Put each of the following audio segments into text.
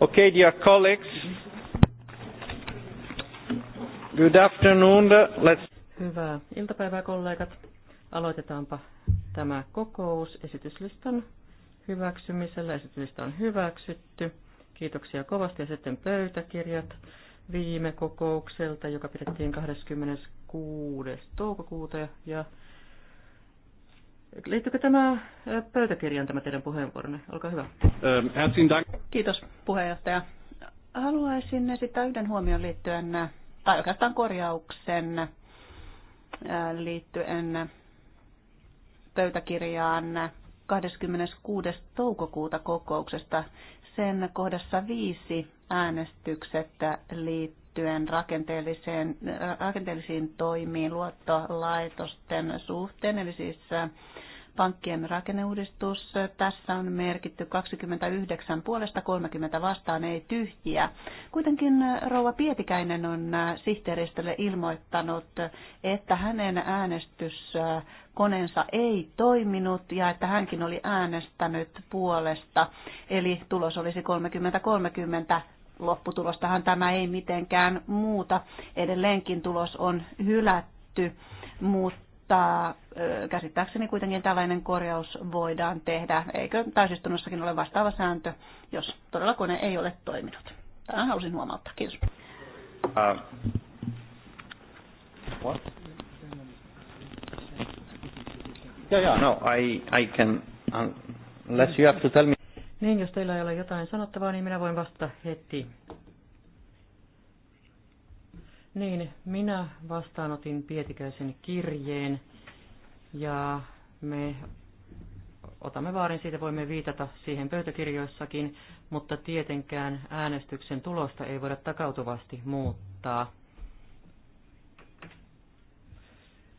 Okay, dear colleagues. Good afternoon. Let's... Hyvää iltapäivää kollegat. Aloitetaanpa tämä kokous esityslistan hyväksymisellä. Esityslista on hyväksytty. Kiitoksia kovasti ja sitten pöytäkirjat viime kokoukselta, joka pidettiin 26. toukokuuta ja Liittyykö tämä pöytäkirjaan tämä teidän puheenvuoronne? Olkaa hyvä. Ähm, Kiitos puheenjohtaja. Haluaisin esittää yhden huomion liittyen, tai oikeastaan korjauksen liittyen pöytäkirjaan 26. toukokuuta kokouksesta. Sen kohdassa viisi äänestykset liittyen rakenteelliseen, rakenteellisiin toimiin luottolaitosten suhteen, eli siis pankkien rakenneuudistus. Tässä on merkitty 29 puolesta 30 vastaan, ei tyhjiä. Kuitenkin rouva Pietikäinen on äh, sihteeristölle ilmoittanut, että hänen äänestyskoneensa ei toiminut ja että hänkin oli äänestänyt puolesta. Eli tulos olisi 30-30 lopputulostahan tämä ei mitenkään muuta. Edelleenkin tulos on hylätty, mutta mutta käsittääkseni kuitenkin tällainen korjaus voidaan tehdä. Eikö täysistunnossakin ole vastaava sääntö, jos todella kone ei ole toiminut? Tämä halusin huomauttaa. Kiitos. Uh, what? Yeah, yeah, no, I, I can, unless you have to tell me. Niin, jos teillä ei ole jotain sanottavaa, niin minä voin vastata heti. Niin, minä vastaanotin Pietikäisen kirjeen ja me otamme vaarin siitä, voimme viitata siihen pöytäkirjoissakin, mutta tietenkään äänestyksen tulosta ei voida takautuvasti muuttaa.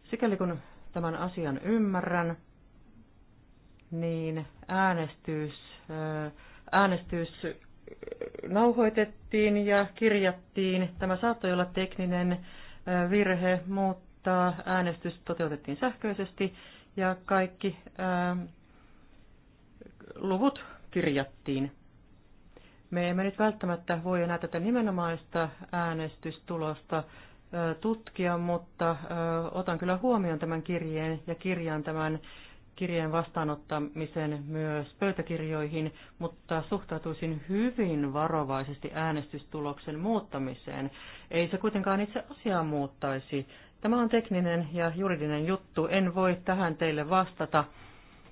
Sikäli kun tämän asian ymmärrän, niin äänestys, äänestys nauhoitettiin ja kirjattiin. Tämä saattoi olla tekninen virhe, mutta äänestys toteutettiin sähköisesti ja kaikki luvut kirjattiin. Me emme nyt välttämättä voi enää tätä nimenomaista äänestystulosta tutkia, mutta otan kyllä huomioon tämän kirjeen ja kirjaan tämän kirjeen vastaanottamisen myös pöytäkirjoihin, mutta suhtautuisin hyvin varovaisesti äänestystuloksen muuttamiseen. Ei se kuitenkaan itse asiaa muuttaisi. Tämä on tekninen ja juridinen juttu. En voi tähän teille vastata.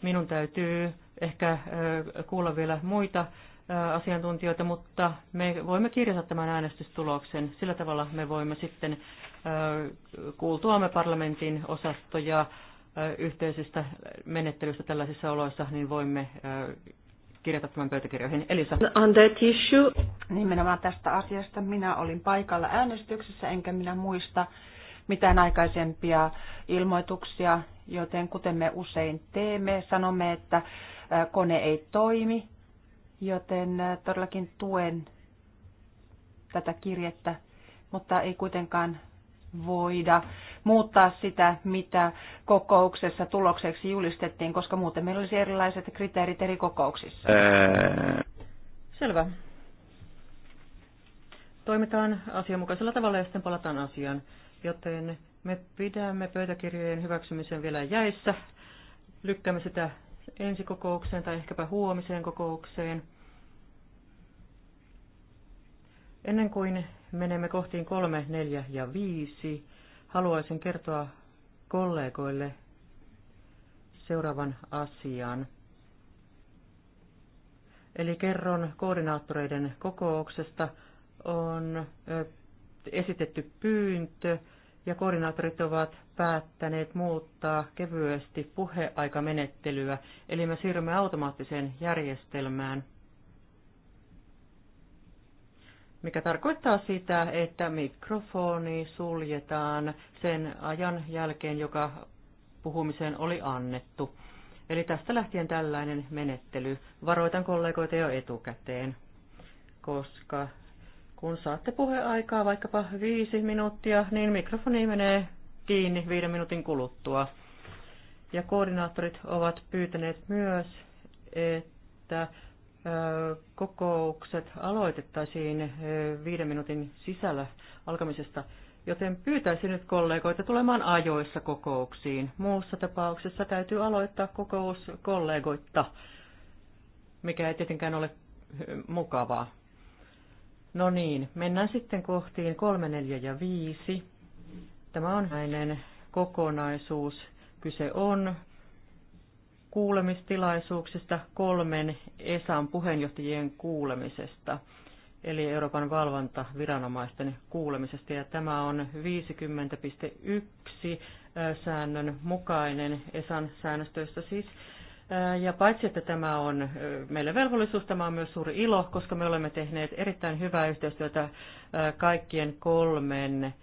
Minun täytyy ehkä kuulla vielä muita asiantuntijoita, mutta me voimme kirjata tämän äänestystuloksen. Sillä tavalla me voimme sitten kuultuamme parlamentin osastoja Yhteisistä menettelyistä tällaisissa oloissa, niin voimme kirjata tämän pöytäkirjoihin. Elisa. On that issue. Nimenomaan tästä asiasta minä olin paikalla äänestyksessä, enkä minä muista mitään aikaisempia ilmoituksia, joten kuten me usein teemme, sanomme, että kone ei toimi, joten todellakin tuen tätä kirjettä, mutta ei kuitenkaan voida muuttaa sitä, mitä kokouksessa tulokseksi julistettiin, koska muuten meillä olisi erilaiset kriteerit eri kokouksissa. Ää... Äh. Selvä. Toimitaan asianmukaisella tavalla ja sitten palataan asiaan, joten me pidämme pöytäkirjojen hyväksymisen vielä jäissä. Lykkäämme sitä ensi kokoukseen tai ehkäpä huomiseen kokoukseen. Ennen kuin menemme kohtiin kolme, neljä ja viisi. Haluaisin kertoa kollegoille seuraavan asian. Eli kerron koordinaattoreiden kokouksesta. On esitetty pyyntö ja koordinaattorit ovat päättäneet muuttaa kevyesti puheaikamenettelyä, eli me siirrymme automaattiseen järjestelmään – mikä tarkoittaa sitä, että mikrofoni suljetaan sen ajan jälkeen, joka puhumiseen oli annettu. Eli tästä lähtien tällainen menettely. Varoitan kollegoita jo etukäteen, koska kun saatte puheaikaa vaikkapa viisi minuuttia, niin mikrofoni menee kiinni viiden minuutin kuluttua. Ja koordinaattorit ovat pyytäneet myös, että kokoukset aloitettaisiin viiden minuutin sisällä alkamisesta, joten pyytäisin nyt kollegoita tulemaan ajoissa kokouksiin. Muussa tapauksessa täytyy aloittaa kokous kollegoitta, mikä ei tietenkään ole mukavaa. No niin, mennään sitten kohtiin 3, 4 ja 5. Tämä on näinen kokonaisuus. Kyse on kuulemistilaisuuksista, kolmen ESAn puheenjohtajien kuulemisesta, eli Euroopan valvontaviranomaisten kuulemisesta. Ja tämä on 50.1 säännön mukainen ESAn säännöstöistä siis. Ja paitsi, että tämä on meille velvollisuus, tämä on myös suuri ilo, koska me olemme tehneet erittäin hyvää yhteistyötä kaikkien kolmen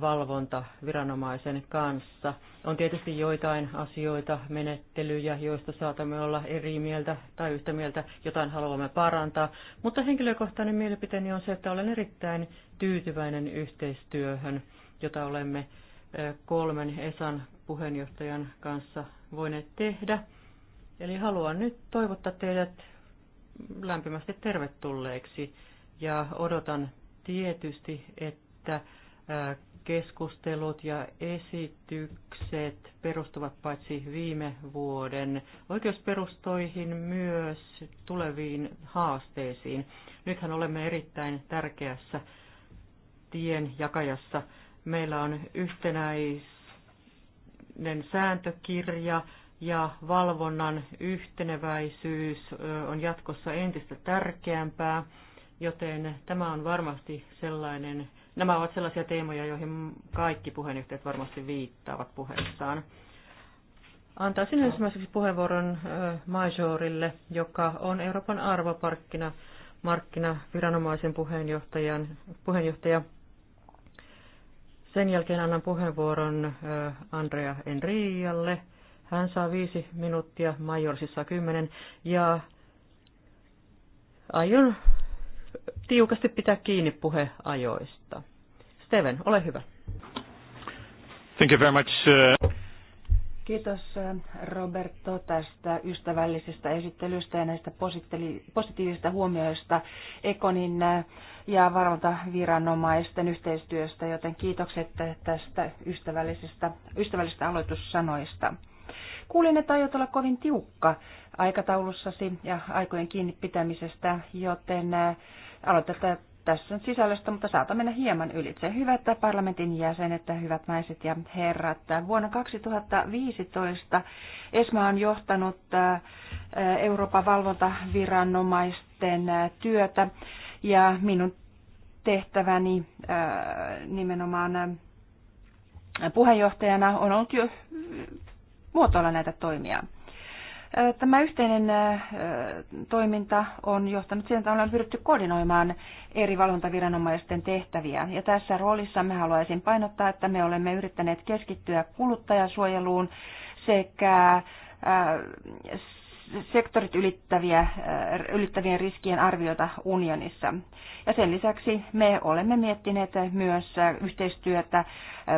valvontaviranomaisen kanssa. On tietysti joitain asioita, menettelyjä, joista saatamme olla eri mieltä tai yhtä mieltä, jotain haluamme parantaa, mutta henkilökohtainen mielipiteeni on se, että olen erittäin tyytyväinen yhteistyöhön, jota olemme kolmen ESAN puheenjohtajan kanssa voineet tehdä. Eli haluan nyt toivottaa teidät lämpimästi tervetulleeksi ja odotan tietysti, että keskustelut ja esitykset perustuvat paitsi viime vuoden oikeusperustoihin myös tuleviin haasteisiin. Nythän olemme erittäin tärkeässä tien jakajassa. Meillä on yhtenäinen sääntökirja ja valvonnan yhteneväisyys on jatkossa entistä tärkeämpää, joten tämä on varmasti sellainen Nämä ovat sellaisia teemoja, joihin kaikki puheenjohtajat varmasti viittaavat puheessaan. Antaisin ensimmäiseksi puheenvuoron Majorille, joka on Euroopan arvoparkkina markkinaviranomaisen puheenjohtajan, puheenjohtaja. Sen jälkeen annan puheenvuoron Andrea Enrialle. Hän saa viisi minuuttia, Major siis saa kymmenen. Ja aion tiukasti pitää kiinni puheajoista. Steven, ole hyvä. Thank you very much. Uh, Kiitos äh, Roberto tästä ystävällisestä esittelystä ja näistä positiivisista huomioista Ekonin äh, ja valvontaviranomaisten yhteistyöstä, joten kiitokset tästä ystävällisestä, ystävällisistä aloitussanoista. Kuulin, että aiot olla kovin tiukka aikataulussasi ja aikojen kiinni pitämisestä, joten äh, Aloitetaan tässä nyt sisällöstä, mutta saata mennä hieman ylitse. Hyvät parlamentin jäsenet, hyvät naiset ja herrat. Vuonna 2015 ESMA on johtanut äh, Euroopan valvontaviranomaisten äh, työtä ja minun tehtäväni äh, nimenomaan puheenjohtajana on ollut jo muotoilla näitä toimia. Tämä yhteinen toiminta on johtanut siihen, että ollaan pyritty koordinoimaan eri valvontaviranomaisten tehtäviä. Ja tässä roolissa me haluaisin painottaa, että me olemme yrittäneet keskittyä kuluttajasuojeluun sekä sektorit ylittäviä, äh, ylittävien riskien arviota unionissa. Ja sen lisäksi me olemme miettineet myös äh, yhteistyötä äh,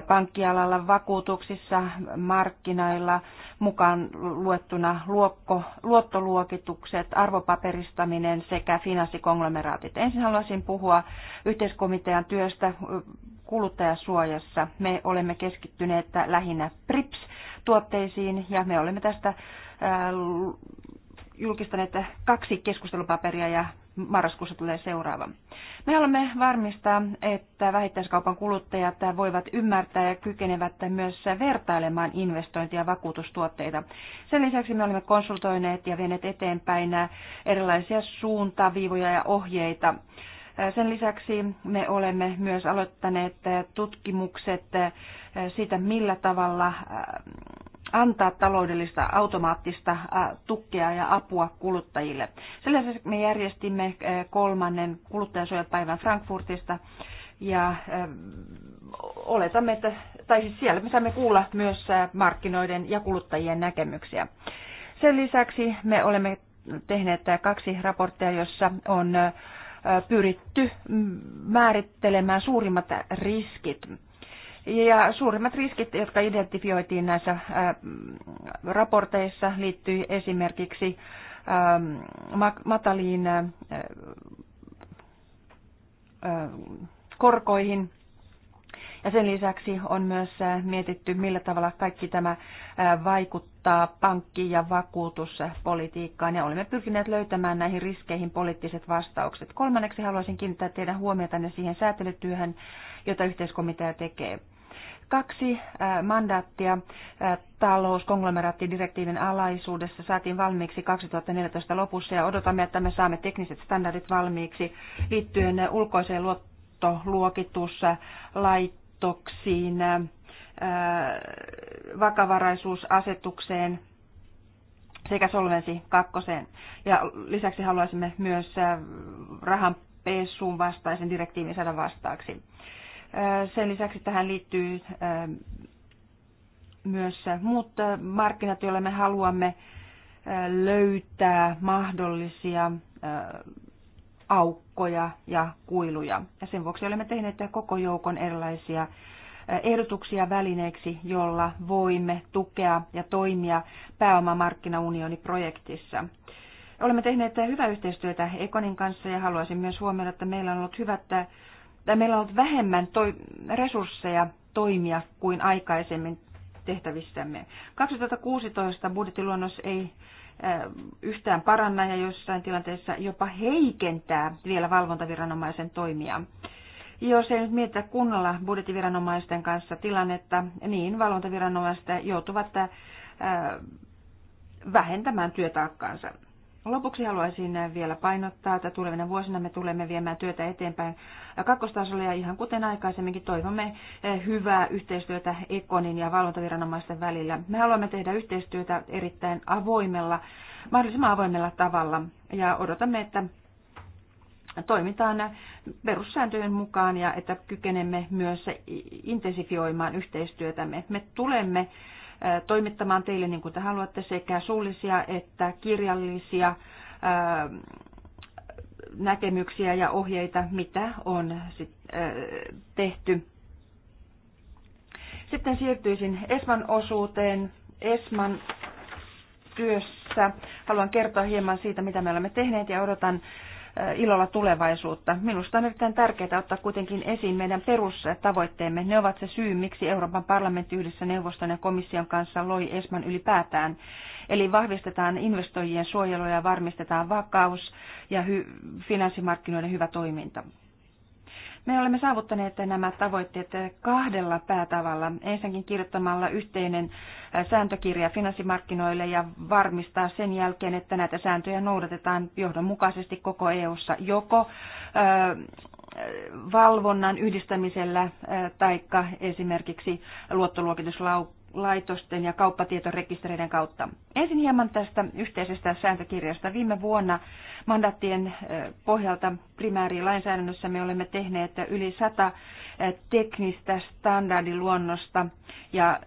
pankkialalla, vakuutuksissa, markkinoilla, mukaan luettuna luokko, luottoluokitukset, arvopaperistaminen sekä finanssikonglomeraatit. Ensin haluaisin puhua yhteiskomitean työstä kuluttajasuojassa. Me olemme keskittyneet lähinnä PRIPS-tuotteisiin ja me olemme tästä julkistaneet kaksi keskustelupaperia ja marraskuussa tulee seuraava. Me haluamme varmistaa, että vähittäiskaupan kuluttajat voivat ymmärtää ja kykenevät myös vertailemaan investointia ja vakuutustuotteita. Sen lisäksi me olemme konsultoineet ja vieneet eteenpäin erilaisia suuntaviivoja ja ohjeita. Sen lisäksi me olemme myös aloittaneet tutkimukset siitä, millä tavalla antaa taloudellista automaattista tukea ja apua kuluttajille. Sellaisen me järjestimme kolmannen kuluttajansuojapäivän Frankfurtista ja oletamme, että, tai siis siellä me saamme kuulla myös markkinoiden ja kuluttajien näkemyksiä. Sen lisäksi me olemme tehneet kaksi raporttia, jossa on pyritty määrittelemään suurimmat riskit ja suurimmat riskit, jotka identifioitiin näissä äh, raporteissa, liittyy esimerkiksi ähm, mataliin äh, äh, korkoihin. Ja sen lisäksi on myös mietitty, millä tavalla kaikki tämä vaikuttaa pankki- ja vakuutuspolitiikkaan. Ja olemme pyrkineet löytämään näihin riskeihin poliittiset vastaukset. Kolmanneksi haluaisin kiinnittää teidän huomiotanne siihen säätelytyöhön, jota yhteiskomitea tekee. Kaksi mandaattia talouskonglomeraattdirektiivin alaisuudessa saatiin valmiiksi 2014 lopussa ja odotamme, että me saamme tekniset standardit valmiiksi liittyen ulkoiseen luottoluokituslaitoksiin, vakavaraisuusasetukseen sekä solvensi kakkoseen. Ja lisäksi haluaisimme myös rahanpesun vastaisen direktiivin saada vastaaksi. Sen lisäksi tähän liittyy myös muut markkinat, joille me haluamme löytää mahdollisia aukkoja ja kuiluja. Ja sen vuoksi olemme tehneet koko joukon erilaisia ehdotuksia välineeksi, jolla voimme tukea ja toimia pääomamarkkinaunioniprojektissa. Olemme tehneet hyvää yhteistyötä Ekonin kanssa ja haluaisin myös huomioida, että meillä on ollut hyvät että meillä on ollut vähemmän toi, resursseja toimia kuin aikaisemmin tehtävissämme. 2016 budjettiluonnos ei äh, yhtään paranna ja jossain tilanteessa jopa heikentää vielä valvontaviranomaisen toimia. Jos ei nyt mietitä kunnolla budjettiviranomaisten kanssa tilannetta, niin valvontaviranomaiset joutuvat äh, vähentämään työtaakkaansa. Lopuksi haluaisin vielä painottaa, että tulevina vuosina me tulemme viemään työtä eteenpäin kakkostasolla ja ihan kuten aikaisemminkin toivomme eh, hyvää yhteistyötä Ekonin ja valvontaviranomaisten välillä. Me haluamme tehdä yhteistyötä erittäin avoimella, mahdollisimman avoimella tavalla ja odotamme, että toimitaan perussääntöjen mukaan ja että kykenemme myös intensifioimaan yhteistyötämme. Me tulemme toimittamaan teille niin kuin te haluatte sekä suullisia että kirjallisia näkemyksiä ja ohjeita, mitä on sit, tehty. Sitten siirtyisin Esman osuuteen. Esman työssä. Haluan kertoa hieman siitä, mitä me olemme tehneet ja odotan Äh, ilolla tulevaisuutta. Minusta on erittäin tärkeää ottaa kuitenkin esiin meidän perustavoitteemme. Ne ovat se syy, miksi Euroopan parlamentti yhdessä neuvoston ja komission kanssa loi ESMAN ylipäätään. Eli vahvistetaan investoijien suojelua ja varmistetaan vakaus ja finanssimarkkinoiden hyvä toiminta. Me olemme saavuttaneet nämä tavoitteet kahdella päätavalla. Ensinnäkin kirjoittamalla yhteinen sääntökirja finanssimarkkinoille ja varmistaa sen jälkeen, että näitä sääntöjä noudatetaan johdonmukaisesti koko EU:ssa joko valvonnan yhdistämisellä tai esimerkiksi luottoluokituslaukku laitosten ja kauppatietorekistereiden kautta. Ensin hieman tästä yhteisestä sääntökirjasta. Viime vuonna mandattien pohjalta primäärilainsäädännössä me olemme tehneet yli sata teknistä standardiluonnosta ja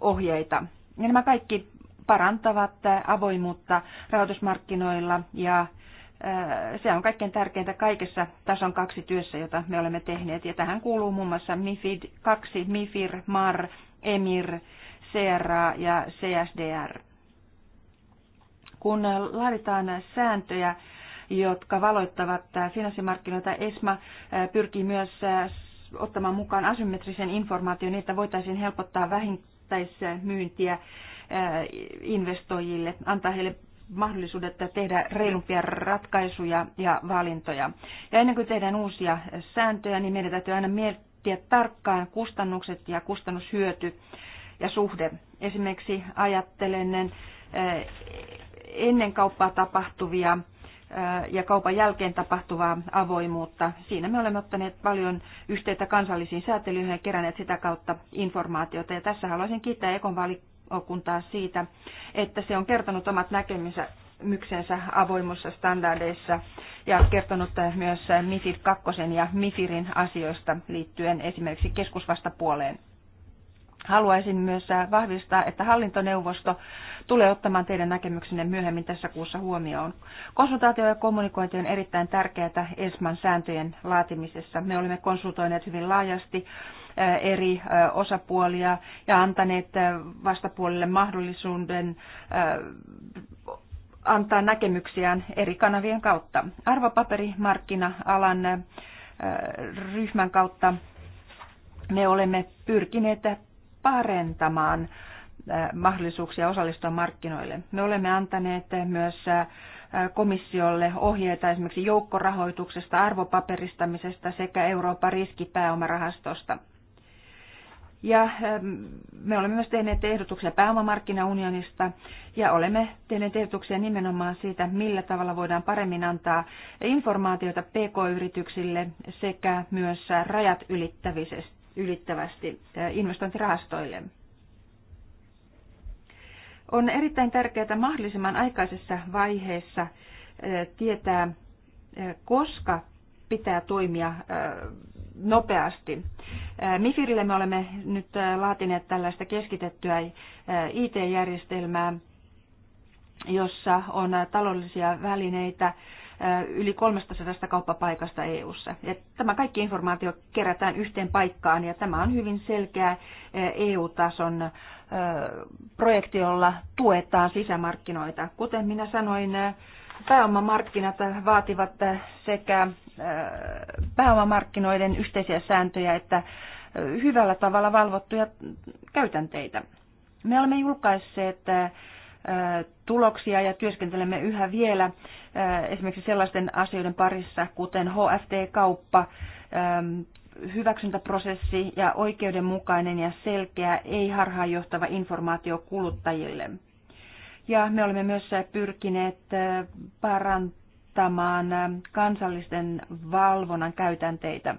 ohjeita. Ja nämä kaikki parantavat avoimuutta rahoitusmarkkinoilla ja se on kaikkein tärkeintä kaikessa tason kaksi työssä, jota me olemme tehneet. Ja tähän kuuluu muun muassa MIFID 2, MIFIR, MAR, EMIR, CRA ja CSDR. Kun laaditaan sääntöjä, jotka valoittavat finanssimarkkinoita, ESMA pyrkii myös ottamaan mukaan asymmetrisen informaation, niin että voitaisiin helpottaa vähintäismyyntiä investoijille, antaa heille mahdollisuudet tehdä reilumpia ratkaisuja ja valintoja. Ja ennen kuin tehdään uusia sääntöjä, niin meidän täytyy aina miettiä tarkkaan kustannukset ja kustannushyöty ja suhde. Esimerkiksi ajattelen eh, ennen kauppaa tapahtuvia eh, ja kaupan jälkeen tapahtuvaa avoimuutta. Siinä me olemme ottaneet paljon yhteyttä kansallisiin säätelyihin ja keränneet sitä kautta informaatiota. Ja tässä haluaisin kiittää Ekon taas siitä, että se on kertonut omat näkemyksensä myksensä avoimussa standardeissa ja kertonut myös MIFID 2 ja MIFIRin asioista liittyen esimerkiksi keskusvastapuoleen. Haluaisin myös vahvistaa, että hallintoneuvosto tulee ottamaan teidän näkemyksenne myöhemmin tässä kuussa huomioon. Konsultaatio ja kommunikointi on erittäin tärkeää ESMAn sääntöjen laatimisessa. Me olemme konsultoineet hyvin laajasti Eh, eri eh, osapuolia ja antaneet eh, vastapuolelle mahdollisuuden antaa näkemyksiään eri kanavien kautta. Arvopaperimarkkina-alan ryhmän kautta me olemme pyrkineet parentamaan mahdollisuuksia osallistua markkinoille. Me olemme antaneet myös komissiolle ohjeita esimerkiksi joukkorahoituksesta, arvopaperistamisesta sekä Euroopan riskipääomarahastosta. Ja ähm, me olemme myös tehneet ehdotuksia pääomamarkkinaunionista ja olemme tehneet ehdotuksia nimenomaan siitä, millä tavalla voidaan paremmin antaa informaatiota PK-yrityksille sekä myös rajat ylittävästi äh, investointirahastoille. On erittäin tärkeää mahdollisimman aikaisessa vaiheessa äh, tietää, äh, koska pitää toimia nopeasti. MIFIRille me olemme nyt laatineet tällaista keskitettyä IT-järjestelmää, jossa on taloudellisia välineitä yli 300 kauppapaikasta EU:ssa. Ja tämä kaikki informaatio kerätään yhteen paikkaan ja tämä on hyvin selkeä EU-tason projekti, jolla tuetaan sisämarkkinoita. Kuten minä sanoin, pääomamarkkinat vaativat sekä pääomamarkkinoiden yhteisiä sääntöjä että hyvällä tavalla valvottuja käytänteitä. Me olemme julkaisseet tuloksia ja työskentelemme yhä vielä esimerkiksi sellaisten asioiden parissa, kuten HFT-kauppa, hyväksyntäprosessi ja oikeudenmukainen ja selkeä, ei harhaanjohtava informaatio kuluttajille. Ja me olemme myös pyrkineet parantamaan muuttamaan kansallisten valvonnan käytänteitä.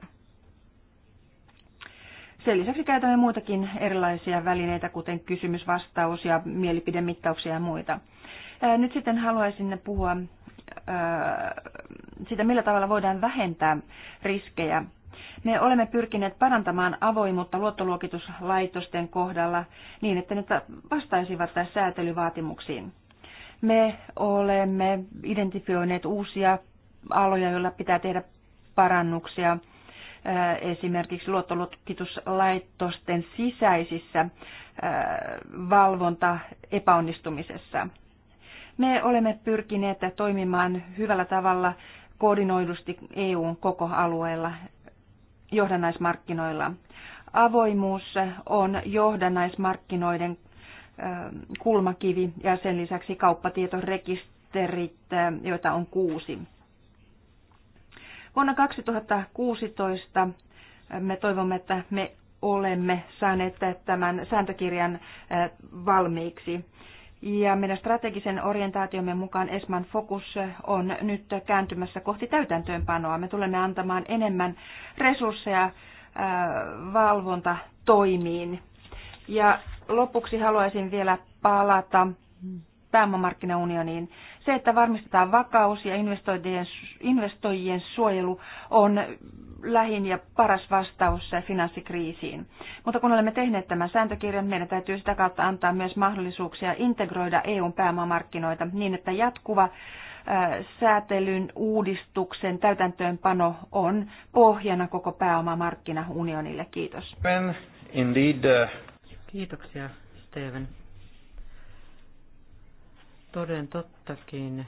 Sen lisäksi käytämme muitakin erilaisia välineitä, kuten kysymysvastaus ja mielipidemittauksia ja muita. Nyt sitten haluaisin puhua sitä, millä tavalla voidaan vähentää riskejä. Me olemme pyrkineet parantamaan avoimuutta luottoluokituslaitosten kohdalla niin, että ne vastaisivat säätelyvaatimuksiin. Me olemme identifioineet uusia aloja, joilla pitää tehdä parannuksia äh, esimerkiksi luottoluokituslaitosten sisäisissä äh, valvonta epäonnistumisessa. Me olemme pyrkineet toimimaan hyvällä tavalla koordinoidusti EUn koko alueella johdannaismarkkinoilla. Avoimuus on johdannaismarkkinoiden Ähm, kulmakivi ja sen lisäksi kauppatietorekisterit, ähm, joita on kuusi. Vuonna 2016 äh, me toivomme, että me olemme saaneet tämän sääntökirjan äh, valmiiksi. Ja meidän strategisen orientaatiomme mukaan ESMAn fokus äh, on nyt kääntymässä kohti täytäntöönpanoa. Me tulemme antamaan enemmän resursseja valvontatoimiin. Ja lopuksi haluaisin vielä palata pääomamarkkinaunioniin. Se, että varmistetaan vakaus ja investoijien, suojelu on lähin ja paras vastaus finanssikriisiin. Mutta kun olemme tehneet tämän sääntökirjan, meidän täytyy sitä kautta antaa myös mahdollisuuksia integroida EUn pääomamarkkinoita niin, että jatkuva säätelyn uudistuksen täytäntöönpano on pohjana koko pääomamarkkinaunionille. Kiitos. Indeed, uh... Kiitoksia, Steven. Toden tottakin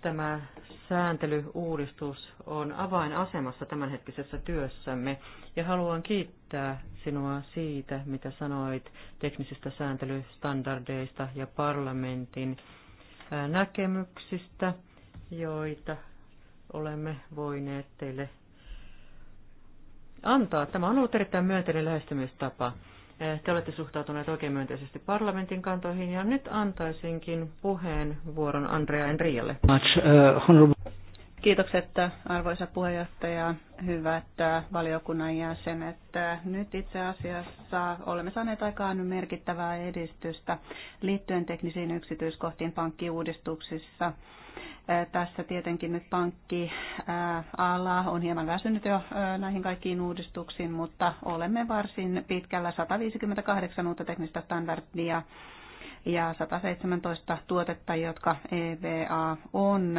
tämä sääntelyuudistus on avainasemassa tämänhetkisessä työssämme ja haluan kiittää sinua siitä, mitä sanoit teknisistä sääntelystandardeista ja parlamentin näkemyksistä, joita olemme voineet teille antaa. Tämä on ollut erittäin myönteinen lähestymistapa. Eh, te olette suhtautuneet oikein myönteisesti parlamentin kantoihin ja nyt antaisinkin puheenvuoron Andrea Enrialle. Much, uh, Kiitokset arvoisa puheenjohtaja, hyvät äh, valiokunnan jäsenet. Nyt itse asiassa olemme saaneet aikaan merkittävää edistystä liittyen teknisiin yksityiskohtiin pankkiuudistuksissa. Äh, tässä tietenkin nyt pankkiala äh, on hieman väsynyt jo näihin kaikkiin uudistuksiin, mutta olemme varsin pitkällä 158 uutta teknistä standardia ja 117 tuotetta, jotka EVA on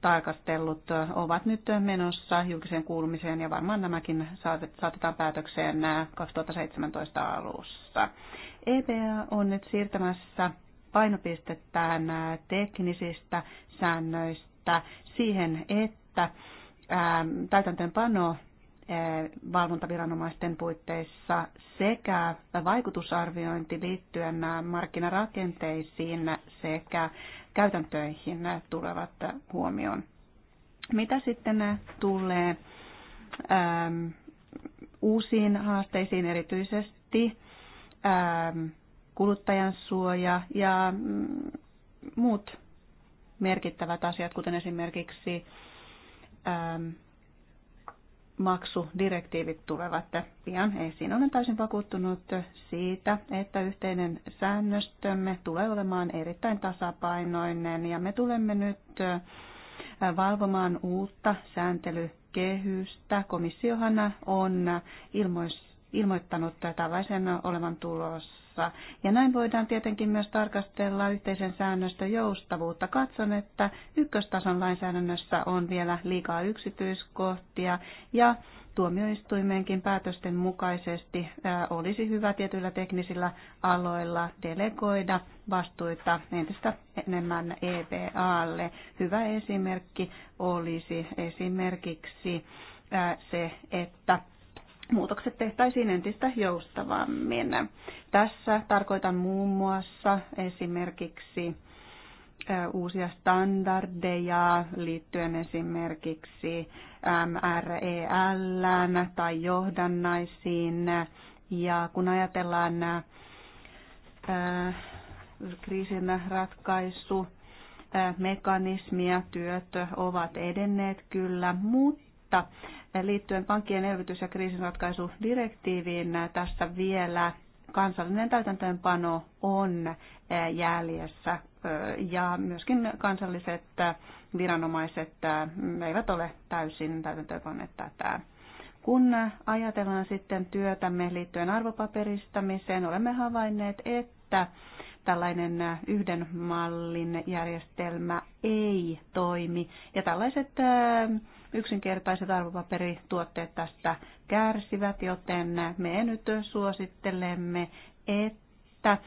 tarkastellut, ovat nyt menossa julkiseen kuulumiseen ja varmaan nämäkin saatetaan päätökseen 2017 äh, alussa. EVA on nyt siirtämässä painopistettään äh, teknisistä säännöistä siihen, että ähm, täytäntöönpano valvontaviranomaisten puitteissa sekä vaikutusarviointi liittyen markkinarakenteisiin sekä käytäntöihin tulevat huomioon. Mitä sitten tulee äm, uusiin haasteisiin, erityisesti äm, kuluttajan suoja ja mm, muut merkittävät asiat, kuten esimerkiksi äm, maksudirektiivit tulevat pian esiin. Olen täysin vakuuttunut siitä, että yhteinen säännöstömme tulee olemaan erittäin tasapainoinen ja me tulemme nyt äh, valvomaan uutta sääntelykehystä. Komissiohan on ilmoittanut tällaisen olevan tulossa kanssa. Ja näin voidaan tietenkin myös tarkastella yhteisen säännöstön joustavuutta. Katson, että ykköstason lainsäädännössä on vielä liikaa yksityiskohtia ja tuomioistuimeenkin päätösten mukaisesti olisi hyvä tietyillä teknisillä aloilla delegoida vastuita entistä enemmän EPAlle. Hyvä esimerkki olisi esimerkiksi se, että muutokset tehtäisiin entistä joustavammin. Tässä tarkoitan muun muassa esimerkiksi uusia standardeja liittyen esimerkiksi MREL tai johdannaisiin. Ja kun ajatellaan kriisin ratkaisu, mekanismia, työt ovat edenneet kyllä, mutta liittyen pankkien elvytys- ja kriisinratkaisudirektiiviin tässä vielä kansallinen täytäntöönpano on jäljessä ja myöskin kansalliset viranomaiset eivät ole täysin täytäntöönpanneet tätä. Kun ajatellaan sitten työtämme liittyen arvopaperistamiseen, olemme havainneet, että tällainen äh, yhden mallin järjestelmä ei toimi. Ja tällaiset äh, yksinkertaiset arvopaperituotteet tästä kärsivät, joten me nyt suosittelemme, että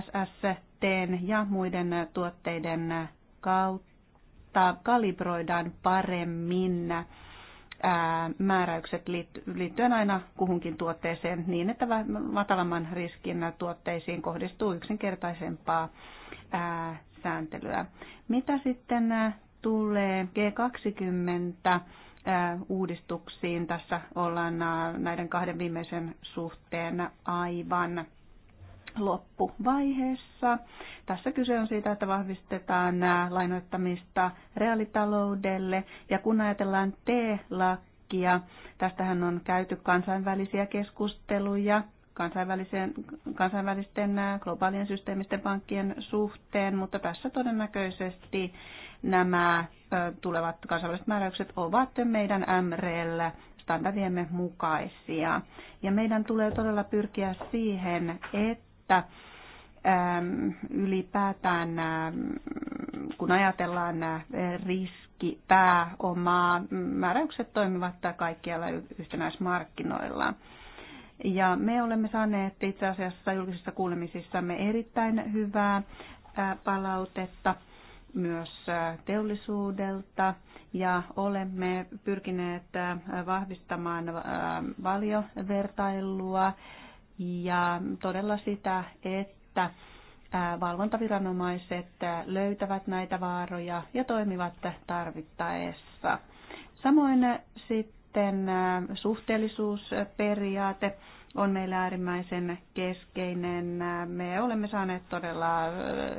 SST ja muiden tuotteiden kautta kalibroidaan paremmin määräykset liittyen aina kuhunkin tuotteeseen niin, että matalamman riskin tuotteisiin kohdistuu yksinkertaisempaa sääntelyä. Mitä sitten tulee G20 uudistuksiin. Tässä ollaan näiden kahden viimeisen suhteen aivan loppuvaiheessa. Tässä kyse on siitä, että vahvistetaan äh, lainoittamista reaalitaloudelle ja kun ajatellaan T-lakkia, tästähän on käyty kansainvälisiä keskusteluja kansainvälisen, kansainvälisten äh, globaalien systeemisten pankkien suhteen, mutta tässä todennäköisesti nämä tulevat kansainväliset määräykset ovat meidän MRL standardiemme mukaisia. Ja meidän tulee todella pyrkiä siihen, että että ähm, ylipäätään, ähm, kun ajatellaan äh, riski, pääomaa, määräykset toimivat kaikkialla yhtenäismarkkinoilla. Ja me olemme saaneet itse asiassa julkisissa kuulemisissamme erittäin hyvää äh, palautetta myös äh, teollisuudelta ja olemme pyrkineet vahvistamaan valiovertailua ja todella sitä, että valvontaviranomaiset löytävät näitä vaaroja ja toimivat tarvittaessa. Samoin sitten suhteellisuusperiaate on meillä äärimmäisen keskeinen. Me olemme saaneet todella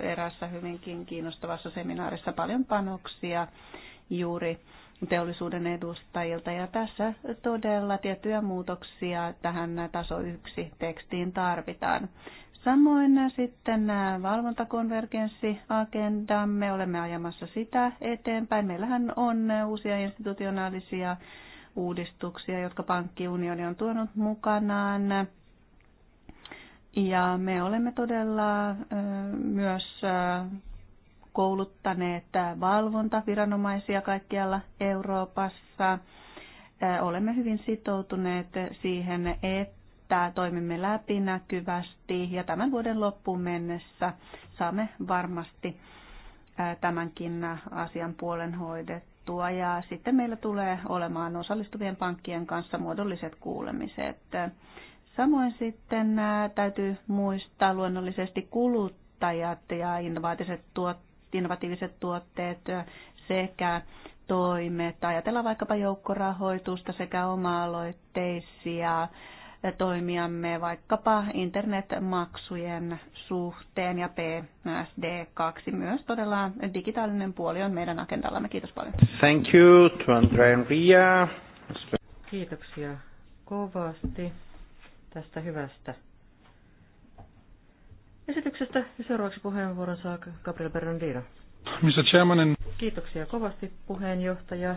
erässä hyvinkin kiinnostavassa seminaarissa paljon panoksia juuri teollisuuden edustajilta. Ja tässä todella tiettyjä muutoksia tähän taso 1 tekstiin tarvitaan. Samoin sitten valvontakonvergenssiagendamme, olemme ajamassa sitä eteenpäin. Meillähän on uusia institutionaalisia uudistuksia, jotka pankkiunioni on tuonut mukanaan. Ja me olemme todella myös kouluttaneet valvontaviranomaisia kaikkialla Euroopassa. Olemme hyvin sitoutuneet siihen, että toimimme läpinäkyvästi ja tämän vuoden loppuun mennessä saamme varmasti tämänkin asian puolen hoidettua. Ja sitten meillä tulee olemaan osallistuvien pankkien kanssa muodolliset kuulemiset. Samoin sitten täytyy muistaa luonnollisesti kuluttajat ja innovaatiset tuotteet innovatiiviset tuotteet sekä toimet. Ajatellaan vaikkapa joukkorahoitusta sekä oma-aloitteisia toimiamme vaikkapa internetmaksujen suhteen ja PSD2 myös todella digitaalinen puoli on meidän agendallamme. Kiitos paljon. Thank you to Andre and Ria. Kiitoksia kovasti tästä hyvästä esityksestä. Ja seuraavaksi puheenvuoron saa Gabriel Bernardino. Mr. Chairman. Kiitoksia kovasti puheenjohtaja.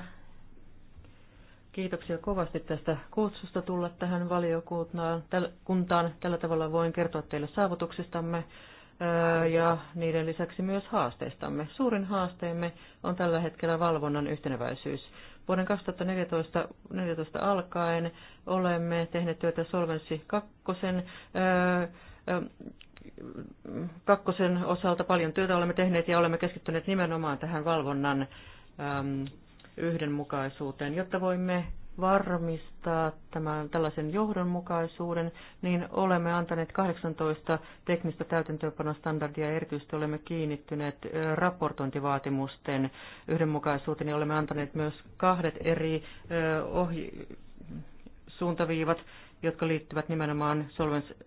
Kiitoksia kovasti tästä kutsusta tulla tähän valiokuntaan. Kuntaan tällä tavalla voin kertoa teille saavutuksistamme öö, ja niiden lisäksi myös haasteistamme. Suurin haasteemme on tällä hetkellä valvonnan yhteneväisyys. Vuoden 2014 14 alkaen olemme tehneet työtä Solvenssi 2 öö, öö, kakkosen osalta paljon työtä olemme tehneet ja olemme keskittyneet nimenomaan tähän valvonnan äm, yhdenmukaisuuteen, jotta voimme varmistaa tämän tällaisen johdonmukaisuuden, niin olemme antaneet 18 teknistä täytäntöönpanostandardia ja erityisesti olemme kiinnittyneet raportointivaatimusten yhdenmukaisuuteen ja olemme antaneet myös kahdet eri ohi- suuntaviivat jotka liittyvät nimenomaan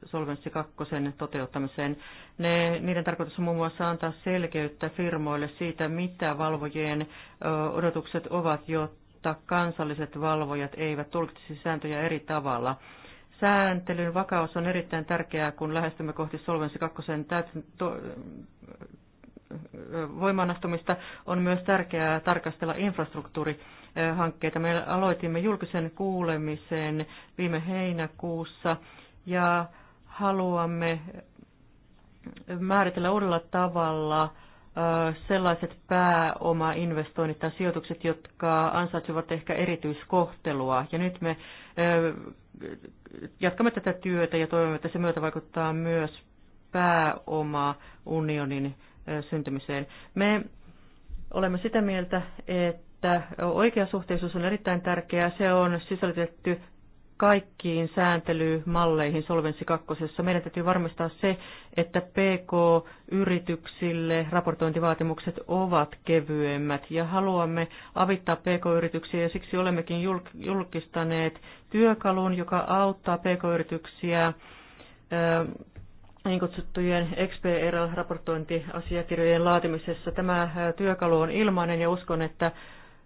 Solvenssi 2 toteuttamiseen. Ne, niiden tarkoitus on muun muassa antaa selkeyttä firmoille siitä, mitä valvojien odotukset ovat, jotta kansalliset valvojat eivät tulkitsisi sääntöjä eri tavalla. Sääntelyn vakaus on erittäin tärkeää, kun lähestymme kohti Solvenssi 2 voimaanastumista on myös tärkeää tarkastella infrastruktuurihankkeita. Me aloitimme julkisen kuulemisen viime heinäkuussa ja haluamme määritellä uudella tavalla sellaiset pääomainvestoinnit tai sijoitukset, jotka ansaitsevat ehkä erityiskohtelua. Ja nyt me jatkamme tätä työtä ja toivomme, että se myötä vaikuttaa myös unionin syntymiseen. Me olemme sitä mieltä, että oikeasuhteisuus on erittäin tärkeää. Se on sisällytetty kaikkiin sääntelymalleihin Solvenssi 2. Meidän täytyy varmistaa se, että PK-yrityksille raportointivaatimukset ovat kevyemmät ja haluamme avittaa PK-yrityksiä ja siksi olemmekin julkistaneet työkalun, joka auttaa PK-yrityksiä niin kutsuttujen XPRL-raportointiasiakirjojen laatimisessa. Tämä työkalu on ilmainen ja uskon, että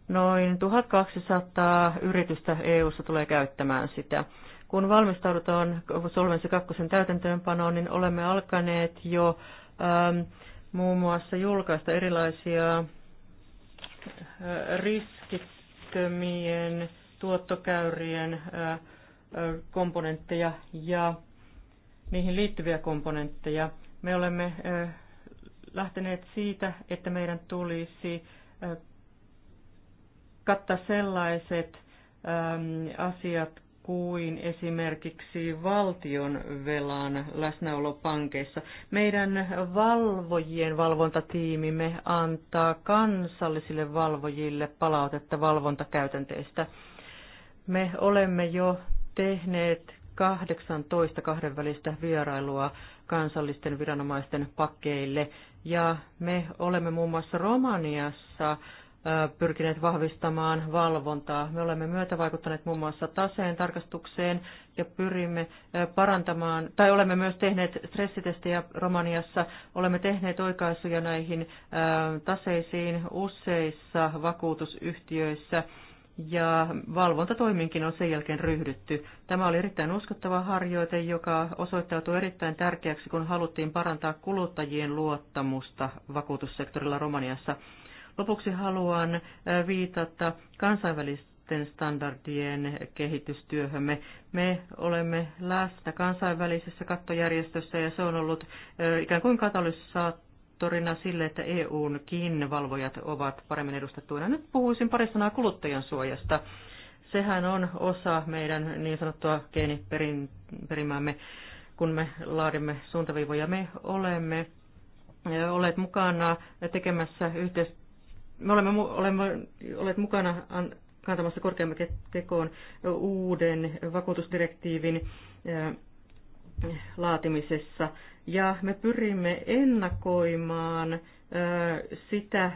noin 1200 yritystä EU-ssa tulee käyttämään sitä. Kun valmistaudutaan Solvensi 2 täytäntöönpanoon, niin olemme alkaneet jo ähm, muun muassa julkaista erilaisia äh, riskittömien tuottokäyrien äh, komponentteja ja niihin liittyviä komponentteja. Me olemme lähteneet siitä, että meidän tulisi kattaa sellaiset asiat kuin esimerkiksi valtion velan läsnäolo pankeissa. Meidän valvojien valvontatiimimme antaa kansallisille valvojille palautetta valvontakäytänteistä. Me olemme jo tehneet 18 kahdenvälistä vierailua kansallisten viranomaisten pakkeille. Ja me olemme muun muassa Romaniassa pyrkineet vahvistamaan valvontaa. Me olemme myötävaikuttaneet muun muassa taseen tarkastukseen ja pyrimme parantamaan, tai olemme myös tehneet stressitestejä Romaniassa, olemme tehneet oikaisuja näihin taseisiin useissa vakuutusyhtiöissä ja valvontatoiminkin on sen jälkeen ryhdytty. Tämä oli erittäin uskottava harjoite, joka osoittautui erittäin tärkeäksi, kun haluttiin parantaa kuluttajien luottamusta vakuutussektorilla Romaniassa. Lopuksi haluan äh, viitata kansainvälisten standardien kehitystyöhömme. Me olemme läsnä kansainvälisessä kattojärjestössä ja se on ollut äh, ikään kuin katalysaattori moottorina sille, että EUnkin valvojat ovat paremmin edustettuina. Nyt puhuisin pari sanaa kuluttajan suojasta. Sehän on osa meidän niin sanottua geeniperimäämme, kun me laadimme suuntaviivoja. Me olemme olleet mukana tekemässä yhteis... Me olemme, olemme olleet mukana kantamassa korkeamman tekoon uuden vakuutusdirektiivin laatimisessa ja me pyrimme ennakoimaan sitä,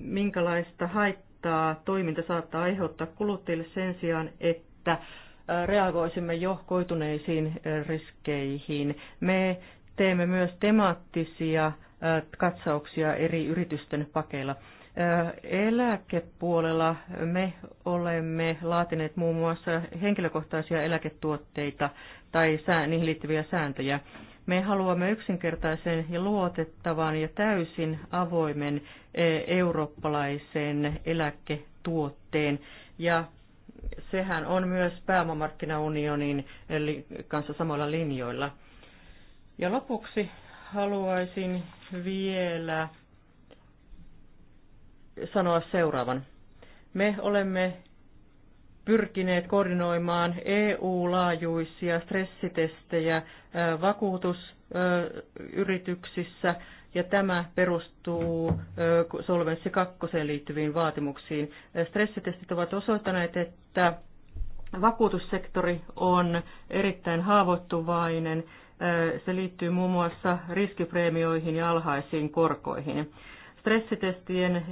minkälaista haittaa toiminta saattaa aiheuttaa kuluttajille sen sijaan, että reagoisimme jo koituneisiin riskeihin. Me teemme myös temaattisia katsauksia eri yritysten pakeilla. Eläkepuolella me olemme laatineet muun muassa henkilökohtaisia eläketuotteita tai niihin liittyviä sääntöjä. Me haluamme yksinkertaisen ja luotettavan ja täysin avoimen e, eurooppalaisen eläketuotteen. Ja sehän on myös pääomamarkkinaunionin kanssa samalla linjoilla. Ja lopuksi haluaisin vielä sanoa seuraavan. Me olemme pyrkineet koordinoimaan EU-laajuisia stressitestejä vakuutusyrityksissä, ja tämä perustuu Solvenssi kakkoseen liittyviin vaatimuksiin. Stressitestit ovat osoittaneet, että vakuutussektori on erittäin haavoittuvainen. Se liittyy muun muassa riskipreemioihin ja alhaisiin korkoihin. Stressitestien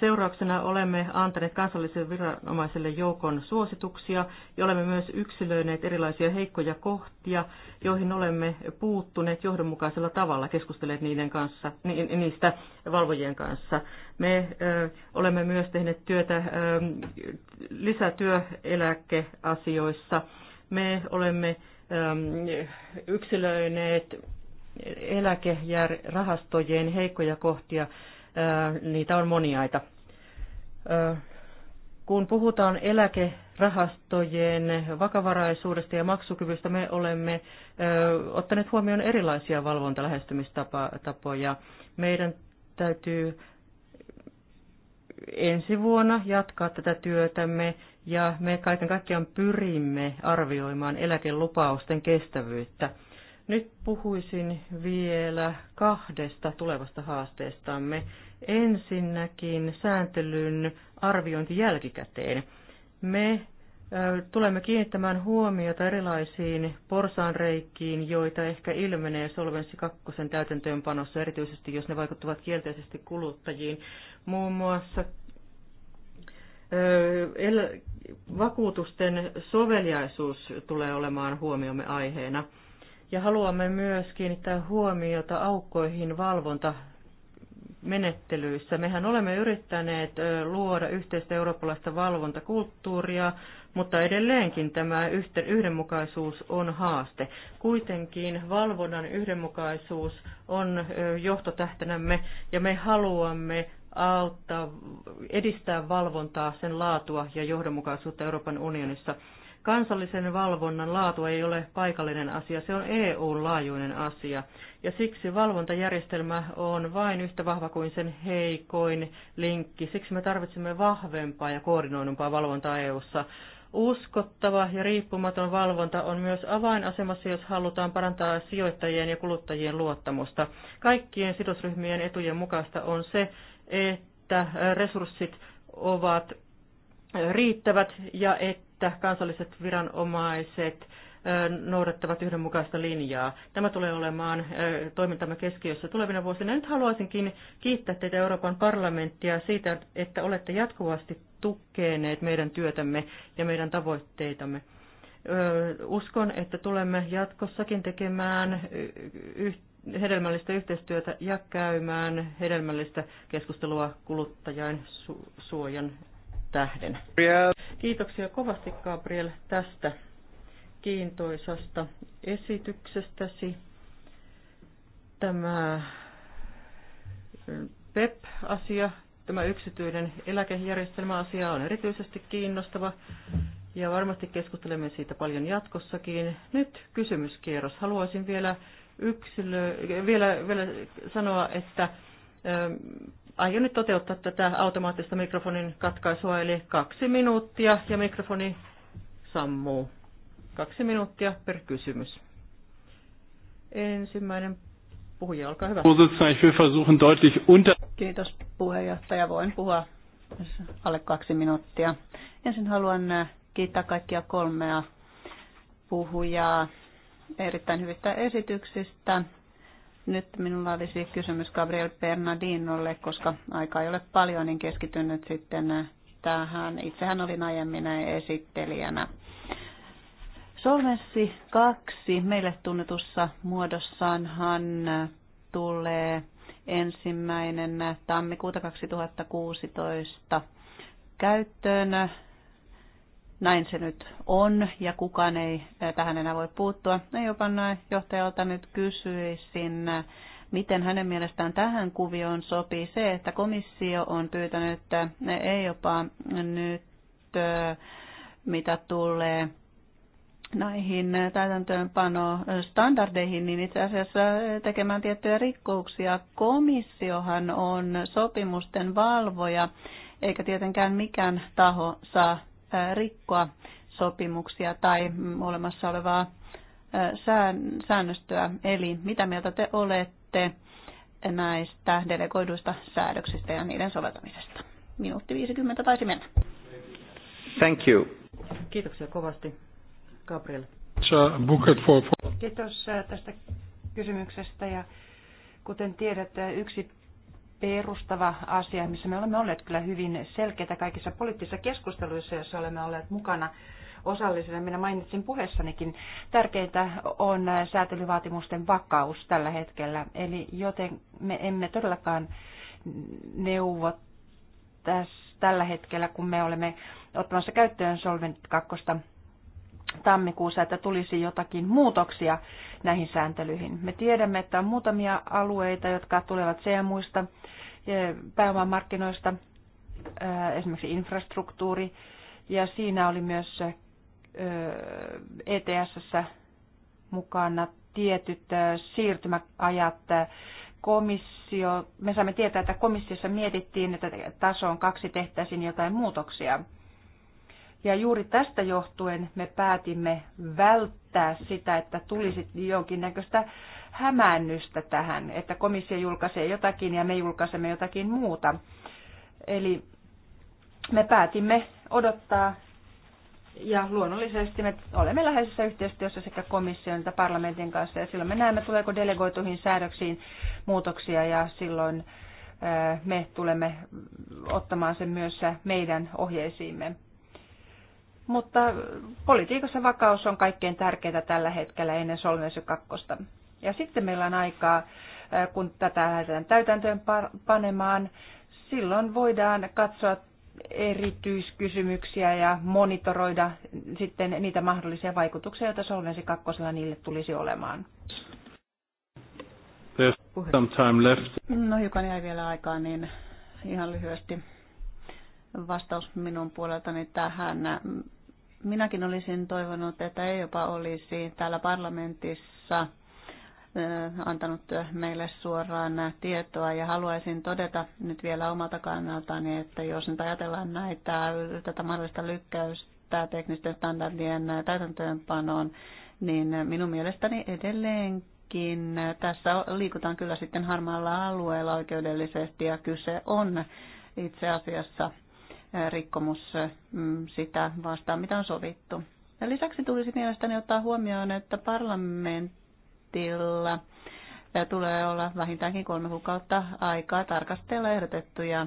seurauksena olemme antaneet kansallisille viranomaisille joukon suosituksia ja olemme myös yksilöineet erilaisia heikkoja kohtia, joihin olemme puuttuneet johdonmukaisella tavalla, keskustelleet niiden kanssa, niistä valvojien kanssa. Me ö, olemme myös tehneet työtä ö, lisätyöeläkeasioissa. Me olemme yksilöineet eläkerahastojen heikkoja kohtia, niitä on moniaita. Kun puhutaan eläkerahastojen vakavaraisuudesta ja maksukyvystä, me olemme ottaneet huomioon erilaisia valvontalähestymistapoja. Meidän täytyy ensi vuonna jatkaa tätä työtämme ja me kaiken kaikkiaan pyrimme arvioimaan eläkelupausten kestävyyttä. Nyt puhuisin vielä kahdesta tulevasta haasteestamme. Ensinnäkin sääntelyn arviointi jälkikäteen. Me tulemme kiinnittämään huomiota erilaisiin porsaanreikkiin, joita ehkä ilmenee Solvenssi 2 täytäntöönpanossa, erityisesti jos ne vaikuttavat kielteisesti kuluttajiin. Muun muassa vakuutusten soveliaisuus tulee olemaan huomiomme aiheena. Ja haluamme myös kiinnittää huomiota aukkoihin valvonta menettelyissä. Mehän olemme yrittäneet luoda yhteistä eurooppalaista valvontakulttuuria, mutta edelleenkin tämä yhdenmukaisuus on haaste. Kuitenkin valvonnan yhdenmukaisuus on johtotähtenämme ja me haluamme auttaa, edistää valvontaa, sen laatua ja johdonmukaisuutta Euroopan unionissa. Kansallisen valvonnan laatu ei ole paikallinen asia, se on EU-laajuinen asia, ja siksi valvontajärjestelmä on vain yhtä vahva kuin sen heikoin linkki. Siksi me tarvitsemme vahvempaa ja koordinoidumpaa valvontaa EU:ssa. Uskottava ja riippumaton valvonta on myös avainasemassa, jos halutaan parantaa sijoittajien ja kuluttajien luottamusta. Kaikkien sidosryhmien etujen mukaista on se, että resurssit ovat riittävät ja että että kansalliset viranomaiset noudattavat yhdenmukaista linjaa. Tämä tulee olemaan toimintamme keskiössä tulevina vuosina. Nyt haluaisinkin kiittää teitä Euroopan parlamenttia siitä, että olette jatkuvasti tukeneet meidän työtämme ja meidän tavoitteitamme. Uskon, että tulemme jatkossakin tekemään hedelmällistä yhteistyötä ja käymään hedelmällistä keskustelua kuluttajan suojan tähden. Kiitoksia kovasti Gabriel tästä kiintoisasta esityksestäsi. Tämä PEP-asia, tämä yksityinen eläkejärjestelmäasia on erityisesti kiinnostava ja varmasti keskustelemme siitä paljon jatkossakin. Nyt kysymyskierros. Haluaisin vielä, yksilö, vielä, vielä sanoa, että aion nyt toteuttaa tätä automaattista mikrofonin katkaisua, eli kaksi minuuttia ja mikrofoni sammuu. Kaksi minuuttia per kysymys. Ensimmäinen puhuja, olkaa hyvä. Kiitos puheenjohtaja, voin puhua alle kaksi minuuttia. Ensin haluan äh, kiittää kaikkia kolmea puhujaa erittäin hyvistä esityksistä nyt minulla olisi kysymys Gabriel Bernardinolle, koska aika ei ole paljon, niin keskityn nyt sitten äh, tähän. Itsehän olin aiemmin äh, esittelijänä. Solvenssi 2 meille tunnetussa muodossaanhan äh, tulee ensimmäinen tammikuuta 2016 käyttöön. Näin se nyt on ja kukaan ei tähän enää voi puuttua. No jopa näin johtajalta nyt kysyisin, miten hänen mielestään tähän kuvioon sopii se, että komissio on pyytänyt, että ei jopa nyt mitä tulee näihin standardeihin, niin itse asiassa tekemään tiettyjä rikkouksia. Komissiohan on sopimusten valvoja, eikä tietenkään mikään taho saa Äh, rikkoa sopimuksia tai olemassa olevaa äh, säännöstöä. Eli mitä mieltä te olette näistä delegoiduista säädöksistä ja niiden soveltamisesta? Minuutti 50 taisi mennä. Thank you. Kiitoksia kovasti, Gabriel. Kiitos äh, tästä kysymyksestä ja kuten tiedätte yksi perustava asia, missä me olemme olleet kyllä hyvin selkeitä kaikissa poliittisissa keskusteluissa, joissa olemme olleet mukana osallisena. Minä mainitsin puheessanikin, tärkeintä on säätelyvaatimusten vakaus tällä hetkellä, eli joten me emme todellakaan neuvo tässä, tällä hetkellä, kun me olemme ottamassa käyttöön Solvent 2 tammikuussa, että tulisi jotakin muutoksia näihin sääntelyihin. Me tiedämme, että on muutamia alueita, jotka tulevat CMUista, eh, pääomamarkkinoista, eh, esimerkiksi infrastruktuuri, ja siinä oli myös ETS eh, e mukana tietyt siirtymäajat. Komissio, me saamme tietää, että komissiossa mietittiin, että tasoon kaksi tehtäisiin jotain muutoksia – ja juuri tästä johtuen me päätimme välttää sitä, että tulisi jonkinnäköistä hämäännystä tähän, että komissio julkaisee jotakin ja me julkaisemme jotakin muuta. Eli me päätimme odottaa ja luonnollisesti me olemme läheisessä yhteistyössä sekä komission että parlamentin kanssa ja silloin me näemme, tuleeko delegoituihin säädöksiin muutoksia ja silloin me tulemme ottamaan sen myös meidän ohjeisiimme. Mutta politiikassa vakaus on kaikkein tärkeintä tällä hetkellä ennen solmensy kakkosta. Ja sitten meillä on aikaa, äh, kun tätä lähdetään täytäntöön panemaan, silloin voidaan katsoa erityiskysymyksiä ja monitoroida sitten niitä mahdollisia vaikutuksia, joita Solvensi kakkosella niille tulisi olemaan. some time left. No hiukan jäi vielä aikaa, niin ihan lyhyesti vastaus minun puoleltani tähän. Minäkin olisin toivonut, että ei jopa olisi täällä parlamentissa antanut meille suoraan tietoa ja haluaisin todeta nyt vielä omalta kannaltani, että jos nyt ajatellaan näitä, tätä mahdollista lykkäystä teknisten standardien täytäntöönpanoon, niin minun mielestäni edelleenkin tässä liikutaan kyllä sitten harmaalla alueella oikeudellisesti ja kyse on itse asiassa rikkomus mm, sitä vastaan, mitä on sovittu. Ja lisäksi tulisi mielestäni ottaa huomioon, että parlamentilla tulee olla vähintäänkin kolme kuukautta aikaa tarkastella ehdotettuja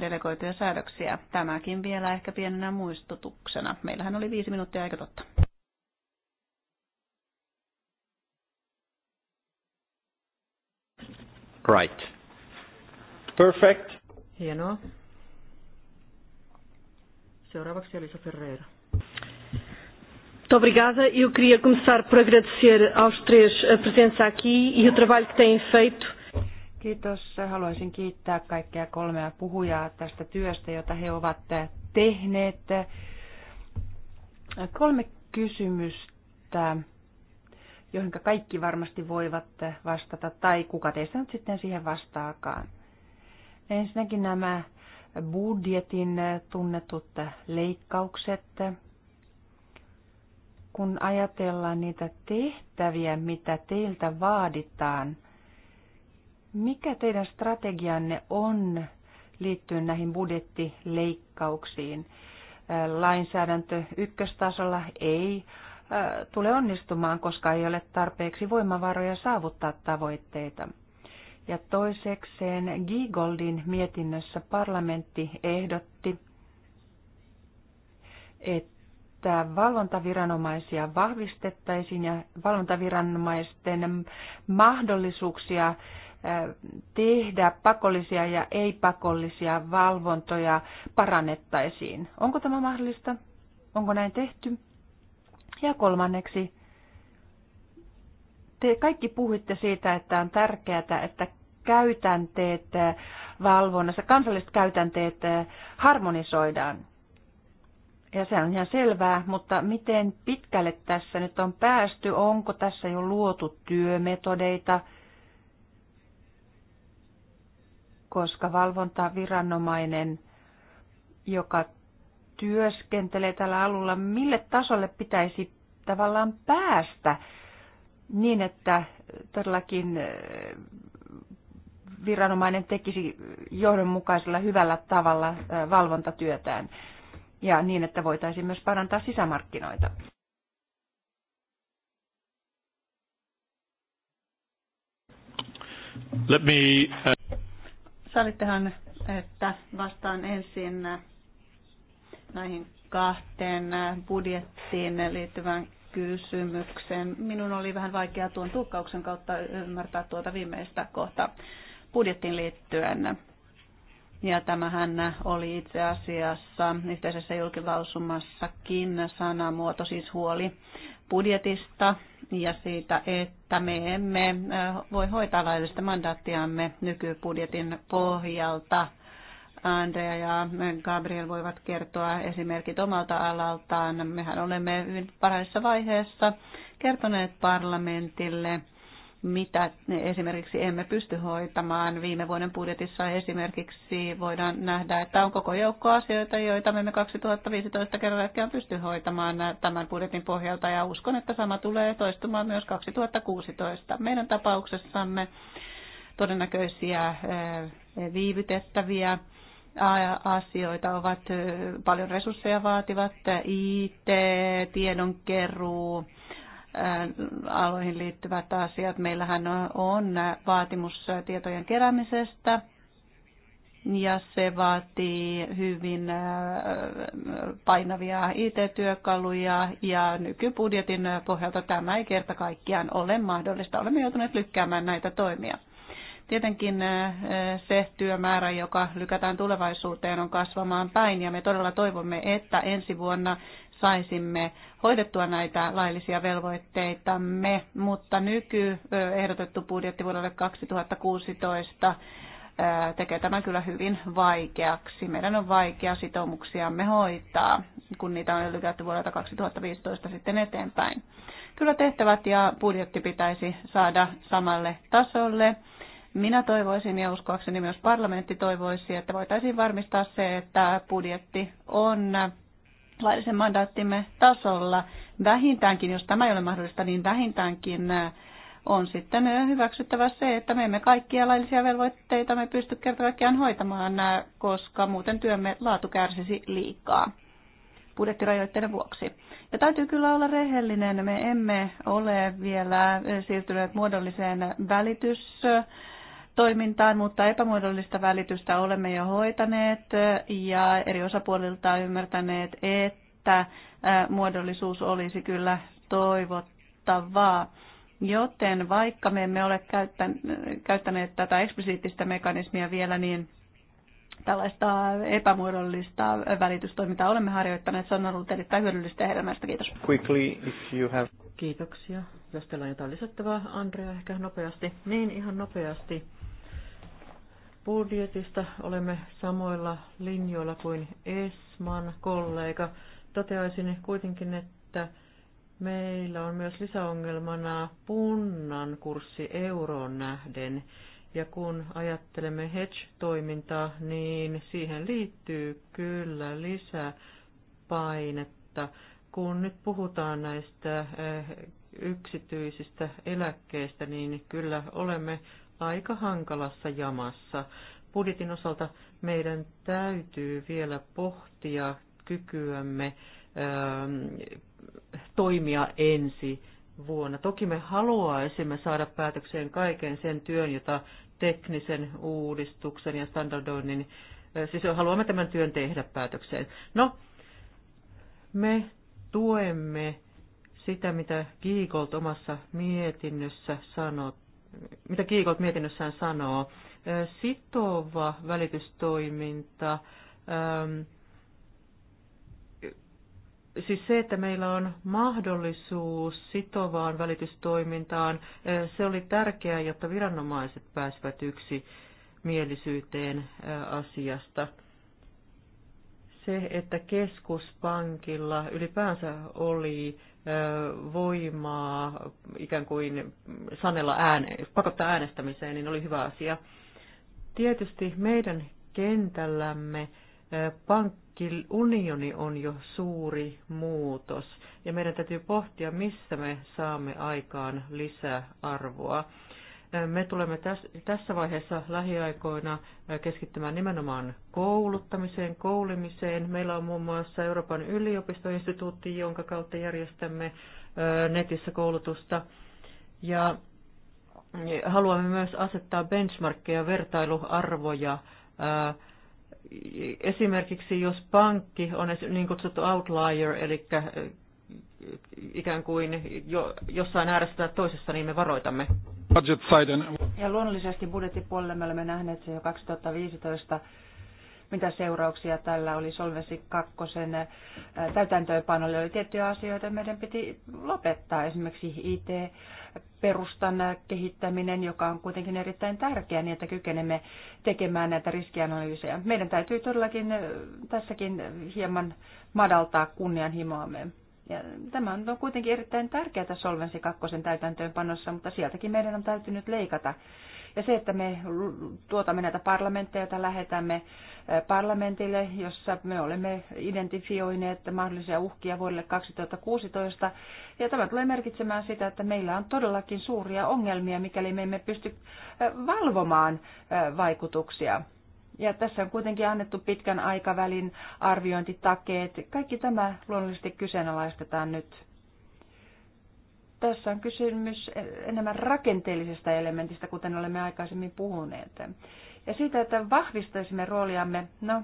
delegoituja säädöksiä. Tämäkin vielä ehkä pienenä muistutuksena. Meillähän oli viisi minuuttia, aika totta? Right. Perfect. Hienoa. Seuraavaksi Elisa Ferreira. obrigada. Eu queria começar por agradecer aos três a presença aqui e o trabalho que têm feito. Kiitos. Haluaisin kiittää kaikkia kolmea puhujaa tästä työstä, jota he ovat tehneet. Kolme kysymystä, joihin kaikki varmasti voivat vastata, tai kuka teistä nyt sitten siihen vastaakaan. Ensinnäkin nämä budjetin tunnetut leikkaukset. Kun ajatellaan niitä tehtäviä, mitä teiltä vaaditaan, mikä teidän strategianne on liittyen näihin budjettileikkauksiin? Lainsäädäntö ykköstasolla ei äh, tule onnistumaan, koska ei ole tarpeeksi voimavaroja saavuttaa tavoitteita. Ja toisekseen Giegoldin mietinnössä parlamentti ehdotti, että valvontaviranomaisia vahvistettaisiin ja valvontaviranomaisten mahdollisuuksia äh, tehdä pakollisia ja ei-pakollisia valvontoja parannettaisiin. Onko tämä mahdollista? Onko näin tehty? Ja kolmanneksi, te kaikki puhuitte siitä, että on tärkeää, että käytänteet eh, valvonnassa, kansalliset käytänteet eh, harmonisoidaan. Ja se on ihan selvää, mutta miten pitkälle tässä nyt on päästy? Onko tässä jo luotu työmetodeita? Koska valvontaviranomainen, joka työskentelee tällä alulla, mille tasolle pitäisi tavallaan päästä niin, että todellakin viranomainen tekisi johdonmukaisella hyvällä tavalla valvontatyötään ja niin, että voitaisiin myös parantaa sisämarkkinoita. Let me... Uh, Sallittehan, että vastaan ensin äh, näihin kahteen äh, budjettiin liittyvään kysymyksen. Minun oli vähän vaikea tuon tulkkauksen kautta ymmärtää tuota viimeistä kohtaa budjettiin liittyen. Ja tämähän oli itse asiassa yhteisessä julkilausumassakin sanamuoto, siis huoli budjetista ja siitä, että me emme voi hoitaa laillista mandaattiamme nykybudjetin pohjalta – Andrea ja Gabriel voivat kertoa esimerkit omalta alaltaan. Mehän olemme hyvin parhaissa vaiheessa kertoneet parlamentille, mitä esimerkiksi emme pysty hoitamaan. Viime vuoden budjetissa esimerkiksi voidaan nähdä, että on koko joukko asioita, joita me emme 2015 kerran pysty hoitamaan tämän budjetin pohjalta ja uskon, että sama tulee toistumaan myös 2016. Meidän tapauksessamme todennäköisiä eh, viivytettäviä asioita ovat paljon resursseja vaativat, IT, tiedonkeruu, aloihin liittyvät asiat. Meillähän on vaatimus tietojen keräämisestä ja se vaatii hyvin painavia IT-työkaluja ja nykybudjetin pohjalta tämä ei kerta kaikkiaan ole mahdollista. Olemme joutuneet lykkäämään näitä toimia. Tietenkin se työmäärä, joka lykätään tulevaisuuteen, on kasvamaan päin ja me todella toivomme, että ensi vuonna saisimme hoidettua näitä laillisia velvoitteitamme, mutta nyky ehdotettu budjetti vuodelle 2016 tekee tämän kyllä hyvin vaikeaksi. Meidän on vaikea sitoumuksiamme hoitaa, kun niitä on lykätty vuodelta 2015 sitten eteenpäin. Kyllä tehtävät ja budjetti pitäisi saada samalle tasolle. Minä toivoisin ja uskoakseni myös parlamentti toivoisi, että voitaisiin varmistaa se, että budjetti on laillisen mandaattimme tasolla. Vähintäänkin, jos tämä ei ole mahdollista, niin vähintäänkin on sitten hyväksyttävä se, että me emme kaikkia laillisia velvoitteita me pysty kertakaikkiaan hoitamaan, koska muuten työmme laatu kärsisi liikaa budjettirajoitteiden vuoksi. Ja täytyy kyllä olla rehellinen, me emme ole vielä siirtyneet muodolliseen välitys toimintaan, mutta epämuodollista välitystä olemme jo hoitaneet ja eri osapuolilta ymmärtäneet, että muodollisuus olisi kyllä toivottavaa. Joten vaikka me emme ole käyttäneet tätä eksplisiittistä mekanismia vielä, niin tällaista epämuodollista välitystoimintaa olemme harjoittaneet. Se on ollut erittäin hyödyllistä ja hedelmällistä. Kiitos. Quickly, if you have... Kiitoksia. Jos teillä on jotain lisättävää, Andrea, ehkä nopeasti. Niin, ihan nopeasti budjetista olemme samoilla linjoilla kuin Esman kollega. Toteaisin kuitenkin, että meillä on myös lisäongelmana punnan kurssi euroon nähden. Ja kun ajattelemme hedge-toimintaa, niin siihen liittyy kyllä lisäpainetta. Kun nyt puhutaan näistä eh, yksityisistä eläkkeistä, niin kyllä olemme aika hankalassa jamassa. Budjetin osalta meidän täytyy vielä pohtia kykyämme ähm, toimia ensi vuonna. Toki me haluaisimme saada päätökseen kaiken sen työn, jota teknisen uudistuksen ja standardoinnin, äh, siis haluamme tämän työn tehdä päätökseen. No, me tuemme sitä, mitä Giigold omassa mietinnössä sanoo, mitä Kiikot mietinnössään sanoo. Sitova välitystoiminta, siis se, että meillä on mahdollisuus sitovaan välitystoimintaan, se oli tärkeää, jotta viranomaiset pääsivät yksi mielisyyteen asiasta – se, että keskuspankilla ylipäänsä oli voimaa ikään kuin sanella ääne, pakottaa äänestämiseen, niin oli hyvä asia. Tietysti meidän kentällämme pankkiunioni on jo suuri muutos ja meidän täytyy pohtia, missä me saamme aikaan lisäarvoa. Me tulemme tässä vaiheessa lähiaikoina äh, keskittymään nimenomaan kouluttamiseen, koulimiseen. Meillä on muun muassa Euroopan yliopistoinstituutti, jonka kautta järjestämme äh, netissä koulutusta. Ja haluamme myös asettaa benchmarkkeja, vertailuarvoja. Äh, esimerkiksi jos pankki on niin kutsuttu outlier, eli ikään kuin jo, jossain tai toisessa, niin me varoitamme. Ja luonnollisesti budjettipuolelle me olemme nähneet se jo 2015, mitä seurauksia tällä oli Solvesi kakkosen äh, täytäntöönpanolle. Oli tiettyjä asioita, meidän piti lopettaa, esimerkiksi IT-perustan kehittäminen, joka on kuitenkin erittäin tärkeä, niin että kykenemme tekemään näitä riskianalyysejä. Meidän täytyy todellakin äh, tässäkin hieman madaltaa kunnianhimoamme. Ja tämä on kuitenkin erittäin tärkeää Solvensi 2 täytäntöönpanossa, mutta sieltäkin meidän on täytynyt leikata. Ja se, että me tuotamme näitä parlamentteja, joita lähetämme parlamentille, jossa me olemme identifioineet mahdollisia uhkia vuodelle 2016. Ja tämä tulee merkitsemään sitä, että meillä on todellakin suuria ongelmia, mikäli me emme pysty valvomaan vaikutuksia. Ja tässä on kuitenkin annettu pitkän aikavälin arviointitakeet. Kaikki tämä luonnollisesti kyseenalaistetaan nyt. Tässä on kysymys enemmän rakenteellisesta elementistä, kuten olemme aikaisemmin puhuneet. Ja siitä, että vahvistaisimme rooliamme, no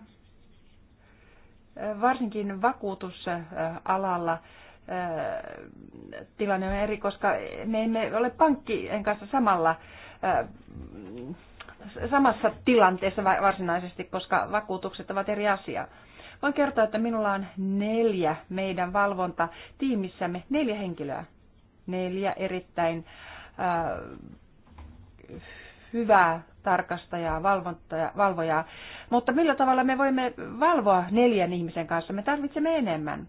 varsinkin vakuutusalalla äh, tilanne on eri, koska me emme ole pankkien kanssa samalla äh, samassa tilanteessa varsinaisesti, koska vakuutukset ovat eri asia. Voin kertoa, että minulla on neljä meidän valvontatiimissämme, neljä henkilöä, neljä erittäin äh, hyvää tarkastajaa, valvojaa. Mutta millä tavalla me voimme valvoa neljän ihmisen kanssa? Me tarvitsemme enemmän.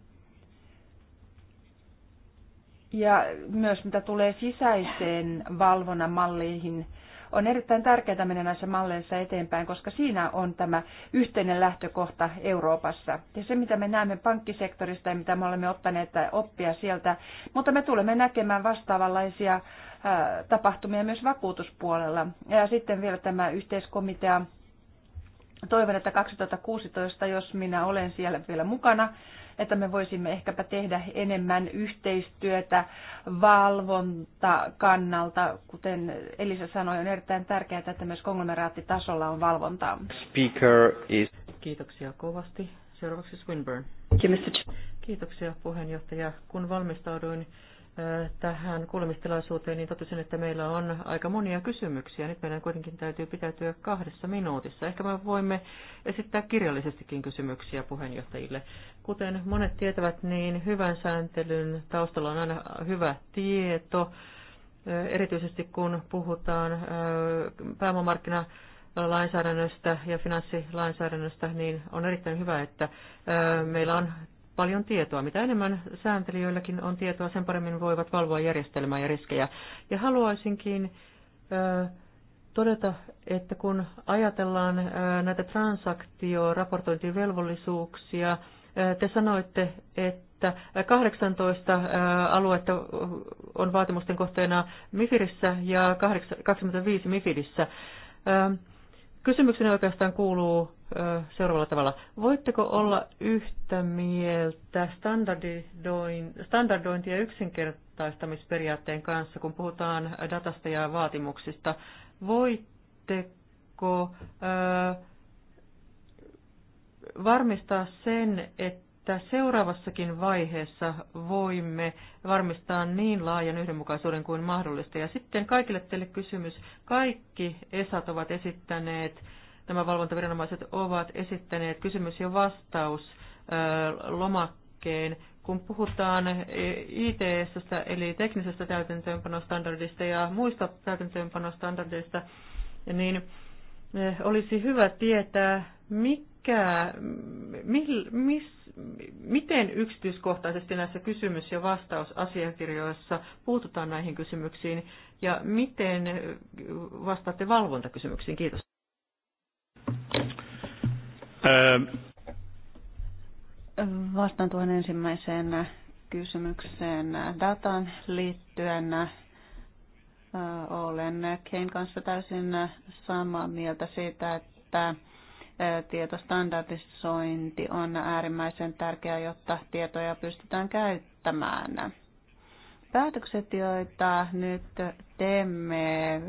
Ja myös mitä tulee sisäiseen valvonnan malliin, on erittäin tärkeää mennä näissä malleissa eteenpäin, koska siinä on tämä yhteinen lähtökohta Euroopassa. Ja se, mitä me näemme pankkisektorista ja mitä me olemme ottaneet oppia sieltä, mutta me tulemme näkemään vastaavanlaisia äh, tapahtumia myös vakuutuspuolella. Ja sitten vielä tämä yhteiskomitea. Toivon, että 2016, jos minä olen siellä vielä mukana, että me voisimme ehkäpä tehdä enemmän yhteistyötä valvonta kannalta. Kuten Elisa sanoi, on erittäin tärkeää, että myös konglomeraattitasolla on valvontaa. Speaker is... Kiitoksia kovasti. Seuraavaksi Swinburne. Kiitoksia puheenjohtaja. Kun valmistauduin tähän kuulemistilaisuuteen, niin totesin, että meillä on aika monia kysymyksiä. Nyt meidän kuitenkin täytyy pitäytyä kahdessa minuutissa. Ehkä me voimme esittää kirjallisestikin kysymyksiä puheenjohtajille. Kuten monet tietävät, niin hyvän sääntelyn taustalla on aina hyvä tieto, erityisesti kun puhutaan pääomamarkkina lainsäädännöstä ja finanssilainsäädännöstä, niin on erittäin hyvä, että meillä on paljon tietoa. Mitä enemmän sääntelijöilläkin on tietoa, sen paremmin voivat valvoa järjestelmää ja riskejä. Ja haluaisinkin todeta, että kun ajatellaan näitä transaktioraportointivelvollisuuksia, te sanoitte, että 18 aluetta on vaatimusten kohteena MIFIRissä ja 25 MIFIDissä. Kysymykseni oikeastaan kuuluu seuraavalla tavalla. Voitteko olla yhtä mieltä standardointi- ja yksinkertaistamisperiaatteen kanssa, kun puhutaan datasta ja vaatimuksista? Voitteko varmistaa sen, että että seuraavassakin vaiheessa voimme varmistaa niin laajan yhdenmukaisuuden kuin mahdollista. Ja sitten kaikille teille kysymys. Kaikki ESAT ovat esittäneet, nämä valvontaviranomaiset ovat esittäneet kysymys- ja vastaus lomakkeen kun puhutaan e, ITS, eli teknisestä täytäntöönpanostandardista ja muista täytäntöönpanostandardeista, niin olisi hyvä tietää, mikä, mil, mis, miten yksityiskohtaisesti näissä kysymys- ja vastausasiakirjoissa puututaan näihin kysymyksiin ja miten vastaatte valvontakysymyksiin. Kiitos. Ähm. Vastaan tuohon ensimmäiseen kysymykseen dataan liittyen Äh, olen Kein kanssa täysin samaa mieltä siitä, että äh, tietostandardisointi on äärimmäisen tärkeää, jotta tietoja pystytään käyttämään. Päätökset, joita nyt teemme äh,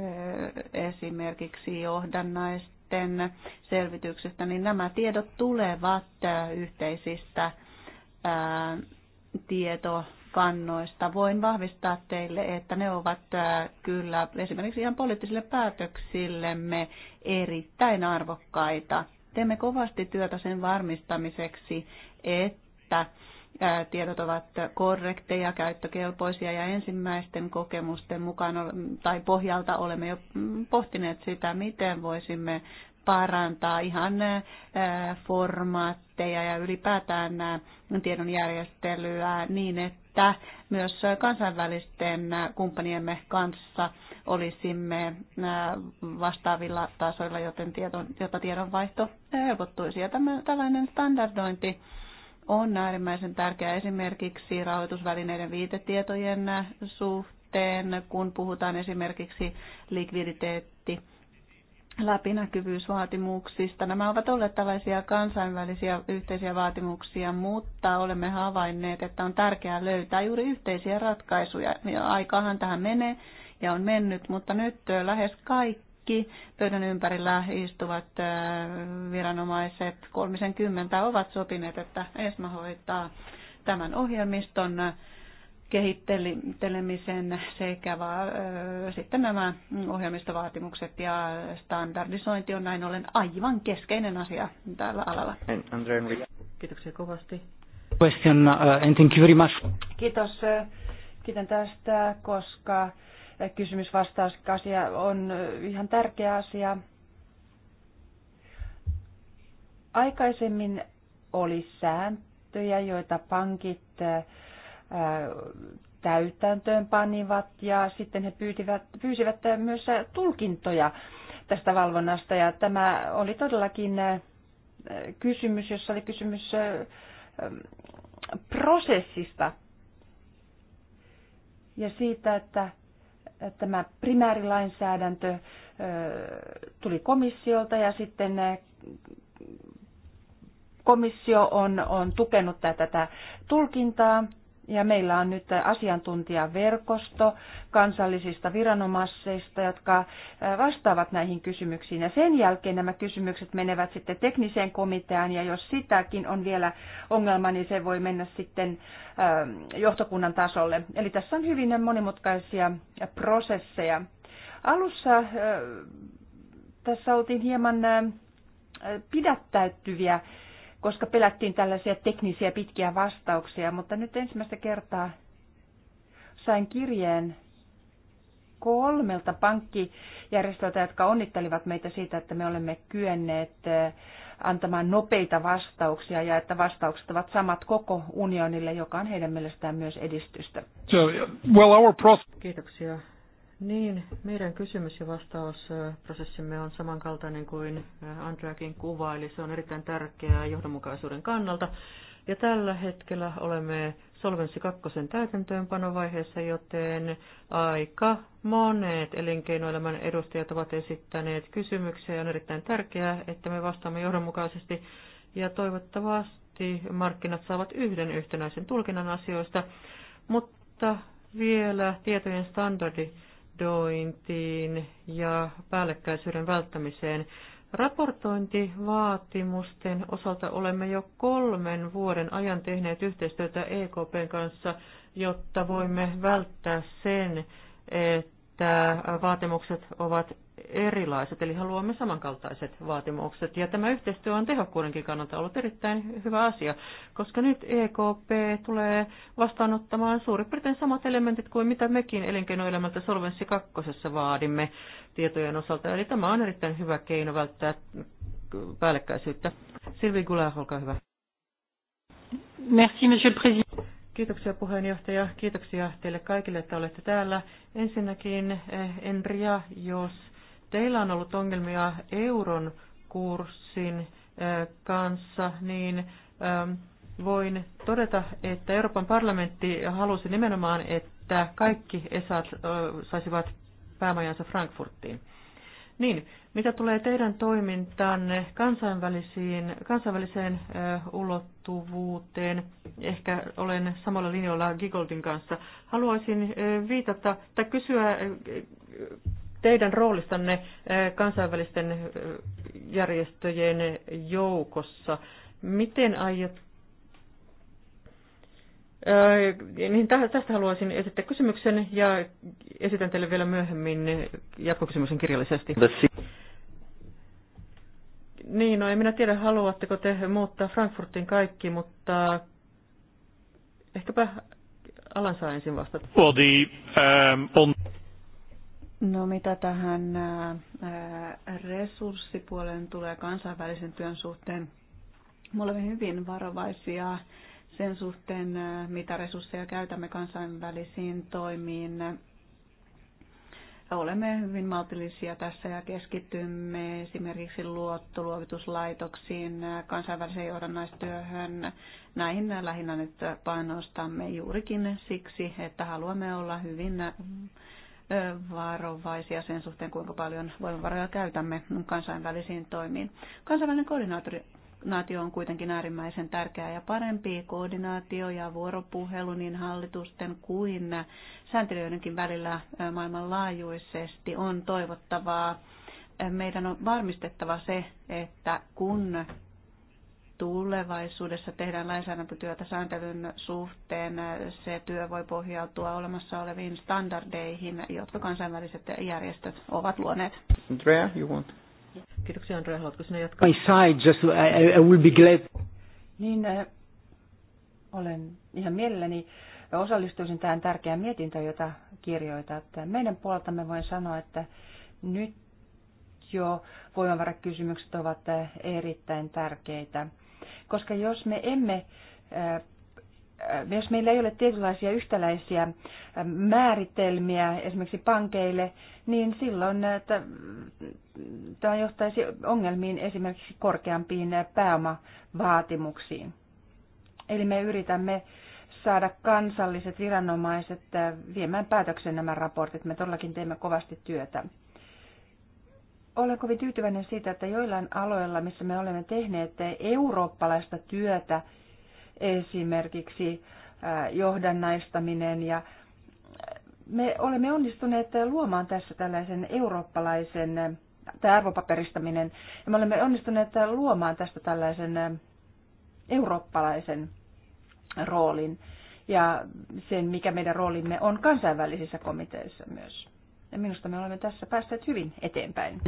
esimerkiksi johdannaisten selvityksestä, niin nämä tiedot tulevat yhteisistä tieto kannoista. Voin vahvistaa teille, että ne ovat äh, kyllä esimerkiksi ihan poliittisille päätöksillemme erittäin arvokkaita. Teemme kovasti työtä sen varmistamiseksi, että äh, tiedot ovat korrekteja, käyttökelpoisia ja ensimmäisten kokemusten mukaan tai pohjalta olemme jo mm, pohtineet sitä, miten voisimme parantaa ihan äh, formaatteja ja ylipäätään tiedon järjestelyä niin, että että myös kansainvälisten kumppaniemme kanssa olisimme vastaavilla tasoilla, joten tiedon, jotta tiedonvaihto helpottuisi. Ja tämän, tällainen standardointi on äärimmäisen tärkeä esimerkiksi rahoitusvälineiden viitetietojen suhteen, kun puhutaan esimerkiksi likviditeetti läpinäkyvyysvaatimuksista. Nämä ovat olleet tällaisia kansainvälisiä yhteisiä vaatimuksia, mutta olemme havainneet, että on tärkeää löytää juuri yhteisiä ratkaisuja. Aikahan tähän menee ja on mennyt, mutta nyt lähes kaikki pöydän ympärillä istuvat viranomaiset, 30 ovat sopineet, että ESMA hoitaa tämän ohjelmiston kehittelemisen sekä va, sitten nämä ohjelmistovaatimukset ja standardisointi on näin ollen aivan keskeinen asia tällä alalla. Kiitoksia kovasti. Question, uh, and thank you very much. Kiitos. Kiitän tästä, koska kysymysvastausasia on ihan tärkeä asia. Aikaisemmin oli sääntöjä, joita pankit äh, täytäntöön panivat ja sitten he pyysivät, pyysivät myös tulkintoja tästä valvonnasta ja tämä oli todellakin kysymys, jossa oli kysymys prosessista ja siitä, että tämä primäärilainsäädäntö tuli komissiolta ja sitten komissio on, on tukenut tätä tulkintaa ja meillä on nyt asiantuntijaverkosto kansallisista viranomaisista, jotka vastaavat näihin kysymyksiin. Ja sen jälkeen nämä kysymykset menevät sitten tekniseen komiteaan, ja jos sitäkin on vielä ongelma, niin se voi mennä sitten johtokunnan tasolle. Eli tässä on hyvin monimutkaisia prosesseja. Alussa tässä oltiin hieman pidättäytyviä koska pelättiin tällaisia teknisiä pitkiä vastauksia, mutta nyt ensimmäistä kertaa sain kirjeen kolmelta pankkijärjestöltä, jotka onnittelivat meitä siitä, että me olemme kyenneet eh, antamaan nopeita vastauksia ja että vastaukset ovat samat koko unionille, joka on heidän mielestään myös edistystä. Kiitoksia. Niin, meidän kysymys- ja vastausprosessimme on samankaltainen kuin Andreakin eli Se on erittäin tärkeää johdonmukaisuuden kannalta. Ja tällä hetkellä olemme Solvenssi 2 täytäntöönpanovaiheessa, joten aika monet elinkeinoelämän edustajat ovat esittäneet kysymyksiä. On erittäin tärkeää, että me vastaamme johdonmukaisesti ja toivottavasti markkinat saavat yhden yhtenäisen tulkinnan asioista, mutta vielä tietojen standardi raportointiin ja päällekkäisyyden välttämiseen. Raportointivaatimusten osalta olemme jo kolmen vuoden ajan tehneet yhteistyötä EKPn kanssa, jotta voimme välttää sen, että vaatimukset ovat erilaiset, eli haluamme samankaltaiset vaatimukset. Ja tämä yhteistyö on tehokkuudenkin kannalta ollut erittäin hyvä asia, koska nyt EKP tulee vastaanottamaan suurin piirtein samat elementit kuin mitä mekin elinkeinoelämältä Solvenssi 2 vaadimme tietojen osalta. Eli tämä on erittäin hyvä keino välttää päällekkäisyyttä. Silvi Gula, olkaa hyvä. Merci, monsieur le président. Kiitoksia puheenjohtaja. Kiitoksia teille kaikille, että olette täällä. Ensinnäkin eh, Enria, jos teillä on ollut ongelmia euron kurssin kanssa, niin voin todeta, että Euroopan parlamentti halusi nimenomaan, että kaikki ESAT saisivat päämajansa Frankfurttiin. Niin, mitä tulee teidän toimintanne kansainvälisiin, kansainväliseen ö, ulottuvuuteen, ehkä olen samalla linjalla Gigoldin kanssa, haluaisin ö, viitata tai kysyä ö, teidän roolistanne eh, kansainvälisten eh, järjestöjen joukossa. Miten aiot eh, niin tästä haluaisin esittää kysymyksen ja esitän teille vielä myöhemmin jatkokysymyksen kirjallisesti. Niin, no en minä tiedä, haluatteko te muuttaa Frankfurtin kaikki, mutta ehkäpä alan saa ensin vastata. Well, the, um, on... No mitä tähän resurssipuoleen tulee kansainvälisen työn suhteen, me olemme hyvin varovaisia sen suhteen, mitä resursseja käytämme kansainvälisiin toimiin. Olemme hyvin maltillisia tässä ja keskitymme esimerkiksi luottoluokituslaitoksiin, kansainväliseen johdannaistyöhön. Näihin lähinnä nyt painostamme juurikin siksi, että haluamme olla hyvin varovaisia sen suhteen, kuinka paljon voimavaroja käytämme kansainvälisiin toimiin. Kansainvälinen koordinaattori koordinaatio on kuitenkin äärimmäisen tärkeää ja parempi koordinaatio ja vuoropuhelu niin hallitusten kuin sääntelijöidenkin välillä maailmanlaajuisesti on toivottavaa. Meidän on varmistettava se, että kun tulevaisuudessa tehdään lainsäädäntötyötä sääntelyn suhteen, se työ voi pohjautua olemassa oleviin standardeihin, jotka kansainväliset järjestöt ovat luoneet. Andrea, you want? Kiitoksia Andrea, haluatko sinä jatkaa? My side, just, I, I will be glad. Niin, äh, olen ihan mielelläni osallistuisin tähän tärkeään mietintöön, jota kirjoitat. Meidän puoltamme voin sanoa, että nyt jo voimavarakysymykset ovat eh, erittäin tärkeitä koska jos me emme äh, jos meillä ei ole tietynlaisia yhtäläisiä äh, määritelmiä esimerkiksi pankeille, niin silloin äh, tämä johtaisi ongelmiin esimerkiksi korkeampiin pääomavaatimuksiin. Eli me yritämme saada kansalliset viranomaiset viemään päätöksen nämä raportit. Me todellakin teemme kovasti työtä olen kovin tyytyväinen siitä, että joillain aloilla, missä me olemme tehneet eurooppalaista työtä, esimerkiksi johdannaistaminen ja me olemme onnistuneet luomaan tässä tällaisen eurooppalaisen, tämä arvopaperistaminen, ja me olemme onnistuneet luomaan tästä tällaisen eurooppalaisen roolin ja sen, mikä meidän roolimme on kansainvälisissä komiteissa myös. Ja minusta me olemme tässä päässeet hyvin eteenpäin.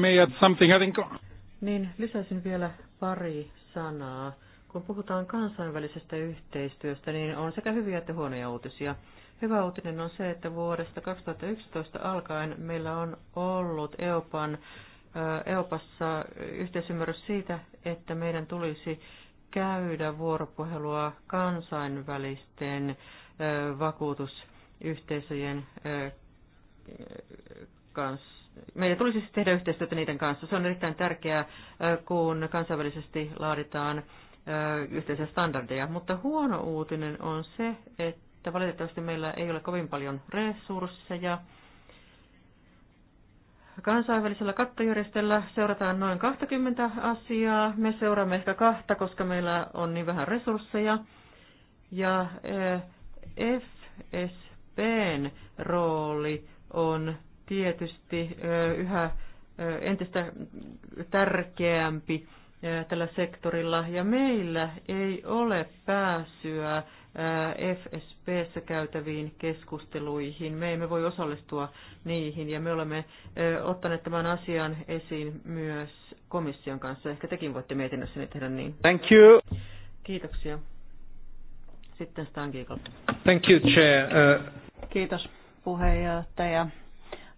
Niin, lisäisin vielä pari sanaa. Kun puhutaan kansainvälisestä yhteistyöstä, niin on sekä hyviä että huonoja uutisia. Hyvä uutinen on se, että vuodesta 2011 alkaen meillä on ollut EOPan, EOPassa yhteisymmärrys siitä, että meidän tulisi käydä vuoropuhelua kansainvälisten vakuutusyhteisöjen kanssa. Meidän tulisi siis tehdä yhteistyötä niiden kanssa. Se on erittäin tärkeää, kun kansainvälisesti laaditaan yhteisiä standardeja. Mutta huono uutinen on se, että valitettavasti meillä ei ole kovin paljon resursseja. Kansainvälisellä kattojärjestöllä seurataan noin 20 asiaa. Me seuraamme ehkä kahta, koska meillä on niin vähän resursseja. Ja FSPn rooli on tietysti yhä entistä tärkeämpi tällä sektorilla ja meillä ei ole pääsyä FSPssä käytäviin keskusteluihin. Me emme voi osallistua niihin ja me olemme ottaneet tämän asian esiin myös komission kanssa. Ehkä tekin voitte mietinnössäni tehdä niin. Thank you. Kiitoksia. Sitten Stan Thank you, Chair. Uh... Kiitos puheenjohtaja.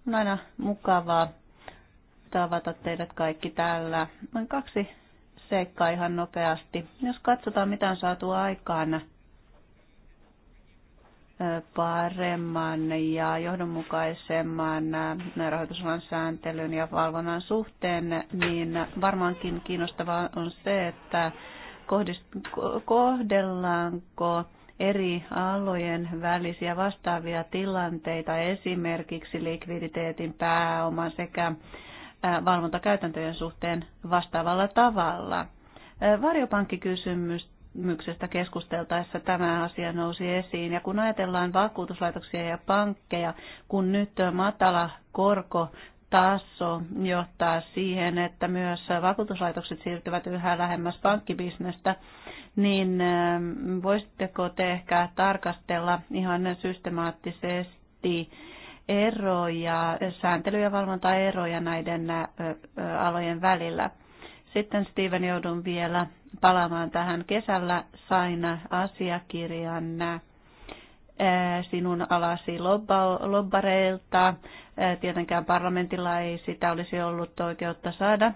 On aina mukavaa tavata teidät kaikki täällä. Noin kaksi seikkaa ihan nopeasti. Jos katsotaan, mitä on saatu aikaan paremman ja johdonmukaisemman rahoitusalan sääntelyn ja valvonnan suhteen, niin varmaankin kiinnostavaa on se, että kohdellaanko eri alojen välisiä vastaavia tilanteita, esimerkiksi likviditeetin pääoman sekä valvontakäytäntöjen suhteen vastaavalla tavalla. Varjopankkikysymyksestä keskusteltaessa tämä asia nousi esiin, ja kun ajatellaan vakuutuslaitoksia ja pankkeja, kun nyt matala korko taso johtaa siihen, että myös vakuutuslaitokset siirtyvät yhä lähemmäs pankkibisnestä, niin ähm, voisitteko te ehkä tarkastella ihan systemaattisesti eroja, sääntely- ja valvontaeroja näiden äh, äh, alojen välillä? Sitten Steven joudun vielä palaamaan tähän. Kesällä sain asiakirjan äh, sinun alasi lobbareilta Tietenkään parlamentilla ei sitä olisi ollut oikeutta saada.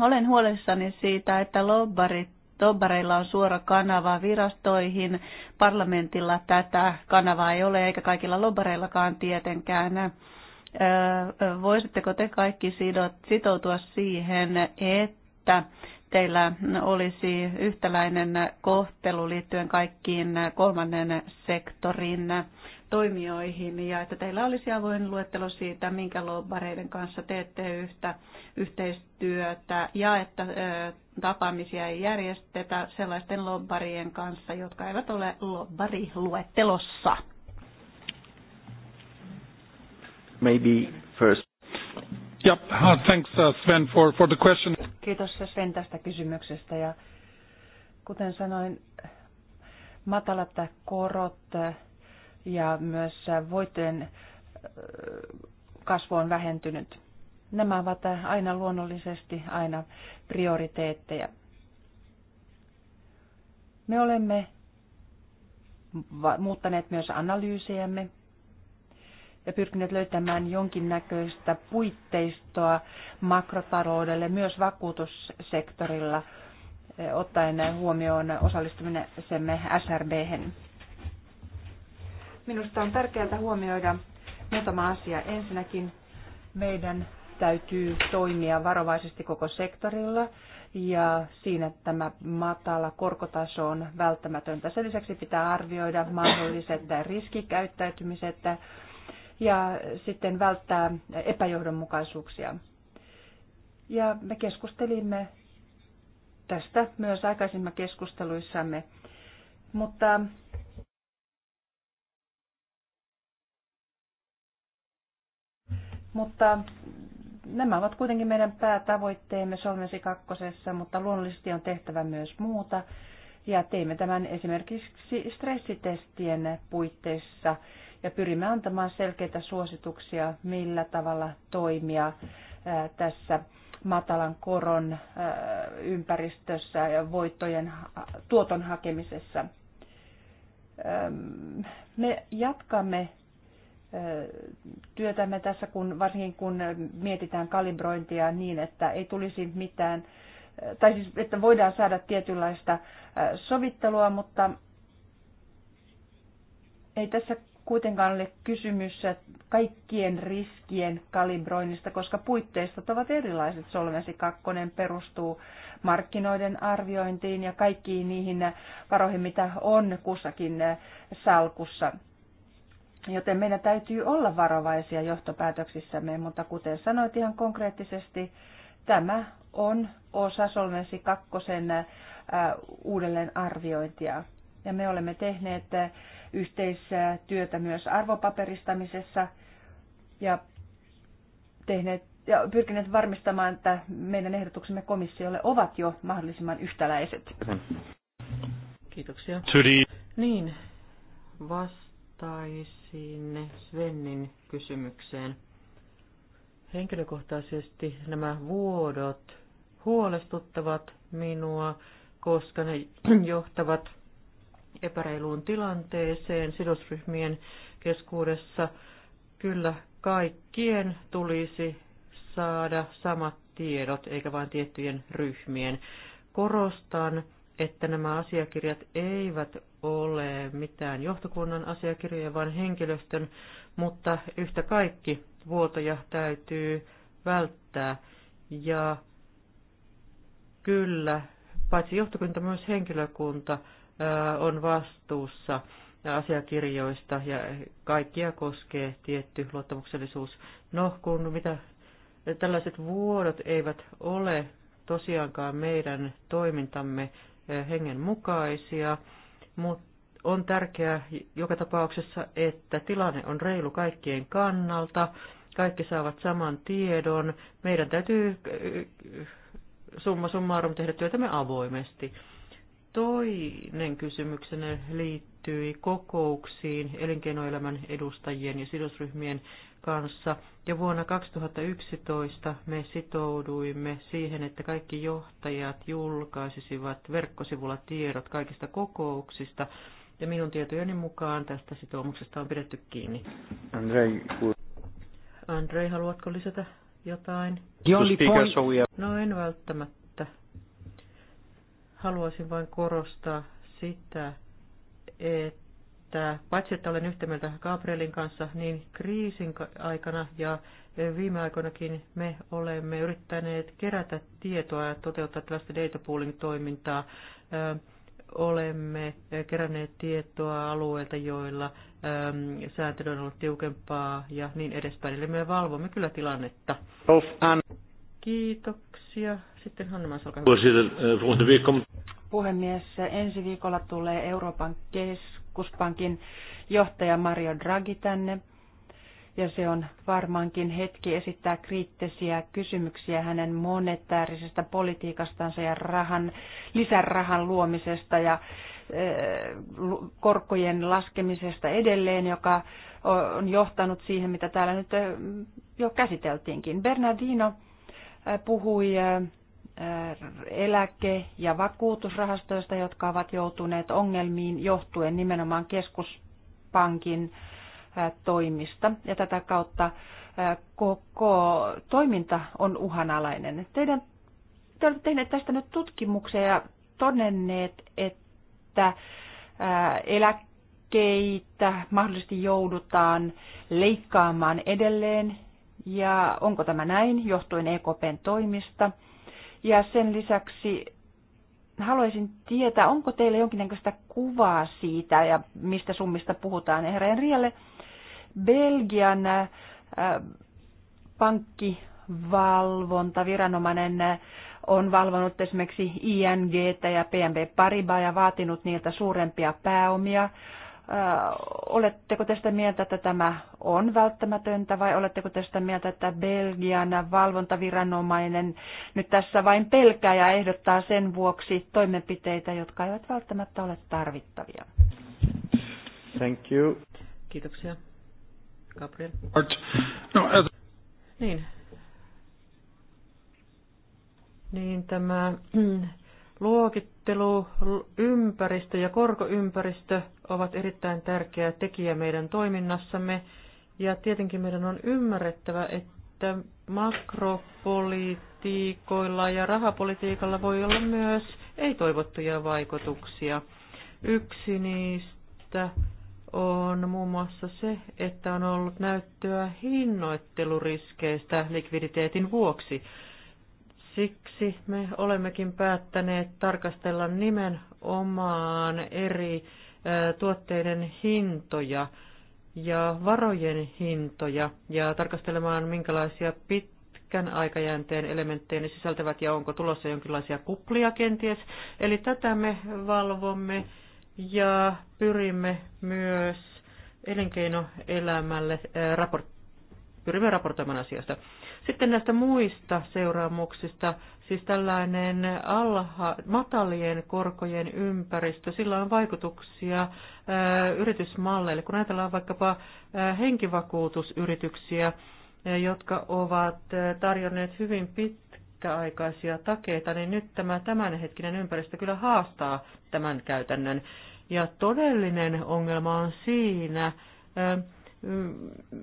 Olen huolissani siitä, että lobbarit Tobbareilla on suora kanava virastoihin, parlamentilla tätä kanavaa ei ole, eikä kaikilla lobbareillakaan tietenkään. Voisitteko te kaikki sitoutua siihen, että teillä olisi yhtäläinen kohtelu liittyen kaikkiin kolmannen sektorin toimijoihin ja että teillä olisi avoin luettelo siitä, minkä lobbareiden kanssa teette yhtä yhteistyötä ja että tapaamisia ei järjestetä sellaisten lobbarien kanssa, jotka eivät ole lobbariluettelossa. Maybe first. Yep. Uh, thanks, uh, Sven, for, for the question. Kiitos Sven tästä kysymyksestä. Ja kuten sanoin, matalat korot ja myös voittojen kasvu on vähentynyt. Nämä ovat aina luonnollisesti aina prioriteetteja. Me olemme muuttaneet myös analyysejämme ja pyrkineet löytämään jonkinnäköistä puitteistoa makrotaloudelle myös vakuutussektorilla, ottaen huomioon osallistumisemme SRB:hen. Minusta on tärkeää huomioida muutama asia. Ensinnäkin meidän täytyy toimia varovaisesti koko sektorilla ja siinä tämä matala korkotaso on välttämätöntä. Sen lisäksi pitää arvioida mahdolliset riskikäyttäytymiset ja sitten välttää epäjohdonmukaisuuksia. Ja me keskustelimme tästä myös aikaisemmin keskusteluissamme, mutta Mutta nämä ovat kuitenkin meidän päätavoitteemme Solmensi kakkosessa, mutta luonnollisesti on tehtävä myös muuta. Ja teimme tämän esimerkiksi stressitestien puitteissa ja pyrimme antamaan selkeitä suosituksia, millä tavalla toimia tässä matalan koron ympäristössä ja voittojen tuoton hakemisessa. Me jatkamme työtämme tässä, kun, varsinkin kun mietitään kalibrointia niin, että ei tulisi mitään, tai siis että voidaan saada tietynlaista äh, sovittelua, mutta ei tässä kuitenkaan ole kysymys kaikkien riskien kalibroinnista, koska puitteistot ovat erilaiset. Solvensi 2 perustuu markkinoiden arviointiin ja kaikkiin niihin varoihin, mitä on kussakin salkussa. Joten meidän täytyy olla varovaisia johtopäätöksissämme, mutta kuten sanoit ihan konkreettisesti, tämä on osa Solvensi kakkosen äh, uudelleen arviointia. Ja me olemme tehneet äh, yhteistyötä myös arvopaperistamisessa ja tehneet ja pyrkineet varmistamaan, että meidän ehdotuksemme komissiolle ovat jo mahdollisimman yhtäläiset. Kiitoksia. Niin, vasta vastaisin Svennin kysymykseen. Henkilökohtaisesti nämä vuodot huolestuttavat minua, koska ne johtavat epäreiluun tilanteeseen sidosryhmien keskuudessa. Kyllä kaikkien tulisi saada samat tiedot, eikä vain tiettyjen ryhmien. Korostan, että nämä asiakirjat eivät ole mitään johtokunnan asiakirjoja, vaan henkilöstön, mutta yhtä kaikki vuotoja täytyy välttää. Ja kyllä, paitsi johtokunta, myös henkilökunta on vastuussa asiakirjoista ja kaikkia koskee tietty luottamuksellisuus. No, kun mitä tällaiset vuodot eivät ole tosiaankaan meidän toimintamme hengen mukaisia, mutta on tärkeää joka tapauksessa, että tilanne on reilu kaikkien kannalta, kaikki saavat saman tiedon. Meidän täytyy äh, summa summarum tehdä työtämme avoimesti. Toinen kysymyksenä liittyy kokouksiin elinkeinoelämän edustajien ja sidosryhmien kanssa. Ja vuonna 2011 me sitouduimme siihen, että kaikki johtajat julkaisisivat verkkosivulla tiedot kaikista kokouksista. Ja minun tietojeni mukaan tästä sitoumuksesta on pidetty kiinni. Andrei, Andrei haluatko lisätä jotain? No en välttämättä. Haluaisin vain korostaa sitä, että että paitsi että olen yhtä mieltä Gabrielin kanssa, niin kriisin aikana ja viime aikoinakin me olemme yrittäneet kerätä tietoa ja toteuttaa tällaista data pooling-toimintaa. Olemme keränneet tietoa alueilta, joilla sääntely on ollut tiukempaa ja niin edespäin. Eli me valvomme kyllä tilannetta. Kiitoksia. Sitten Hanna-Maas, olkaa hyvä. Eh, Puhemies, ensi viikolla tulee Euroopan kes keskuspankin johtaja Mario Draghi tänne. Ja se on varmaankin hetki esittää kriittisiä kysymyksiä hänen monetäärisestä politiikastansa ja rahan, lisärahan luomisesta ja korkojen laskemisesta edelleen, joka on johtanut siihen, mitä täällä nyt jo käsiteltiinkin. Bernardino puhui eläke- ja vakuutusrahastoista, jotka ovat joutuneet ongelmiin johtuen nimenomaan keskuspankin toimista. Ja tätä kautta koko toiminta on uhanalainen. Teidän, te olette tehneet tästä nyt tutkimuksia ja todenneet, että eläkkeitä mahdollisesti joudutaan leikkaamaan edelleen. Ja onko tämä näin johtuen EKPn toimista? Ja sen lisäksi haluaisin tietää, onko teillä jonkinnäköistä kuvaa siitä ja mistä summista puhutaan. Herra Enrialle, Belgian äh, pankkivalvontaviranomainen on valvonut esimerkiksi ING ja PNB Paribas ja vaatinut niiltä suurempia pääomia Oletteko te sitä mieltä, että tämä on välttämätöntä vai oletteko te sitä mieltä, että Belgian valvontaviranomainen nyt tässä vain pelkää ja ehdottaa sen vuoksi toimenpiteitä, jotka eivät välttämättä ole tarvittavia? Thank you. Kiitoksia. Gabriel. No, niin. Niin tämä Luokittelu, ympäristö ja korkoympäristö ovat erittäin tärkeä tekijä meidän toiminnassamme. Ja tietenkin meidän on ymmärrettävä, että makropolitiikoilla ja rahapolitiikalla voi olla myös ei-toivottuja vaikutuksia. Yksi niistä on muun muassa se, että on ollut näyttöä hinnoitteluriskeistä likviditeetin vuoksi. Siksi me olemmekin päättäneet tarkastella nimenomaan eri tuotteiden hintoja ja varojen hintoja ja tarkastelemaan, minkälaisia pitkän aikajänteen elementtejä ne sisältävät ja onko tulossa jonkinlaisia kuplia kenties. Eli tätä me valvomme ja pyrimme myös elinkeinoelämälle raport- pyrimme raportoimaan asiasta. Sitten näistä muista seuraamuksista, siis tällainen alha, matalien korkojen ympäristö, sillä on vaikutuksia ää, äh, yritysmalleille. Kun ajatellaan vaikkapa ää, äh, henkivakuutusyrityksiä, ää, äh, jotka ovat ää, tarjonneet hyvin pitkäaikaisia takeita, niin nyt tämä tämänhetkinen ympäristö kyllä haastaa tämän käytännön. Ja todellinen ongelma on siinä, ää, Mm,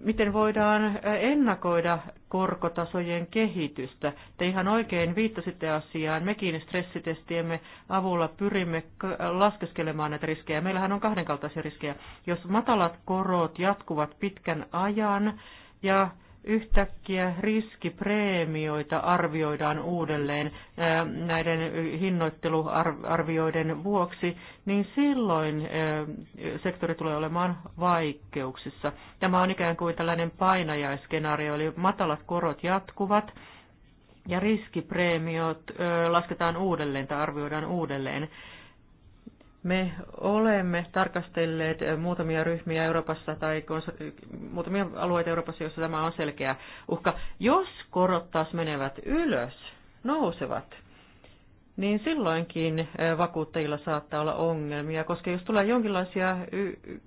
miten voidaan ennakoida korkotasojen kehitystä. Te ihan oikein viittasitte asiaan. Mekin stressitestiemme avulla pyrimme laskeskelemaan näitä riskejä. Meillähän on kahdenkaltaisia riskejä. Jos matalat korot jatkuvat pitkän ajan ja yhtäkkiä riskipreemioita arvioidaan uudelleen äh, näiden hinnoitteluarvioiden vuoksi, niin silloin äh, sektori tulee olemaan vaikeuksissa. Tämä on ikään kuin tällainen painajaiskenaario, eli matalat korot jatkuvat ja riskipreemiot äh, lasketaan uudelleen tai arvioidaan uudelleen. Me olemme tarkastelleet muutamia ryhmiä Euroopassa tai muutamia alueita Euroopassa, joissa tämä on selkeä uhka. Jos korot taas menevät ylös, nousevat, niin silloinkin eh, vakuuttajilla saattaa olla ongelmia, koska jos tulee jonkinlaisia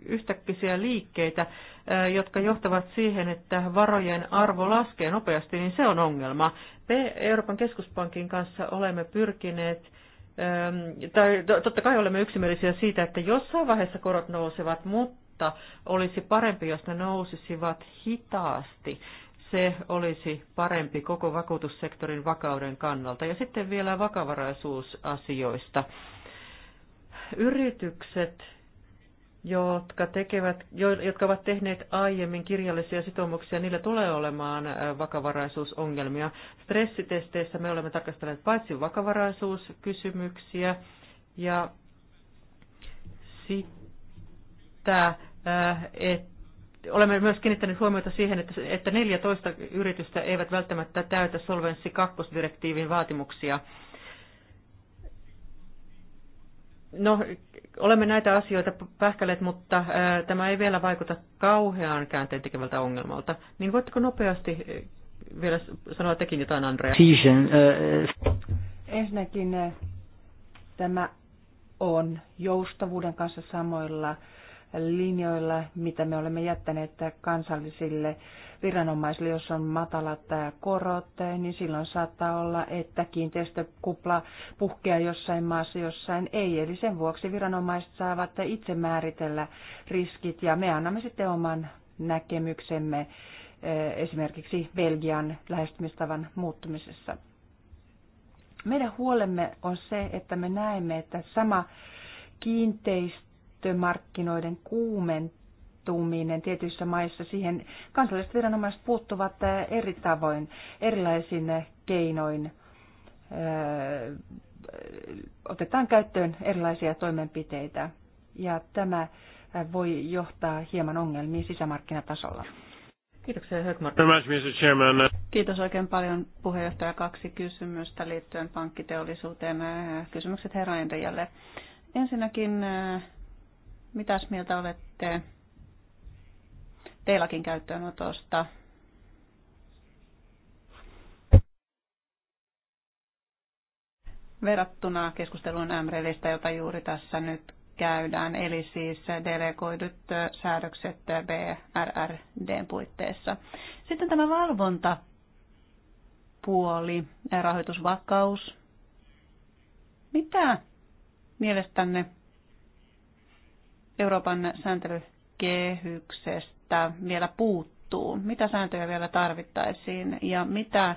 yhtäkkiä liikkeitä, eh, jotka johtavat siihen, että varojen arvo laskee nopeasti, niin se on ongelma. Me Euroopan keskuspankin kanssa olemme pyrkineet tai totta kai olemme yksimielisiä siitä, että jossain vaiheessa korot nousevat, mutta olisi parempi, jos ne nousisivat hitaasti. Se olisi parempi koko vakuutussektorin vakauden kannalta. Ja sitten vielä vakavaraisuusasioista. Yritykset jotka, tekevät, jotka ovat tehneet aiemmin kirjallisia sitoumuksia, niillä tulee olemaan vakavaraisuusongelmia. Stressitesteissä me olemme tarkastelleet paitsi vakavaraisuuskysymyksiä ja sitä, että olemme myös kiinnittäneet huomiota siihen, että, 14 yritystä eivät välttämättä täytä Solvenssi 2-direktiivin vaatimuksia. No, olemme näitä asioita pähkäleet, mutta ää, äh, tämä ei vielä vaikuta kauhean käänteen tekevältä ongelmalta. Niin voitteko nopeasti äh, vielä sanoa tekin jotain, Andrea? Äh, Ensinnäkin tämä on joustavuuden kanssa samoilla linjoilla, mitä me olemme jättäneet kansallisille viranomaisille, jos on matalat korot, niin silloin saattaa olla, että kiinteistökupla puhkeaa jossain maassa, jossain ei. Eli sen vuoksi viranomaiset saavat itse määritellä riskit ja me annamme sitten oman näkemyksemme esimerkiksi Belgian lähestymistavan muuttumisessa. Meidän huolemme on se, että me näemme, että sama kiinteistömarkkinoiden kuumentuminen puuttuminen tietyissä maissa, siihen kansalliset viranomaiset puuttuvat eh, eri tavoin, erilaisin eh, keinoin. Eh, otetaan käyttöön erilaisia toimenpiteitä ja tämä voi johtaa hieman ongelmiin sisämarkkinatasolla. Kiitoksia Högmark. Kiitos oikein paljon puheenjohtaja. Kaksi kysymystä liittyen pankkiteollisuuteen. Kysymykset herra Endrijalle. Ensinnäkin, mitäs mieltä olette teilläkin käyttöönotosta. verrattuna keskusteluun MREListä, jota juuri tässä nyt käydään, eli siis delegoidut säädökset BRRDn puitteissa. Sitten tämä valvontapuoli, rahoitusvakaus. Mitä mielestänne Euroopan sääntelykehyksestä että vielä puuttuu? Mitä sääntöjä vielä tarvittaisiin ja mitä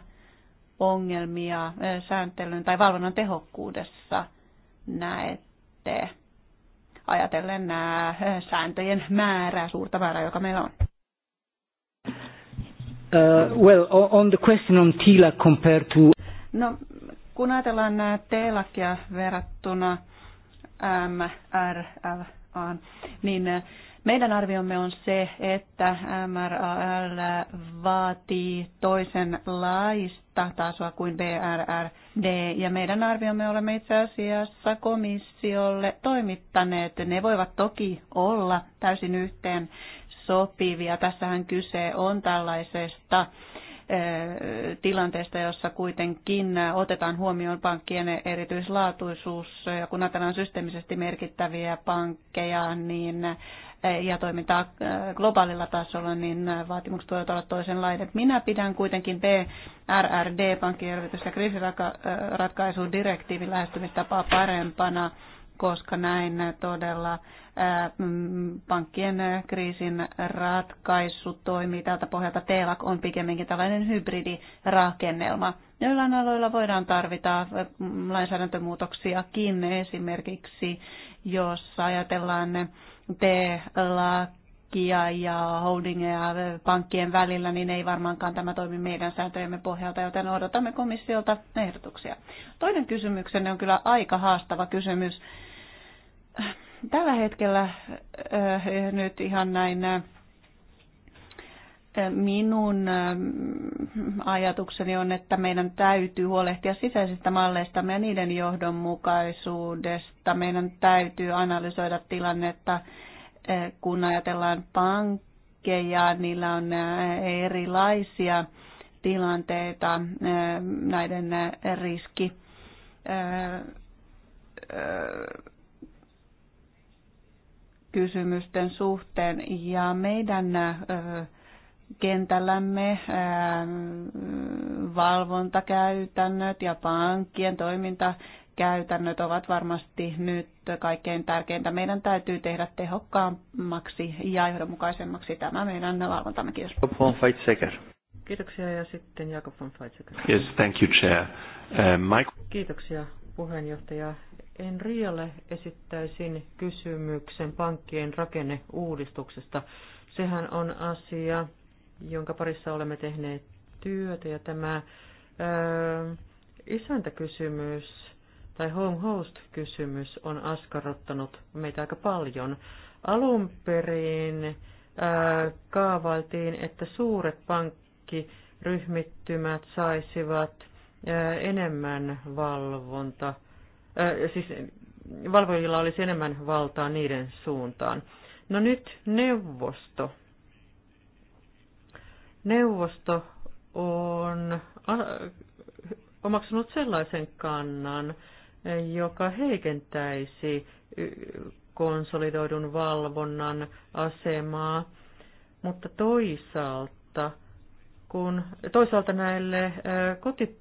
ongelmia sääntelyn tai valvonnan tehokkuudessa näette? Ajatellen nämä sääntöjen määrää, suurta määrää, joka meillä on. Uh, well, on the question on tila compared to... No, kun ajatellaan nämä TELAKia verrattuna MRLA, niin meidän arviomme on se, että MRAL vaatii toisenlaista tasoa kuin BRRD, ja meidän arviomme olemme itse asiassa komissiolle toimittaneet. Ne voivat toki olla täysin yhteen sopivia. Tässähän kyse on tällaisesta tilanteesta, jossa kuitenkin otetaan huomioon pankkien erityislaatuisuus. Ja kun ajatellaan systeemisesti merkittäviä pankkeja niin, eh, ja toimintaa eh, globaalilla tasolla, niin vaatimukset voivat olla toisenlaiset. Minä pidän kuitenkin BRRD, pankkien elvytys- ja kriisiratkaisudirektiivin lähestymistapaa parempana koska näin todella mm, pankkien kriisin ratkaisu toimii tältä pohjalta. TELAK on pikemminkin tällainen hybridirakennelma. Joillain aloilla voidaan tarvita mm, lainsäädäntömuutoksiakin esimerkiksi, jos ajatellaan TELAK lakia ja holdingeja pankkien välillä, niin ei varmaankaan tämä toimi meidän sääntöjemme pohjalta, joten odotamme komissiolta ehdotuksia. Toinen kysymyksenne on kyllä aika haastava kysymys. Tällä hetkellä eh, nyt ihan näin eh, minun eh, ajatukseni on, että meidän täytyy huolehtia sisäisistä malleista ja niiden johdonmukaisuudesta. Meidän täytyy analysoida tilannetta, kun ajatellaan pankkeja, niillä on erilaisia tilanteita näiden riski kysymysten suhteen ja meidän kentällämme valvontakäytännöt ja pankkien toimintakäytännöt ovat varmasti nyt kaikkein tärkeintä. Meidän täytyy tehdä tehokkaammaksi ja johdonmukaisemmaksi tämä meidän valvontamme. Kiitos. Kiitoksia ja sitten Jakob von Feitseker. Yes, thank you, Chair. Uh, Mike... Kiitoksia puheenjohtaja Enrialle esittäisin kysymyksen pankkien rakenneuudistuksesta. Sehän on asia, jonka parissa olemme tehneet työtä ja tämä öö, isäntäkysymys tai home host-kysymys on askarruttanut meitä aika paljon. Alun perin öö, kaavailtiin, että suuret pankkiryhmittymät saisivat öö, enemmän valvonta siis valvojilla olisi enemmän valtaa niiden suuntaan. No nyt neuvosto. Neuvosto on omaksunut sellaisen kannan, joka heikentäisi konsolidoidun valvonnan asemaa, mutta toisaalta, kun, toisaalta näille koti,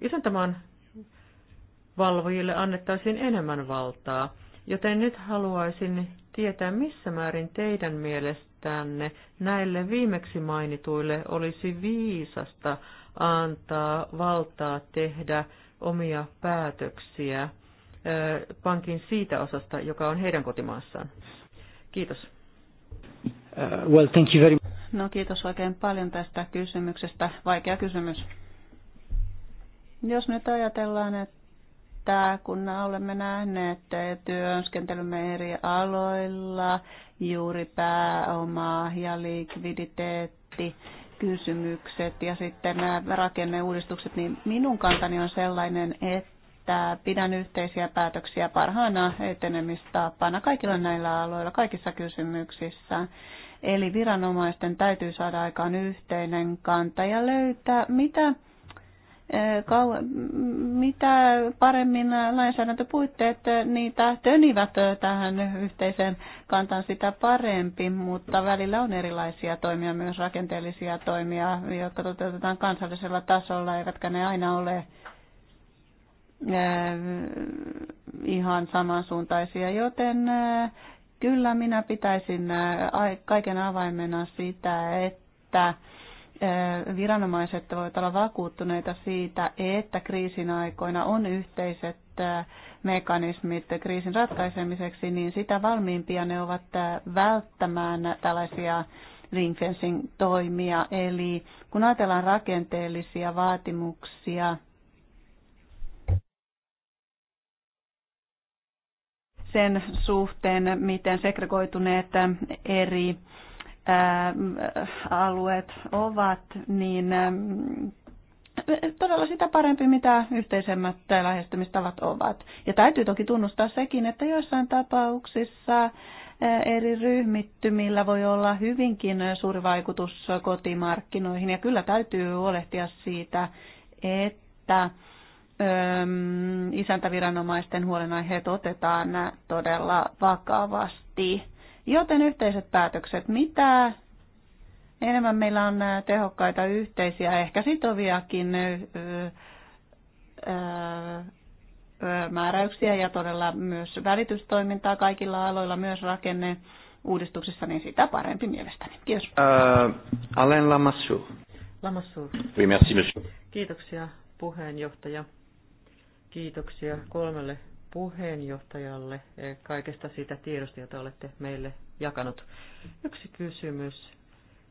isäntämaan valvojille annettaisiin enemmän valtaa. Joten nyt haluaisin tietää, missä määrin teidän mielestänne näille viimeksi mainituille olisi viisasta antaa valtaa tehdä omia päätöksiä pankin siitä osasta, joka on heidän kotimaassaan. Kiitos. Uh, well, thank you very much. No kiitos oikein paljon tästä kysymyksestä. Vaikea kysymys. Jos nyt ajatellaan, että että kun olemme nähneet työskentelymme eri aloilla, juuri pääoma ja likviditeetti, kysymykset ja sitten nämä rakenneuudistukset, niin minun kantani on sellainen, että pidän yhteisiä päätöksiä parhaana etenemistapana kaikilla näillä aloilla, kaikissa kysymyksissä. Eli viranomaisten täytyy saada aikaan yhteinen kanta ja löytää, mitä kau- mitä paremmin lainsäädäntöpuitteet niitä tönivät tähän yhteiseen kantaan sitä parempi, mutta välillä on erilaisia toimia, myös rakenteellisia toimia, jotka toteutetaan kansallisella tasolla, eivätkä ne aina ole ihan samansuuntaisia, joten kyllä minä pitäisin kaiken avaimena sitä, että Eh, viranomaiset voivat olla vakuuttuneita siitä, että kriisin aikoina on yhteiset eh, mekanismit kriisin ratkaisemiseksi, niin sitä valmiimpia ne ovat eh, välttämään tällaisia ringfencing toimia. Eli kun ajatellaan rakenteellisia vaatimuksia, sen suhteen, miten segregoituneet eri alueet ovat, niin todella sitä parempi, mitä yhteisemmät lähestymistavat ovat. Ja täytyy toki tunnustaa sekin, että joissain tapauksissa eri ryhmittymillä voi olla hyvinkin suuri vaikutus kotimarkkinoihin. Ja kyllä täytyy huolehtia siitä, että isäntäviranomaisten huolenaiheet otetaan todella vakavasti. Joten yhteiset päätökset, mitä enemmän meillä on tehokkaita yhteisiä, ehkä sitoviakin määräyksiä ja todella myös välitystoimintaa kaikilla aloilla, myös rakenne uudistuksessa, niin sitä parempi mielestäni. Kiitos. Uh, Alain Lamassu. Lamassu. Oui, merci, monsieur. Kiitoksia puheenjohtaja. Kiitoksia kolmelle puheenjohtajalle eh, kaikesta siitä tiedosta, jota olette meille jakanut. Yksi kysymys.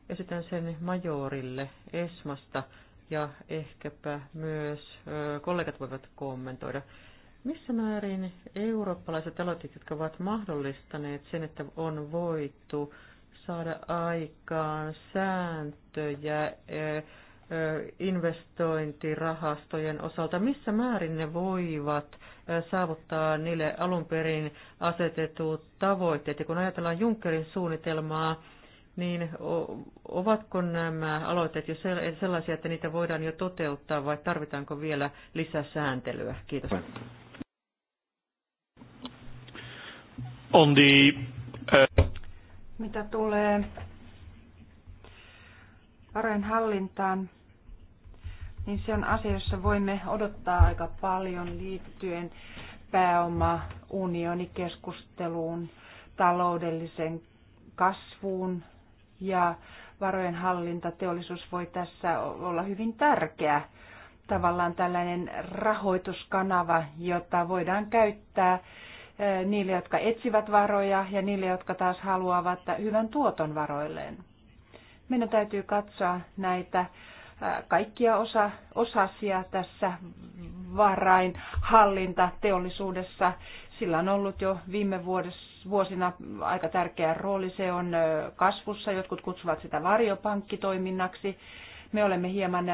Esitän sen majorille Esmasta ja ehkäpä myös eh, kollegat voivat kommentoida. Missä määrin eurooppalaiset aloitit, jotka ovat mahdollistaneet sen, että on voitu saada aikaan sääntöjä eh, investointirahastojen osalta, missä määrin ne voivat saavuttaa niille alun perin asetetut tavoitteet. Ja kun ajatellaan Junckerin suunnitelmaa, niin ovatko nämä aloitteet jo sellaisia, että niitä voidaan jo toteuttaa vai tarvitaanko vielä lisäsääntelyä? Kiitos. On the, uh... Mitä tulee hallintaan niin se on asia, jossa voimme odottaa aika paljon liittyen pääoma unionikeskusteluun, taloudellisen kasvuun ja varojen hallinta teollisuus voi tässä olla hyvin tärkeä tavallaan tällainen rahoituskanava, jota voidaan käyttää eh, niille, jotka etsivät varoja ja niille, jotka taas haluavat hyvän tuoton varoilleen. Meidän täytyy katsoa näitä kaikkia osa, osasia tässä varainhallinta teollisuudessa. Sillä on ollut jo viime vuodessa, vuosina aika tärkeä rooli. Se on kasvussa, jotkut kutsuvat sitä varjopankkitoiminnaksi. Me olemme hieman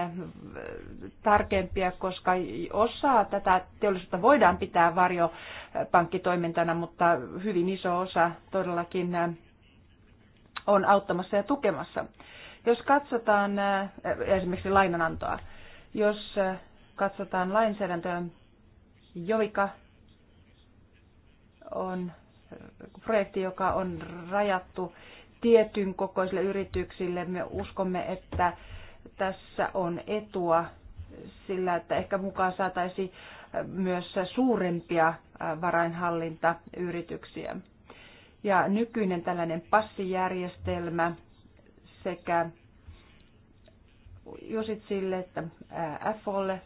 tarkempia, koska osa tätä teollisuutta voidaan pitää varjopankkitoimintana, mutta hyvin iso osa todellakin on auttamassa ja tukemassa. Jos katsotaan äh, esimerkiksi lainanantoa, jos äh, katsotaan lainsäädäntöä, joka on äh, projekti, joka on rajattu tietyn kokoisille yrityksille. Me uskomme, että tässä on etua sillä, että ehkä mukaan saataisiin myös suurempia varainhallintayrityksiä. Ja nykyinen tällainen passijärjestelmä sekä sille, että FOlle.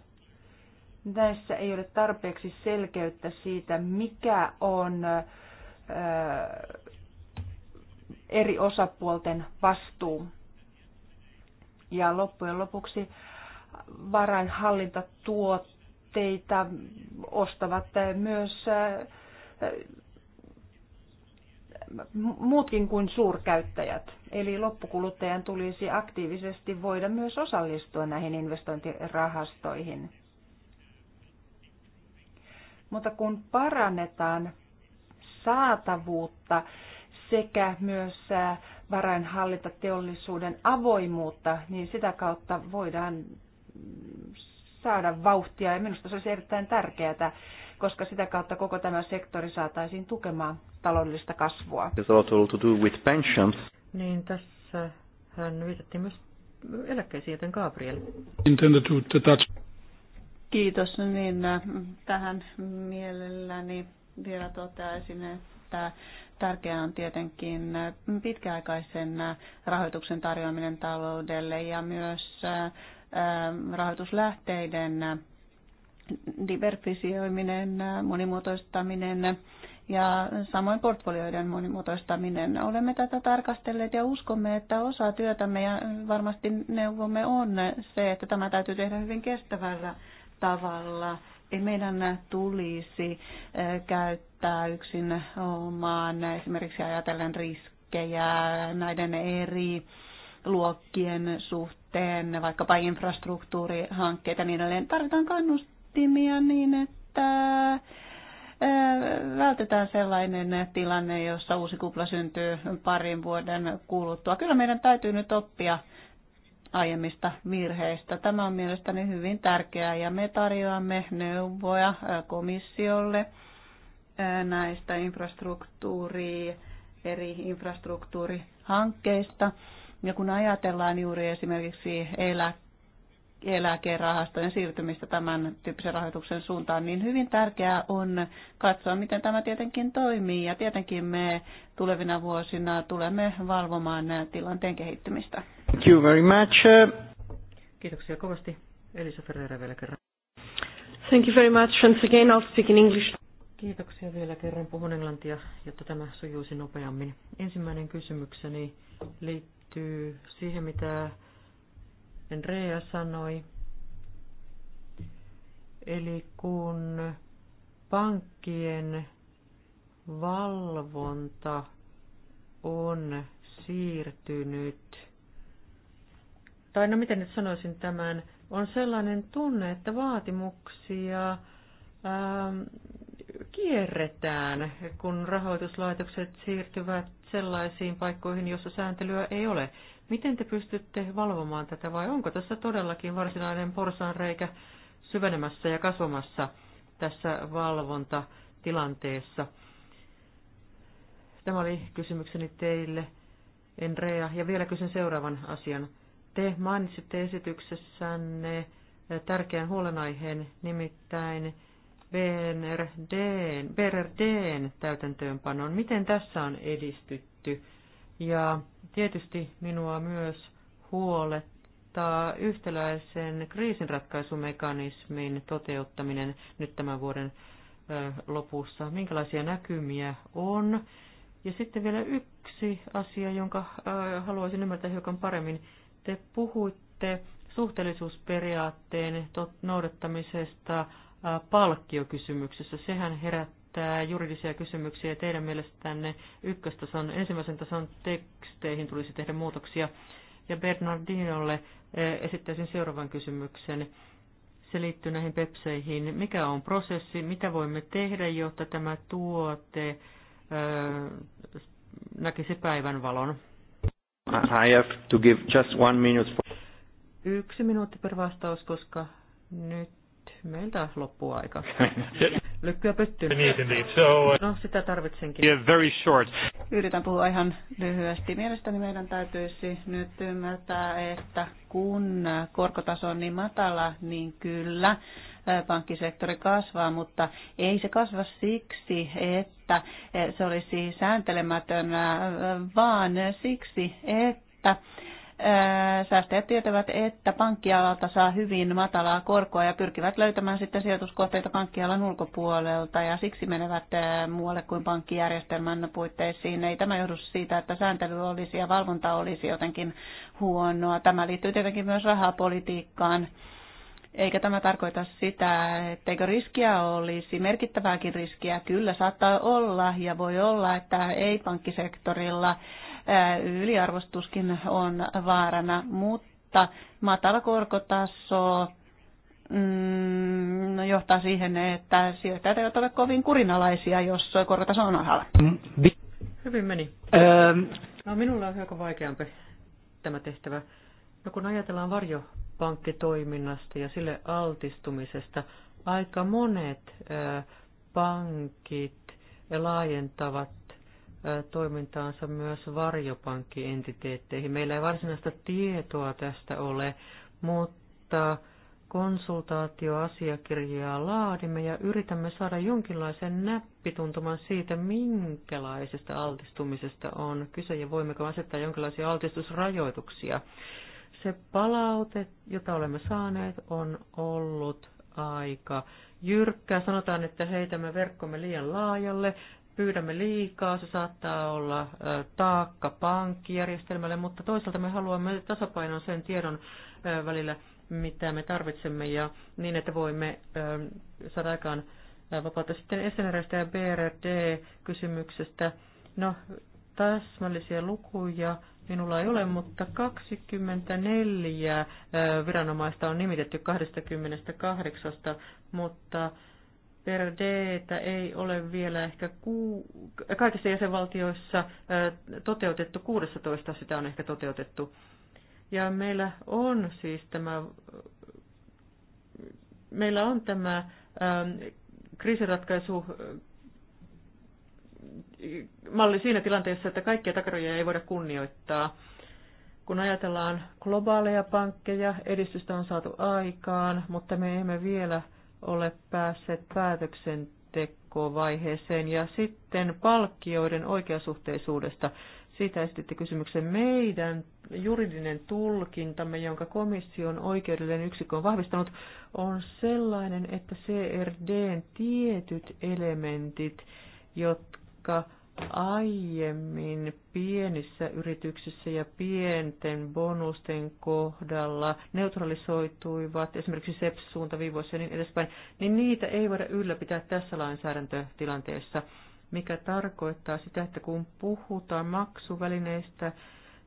Näissä ei ole tarpeeksi selkeyttä siitä, mikä on eri osapuolten vastuu. Ja loppujen lopuksi varainhallintatuotteita ostavat myös muutkin kuin suurkäyttäjät. Eli loppukuluttajan tulisi aktiivisesti voida myös osallistua näihin investointirahastoihin. Mutta kun parannetaan saatavuutta sekä myös äh, varainhallintateollisuuden avoimuutta, niin sitä kautta voidaan saada vauhtia. Ja minusta se olisi erittäin tärkeää, koska sitä kautta koko tämä sektori saataisiin tukemaan taloudellista kasvua. To do with pensions. Niin tässä hän viitattiin myös eläkkeisiin, joten Gabriel. Kiitos. Niin tähän mielelläni vielä toteaisin, että tärkeää on tietenkin pitkäaikaisen rahoituksen tarjoaminen taloudelle ja myös ähm, rahoituslähteiden diversifioiminen, monimuotoistaminen ja samoin portfolioiden monimuotoistaminen. Olemme tätä tarkastelleet ja uskomme, että osa työtämme ja varmasti neuvomme on se, että tämä täytyy tehdä hyvin kestävällä tavalla. Ei meidän tulisi käyttää yksin omaan esimerkiksi ajatellen riskejä näiden eri luokkien suhteen, vaikkapa infrastruktuurihankkeita niin edelleen. Tarvitaan kannustimia niin, että vältetään sellainen tilanne, jossa uusi kupla syntyy parin vuoden kuluttua. Kyllä meidän täytyy nyt oppia aiemmista virheistä. Tämä on mielestäni hyvin tärkeää ja me tarjoamme neuvoja komissiolle näistä infrastruktuuri, eri infrastruktuurihankkeista. Ja kun ajatellaan juuri esimerkiksi eläkkeitä, eläkerahastojen siirtymistä tämän tyyppisen rahoituksen suuntaan, niin hyvin tärkeää on katsoa, miten tämä tietenkin toimii. Ja tietenkin me tulevina vuosina tulemme valvomaan tilanteen kehittymistä. Thank you very much. Kiitoksia kovasti. Elisa Ferreira vielä kerran. Thank you very much. Once again, I'll speak in English. Kiitoksia vielä kerran. Puhun englantia, jotta tämä sujuisi nopeammin. Ensimmäinen kysymykseni liittyy siihen, mitä Rea sanoi. Eli kun pankkien valvonta on siirtynyt, tai no miten nyt sanoisin tämän, on sellainen tunne, että vaatimuksia ää, ähm, kierretään, kun rahoituslaitokset siirtyvät sellaisiin paikkoihin, joissa sääntelyä ei ole. Miten te pystytte valvomaan tätä vai onko tässä todellakin varsinainen porsaanreikä syvenemässä ja kasvamassa tässä valvontatilanteessa? Tämä oli kysymykseni teille, Enrea. Ja vielä kysyn seuraavan asian. Te mainitsitte esityksessänne tärkeän huolenaiheen, nimittäin BRDn, BRDn täytäntöönpanoon. Miten tässä on edistytty? Ja Tietysti minua myös huolettaa yhtäläisen kriisinratkaisumekanismin toteuttaminen nyt tämän vuoden lopussa. Minkälaisia näkymiä on? Ja sitten vielä yksi asia, jonka haluaisin ymmärtää hiukan paremmin. Te puhuitte suhteellisuusperiaatteen noudattamisesta palkkiokysymyksessä. Sehän herättää esittää juridisia kysymyksiä. Teidän mielestänne ykköstason, ensimmäisen tason teksteihin tulisi tehdä muutoksia. Ja Bernardinolle eh, esittäisin seuraavan kysymyksen. Se liittyy näihin pepseihin. Mikä on prosessi? Mitä voimme tehdä, jotta tämä tuote eh, näkisi päivänvalon? I have to give just one minute. For... Yksi minuutti per vastaus, koska nyt Meiltä loppuu aika. Lykkyä pöttyy. Niin, niin, niin. uh, no, sitä tarvitsenkin. Yeah, very short. Yritän puhua ihan lyhyesti. Mielestäni meidän täytyisi nyt ymmärtää, että kun korkotaso on niin matala, niin kyllä pankkisektori kasvaa, mutta ei se kasva siksi, että se olisi sääntelemätön, vaan siksi, että säästäjät tietävät, että pankkialalta saa hyvin matalaa korkoa ja pyrkivät löytämään sitten sijoituskohteita pankkialan ulkopuolelta ja siksi menevät muualle kuin pankkijärjestelmän puitteisiin. Ei tämä johdu siitä, että sääntely olisi ja valvonta olisi jotenkin huonoa. Tämä liittyy tietenkin myös rahapolitiikkaan. Eikä tämä tarkoita sitä, etteikö riskiä olisi. Merkittävääkin riskiä kyllä saattaa olla ja voi olla, että ei pankkisektorilla yliarvostuskin on vaarana, mutta matala korkotaso mm, no johtaa siihen, että sijoittajat eivät ole kovin kurinalaisia, jos korkotaso on alhaalla. Hyvin meni. Ähm. No, minulla on hiukan vaikeampi tämä tehtävä. No, kun ajatellaan varjopankkitoiminnasta ja sille altistumisesta, aika monet pankit laajentavat toimintaansa myös varjopankkientiteetteihin. Meillä ei varsinaista tietoa tästä ole, mutta konsultaatioasiakirjaa laadimme ja yritämme saada jonkinlaisen näppituntuman siitä, minkälaisesta altistumisesta on kyse ja voimmeko asettaa jonkinlaisia altistusrajoituksia. Se palaute, jota olemme saaneet, on ollut aika jyrkkää. Sanotaan, että heitämme verkkomme liian laajalle, pyydämme liikaa, se saattaa olla taakka pankkijärjestelmälle, mutta toisaalta me haluamme tasapainon sen tiedon välillä, mitä me tarvitsemme, ja niin, että voimme saada aikaan vapautta. Sitten SNRstä ja BRD-kysymyksestä. No, täsmällisiä lukuja minulla ei ole, mutta 24 viranomaista on nimitetty 28, mutta per D, että ei ole vielä ehkä ku, kaikissa jäsenvaltioissa toteutettu, 16 sitä on ehkä toteutettu. Ja meillä on siis tämä, meillä on tämä ähm, kriisiratkaisu äh, malli siinä tilanteessa, että kaikkia takaroja ei voida kunnioittaa. Kun ajatellaan globaaleja pankkeja, edistystä on saatu aikaan, mutta me emme vielä ole päässeet päätöksentekovaiheeseen. Ja sitten palkkioiden oikeasuhteisuudesta. Siitä esititte kysymyksen meidän juridinen tulkintamme, jonka komission oikeudellinen yksikkö on vahvistanut, on sellainen, että CRDn tietyt elementit, jotka aiemmin pienissä yrityksissä ja pienten bonusten kohdalla neutralisoituivat esimerkiksi SEPS-suuntaviivoissa ja niin edespäin, niin niitä ei voida ylläpitää tässä lainsäädäntötilanteessa, mikä tarkoittaa sitä, että kun puhutaan maksuvälineistä,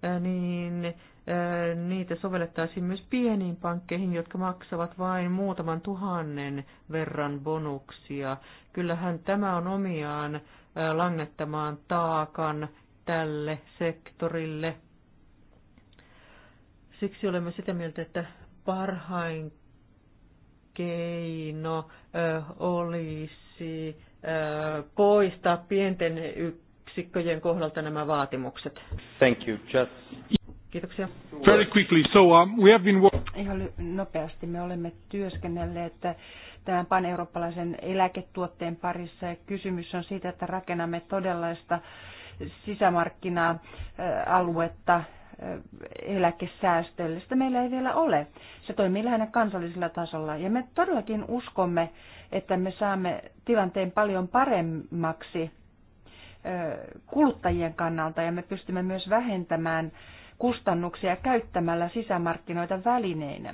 äh, niin äh, niitä sovellettaisiin myös pieniin pankkeihin, jotka maksavat vain muutaman tuhannen verran bonuksia. Kyllähän tämä on omiaan langettamaan taakan tälle sektorille. Siksi olemme sitä mieltä, että parhain keino olisi poistaa pienten yksikköjen kohdalta nämä vaatimukset. Thank you. Just... Kiitoksia. Very quickly. So, um, we have been... Ihan nopeasti me olemme työskennelleet tämän paneurooppalaisen eläketuotteen parissa ja kysymys on siitä, että rakennamme todellaista sisämarkkina-aluetta eläkesäästöille. Sitä meillä ei vielä ole. Se toimii lähinnä kansallisella tasolla. Ja me todellakin uskomme, että me saamme tilanteen paljon paremmaksi kuluttajien kannalta ja me pystymme myös vähentämään kustannuksia käyttämällä sisämarkkinoita välineinä.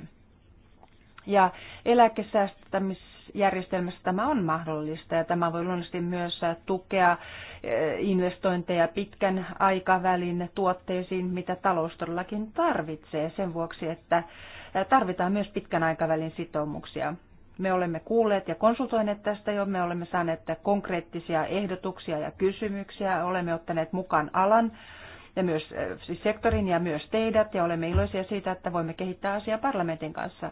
Ja eläkesäästämisjärjestelmässä tämä on mahdollista ja tämä voi luonnollisesti myös tukea eh, investointeja pitkän aikavälin tuotteisiin, mitä talous todellakin tarvitsee sen vuoksi, että eh, tarvitaan myös pitkän aikavälin sitoumuksia. Me olemme kuulleet ja konsultoineet tästä jo, me olemme saaneet konkreettisia ehdotuksia ja kysymyksiä, olemme ottaneet mukaan alan ja myös äh, siis sektorin ja myös teidät ja olemme iloisia siitä, että voimme kehittää asiaa parlamentin kanssa.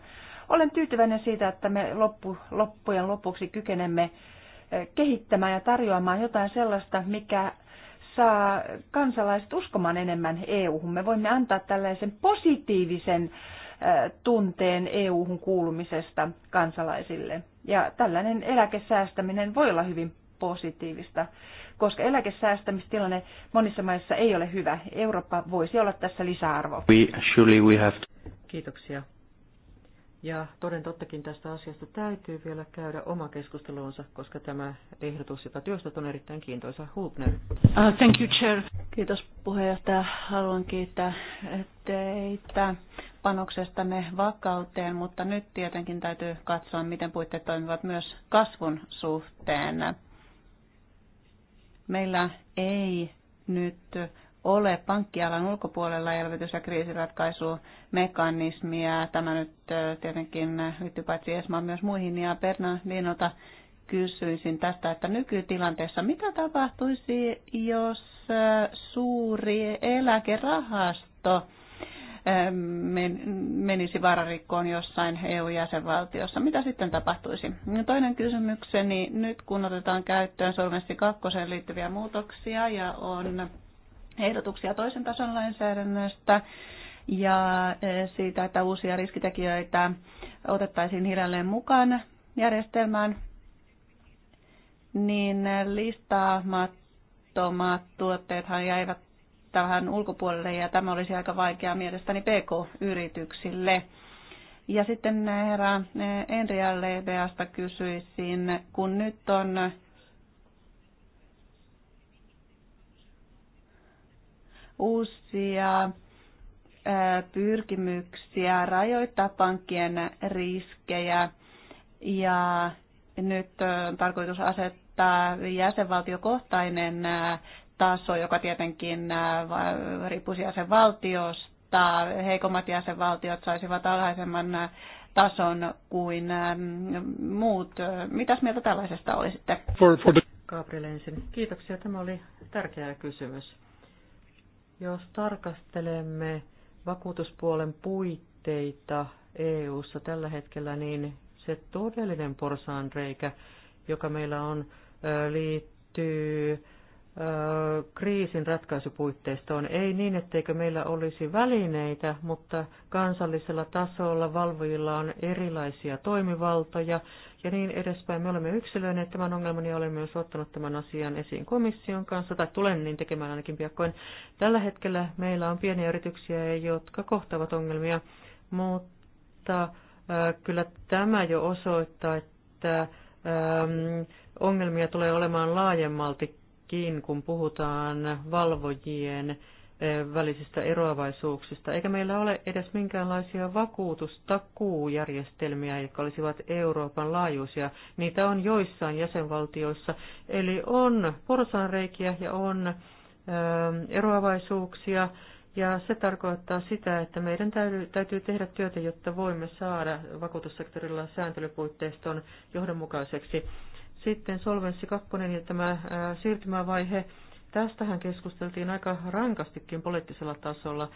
Olen tyytyväinen siitä, että me loppu, loppujen lopuksi kykenemme äh, kehittämään ja tarjoamaan jotain sellaista, mikä saa kansalaiset uskomaan enemmän EU-hun. Me voimme antaa tällaisen positiivisen äh, tunteen EU-hun kuulumisesta kansalaisille. Ja tällainen eläkesäästäminen voi olla hyvin positiivista koska eläkesäästämistilanne monissa maissa ei ole hyvä. Eurooppa voisi olla tässä lisäarvo. We, surely we have to... Kiitoksia. Ja toden tottakin tästä asiasta täytyy vielä käydä oma keskustelunsa, koska tämä ehdotus, jota työstät, on erittäin kiintoisa. Hubner. Uh, thank you, Chair. Kiitos puheenjohtaja. Haluan kiittää teitä panoksestanne vakauteen, mutta nyt tietenkin täytyy katsoa, miten puitteet toimivat myös kasvun suhteen meillä ei nyt ole pankkialan ulkopuolella elvytys- ja kriisiratkaisumekanismia. Tämä nyt tietenkin liittyy paitsi ESMAan myös muihin. Ja Bernardinota kysyisin tästä, että nykytilanteessa mitä tapahtuisi, jos suuri eläkerahasto – menisi vararikkoon jossain EU-jäsenvaltiossa. Mitä sitten tapahtuisi? No, toinen kysymykseni, nyt kun otetaan käyttöön Solvenssi 2 liittyviä muutoksia ja on ehdotuksia toisen tason lainsäädännöstä, ja e, siitä, että uusia riskitekijöitä otettaisiin hiljalleen mukaan järjestelmään, niin listaamattomat tuotteethan jäivät tähän ulkopuolelle ja tämä olisi aika vaikeaa mielestäni PK-yrityksille. Ja sitten herra eh, Enrialle EBAsta kysyisin, kun nyt on uusia eh, pyrkimyksiä rajoittaa pankkien riskejä ja nyt on eh, tarkoitus asettaa jäsenvaltiokohtainen taso, joka tietenkin äh, riippuisi jäsenvaltiosta. Heikommat jäsenvaltiot saisivat alhaisemman äh, tason kuin ähm, muut. Mitäs mieltä tällaisesta olisitte? For, Gabriel ensin. Kiitoksia. Tämä oli tärkeä kysymys. Jos tarkastelemme vakuutuspuolen puitteita EU-ssa tällä hetkellä, niin se todellinen porsaanreikä, joka meillä on, liittyy kriisin ratkaisupuitteistoon. Ei niin, etteikö meillä olisi välineitä, mutta kansallisella tasolla valvojilla on erilaisia toimivaltoja ja niin edespäin. Me olemme yksilöineet tämän ongelman ja olen myös ottanut tämän asian esiin komission kanssa, tai tulen niin tekemään ainakin piakkoin. Tällä hetkellä meillä on pieniä yrityksiä, jotka kohtaavat ongelmia, mutta kyllä tämä jo osoittaa, että ongelmia tulee olemaan laajemmalti muutenkin, kun puhutaan valvojien eh, välisistä eroavaisuuksista, eikä meillä ole edes minkäänlaisia vakuutustakuujärjestelmiä, jotka olisivat Euroopan laajuisia. Niitä on joissain jäsenvaltioissa, eli on porsaanreikiä ja on eh, eroavaisuuksia, ja se tarkoittaa sitä, että meidän täytyy, täytyy tehdä työtä, jotta voimme saada vakuutussektorilla sääntelypuitteiston johdonmukaiseksi. Sitten Solvenssi 2 ja tämä siirtymävaihe. Tästähän keskusteltiin aika rankastikin poliittisella tasolla.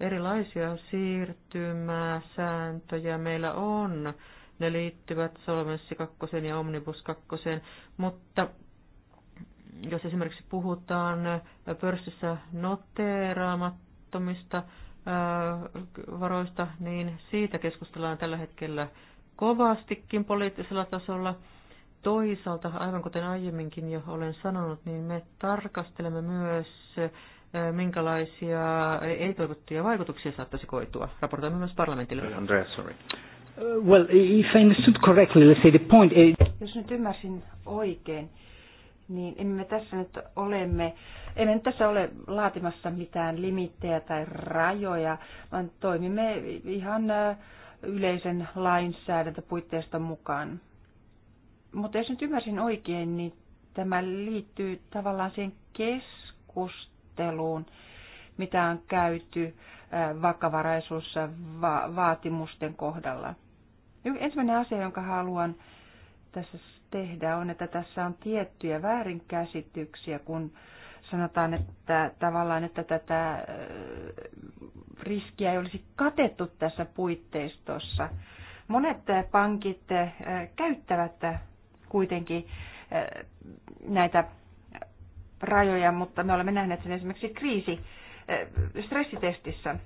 Erilaisia siirtymäsääntöjä meillä on. Ne liittyvät Solvenssi 2 ja Omnibus 2, mutta jos esimerkiksi puhutaan pörssissä noteeraamattomista varoista, niin siitä keskustellaan tällä hetkellä kovastikin poliittisella tasolla – Toisaalta, aivan kuten aiemminkin jo olen sanonut, niin me tarkastelemme myös, minkälaisia ei-toivottuja vaikutuksia saattaisi koitua. Raportoimme myös parlamentille. Andrea, sorry. Uh, well, if I understood correctly, let's say the point is... Jos nyt ymmärsin oikein, niin emme me tässä nyt olemme, emme nyt tässä ole laatimassa mitään limittejä tai rajoja, vaan toimimme ihan yleisen lainsäädäntöpuitteista mukaan. Mutta jos nyt ymmärsin oikein, niin tämä liittyy tavallaan siihen keskusteluun, mitä on käyty vakavaraisuusvaatimusten kohdalla. Ensimmäinen asia, jonka haluan tässä tehdä, on, että tässä on tiettyjä väärinkäsityksiä, kun sanotaan, että tavallaan, että tätä riskiä ei olisi katettu tässä puitteistossa. Monet pankit käyttävät kuitenkin eh, näitä rajoja, mutta me olemme nähneet sen esimerkiksi kriisi eh, stressitestissä.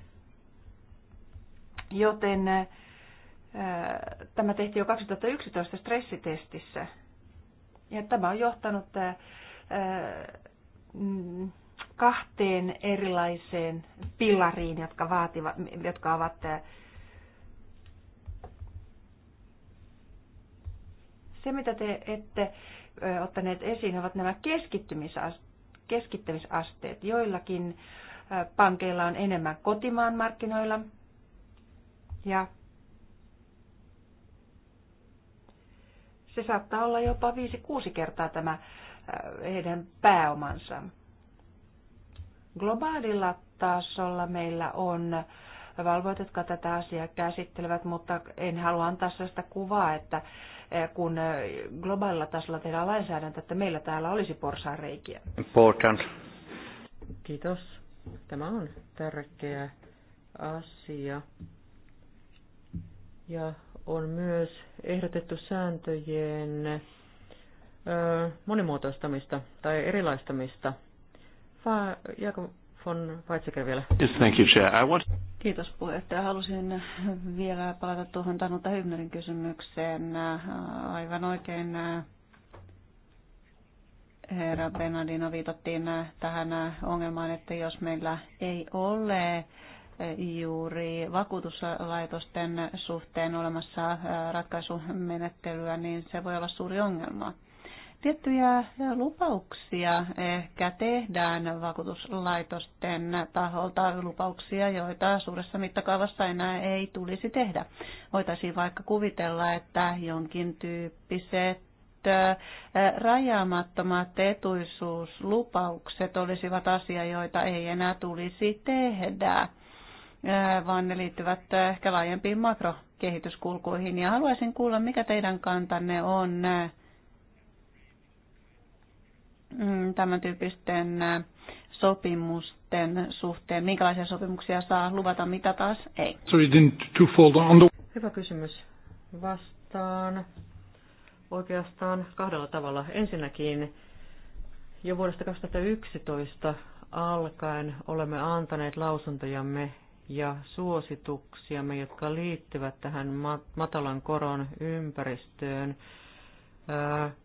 Joten eh, tämä tehtiin jo 2011 stressitestissä. Ja tämä on johtanut kahteen erilaiseen pilariin, jotka, vaativat, jotka ovat Se, mitä te ette ottaneet esiin, ovat nämä keskittymisasteet. Joillakin pankeilla on enemmän kotimaan markkinoilla ja se saattaa olla jopa 5-6 kertaa tämä heidän pääomansa. Globaalilla tasolla meillä on valvojat, jotka tätä asiaa käsittelevät, mutta en halua antaa sellaista kuvaa, että Eh, kun eh, globaalilla tasolla tehdään lainsäädäntö, että meillä täällä olisi porsaanreikiä. Important. Kiitos. Tämä on tärkeä asia. Ja on myös ehdotettu sääntöjen eh, monimuotoistamista tai erilaistamista von Weizsäcker vielä. Yes, thank you, Chair. I want... Kiitos puheenjohtaja. Halusin vielä palata tuohon Tanuta Hymnerin kysymykseen. Aivan oikein herra Bernardino viitattiin tähän ongelmaan, että jos meillä ei ole juuri vakuutuslaitosten suhteen olemassa ratkaisumenettelyä, niin se voi olla suuri ongelma. Tiettyjä lupauksia ehkä tehdään vakuutuslaitosten taholta, lupauksia, joita suuressa mittakaavassa enää ei tulisi tehdä. Voitaisiin vaikka kuvitella, että jonkin tyyppiset rajaamattomat etuisuuslupaukset olisivat asia, joita ei enää tulisi tehdä, vaan ne liittyvät ehkä laajempiin makrokehityskulkuihin. Ja haluaisin kuulla, mikä teidän kantanne on Mm, tämän tyyppisten äh, sopimusten suhteen? Minkälaisia sopimuksia saa luvata, mitä taas ei? Hyvä kysymys. Vastaan oikeastaan kahdella tavalla. Ensinnäkin jo vuodesta 2011 alkaen olemme antaneet lausuntojamme ja suosituksiamme, jotka liittyvät tähän matalan koron ympäristöön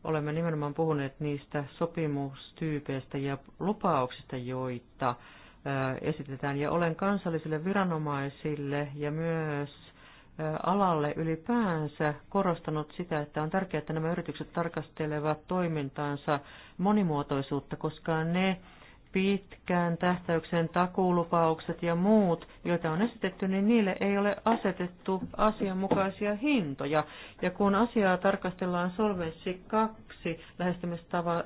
olemme nimenomaan puhuneet niistä sopimustyypeistä ja lupauksista, joita esitetään. Ja olen kansallisille viranomaisille ja myös alalle ylipäänsä korostanut sitä, että on tärkeää, että nämä yritykset tarkastelevat toimintaansa monimuotoisuutta, koska ne pitkään tähtäyksen takuulupaukset ja muut, joita on esitetty, niin niille ei ole asetettu asianmukaisia hintoja. Ja kun asiaa tarkastellaan Solvenssi 2 lähestymistava, äh,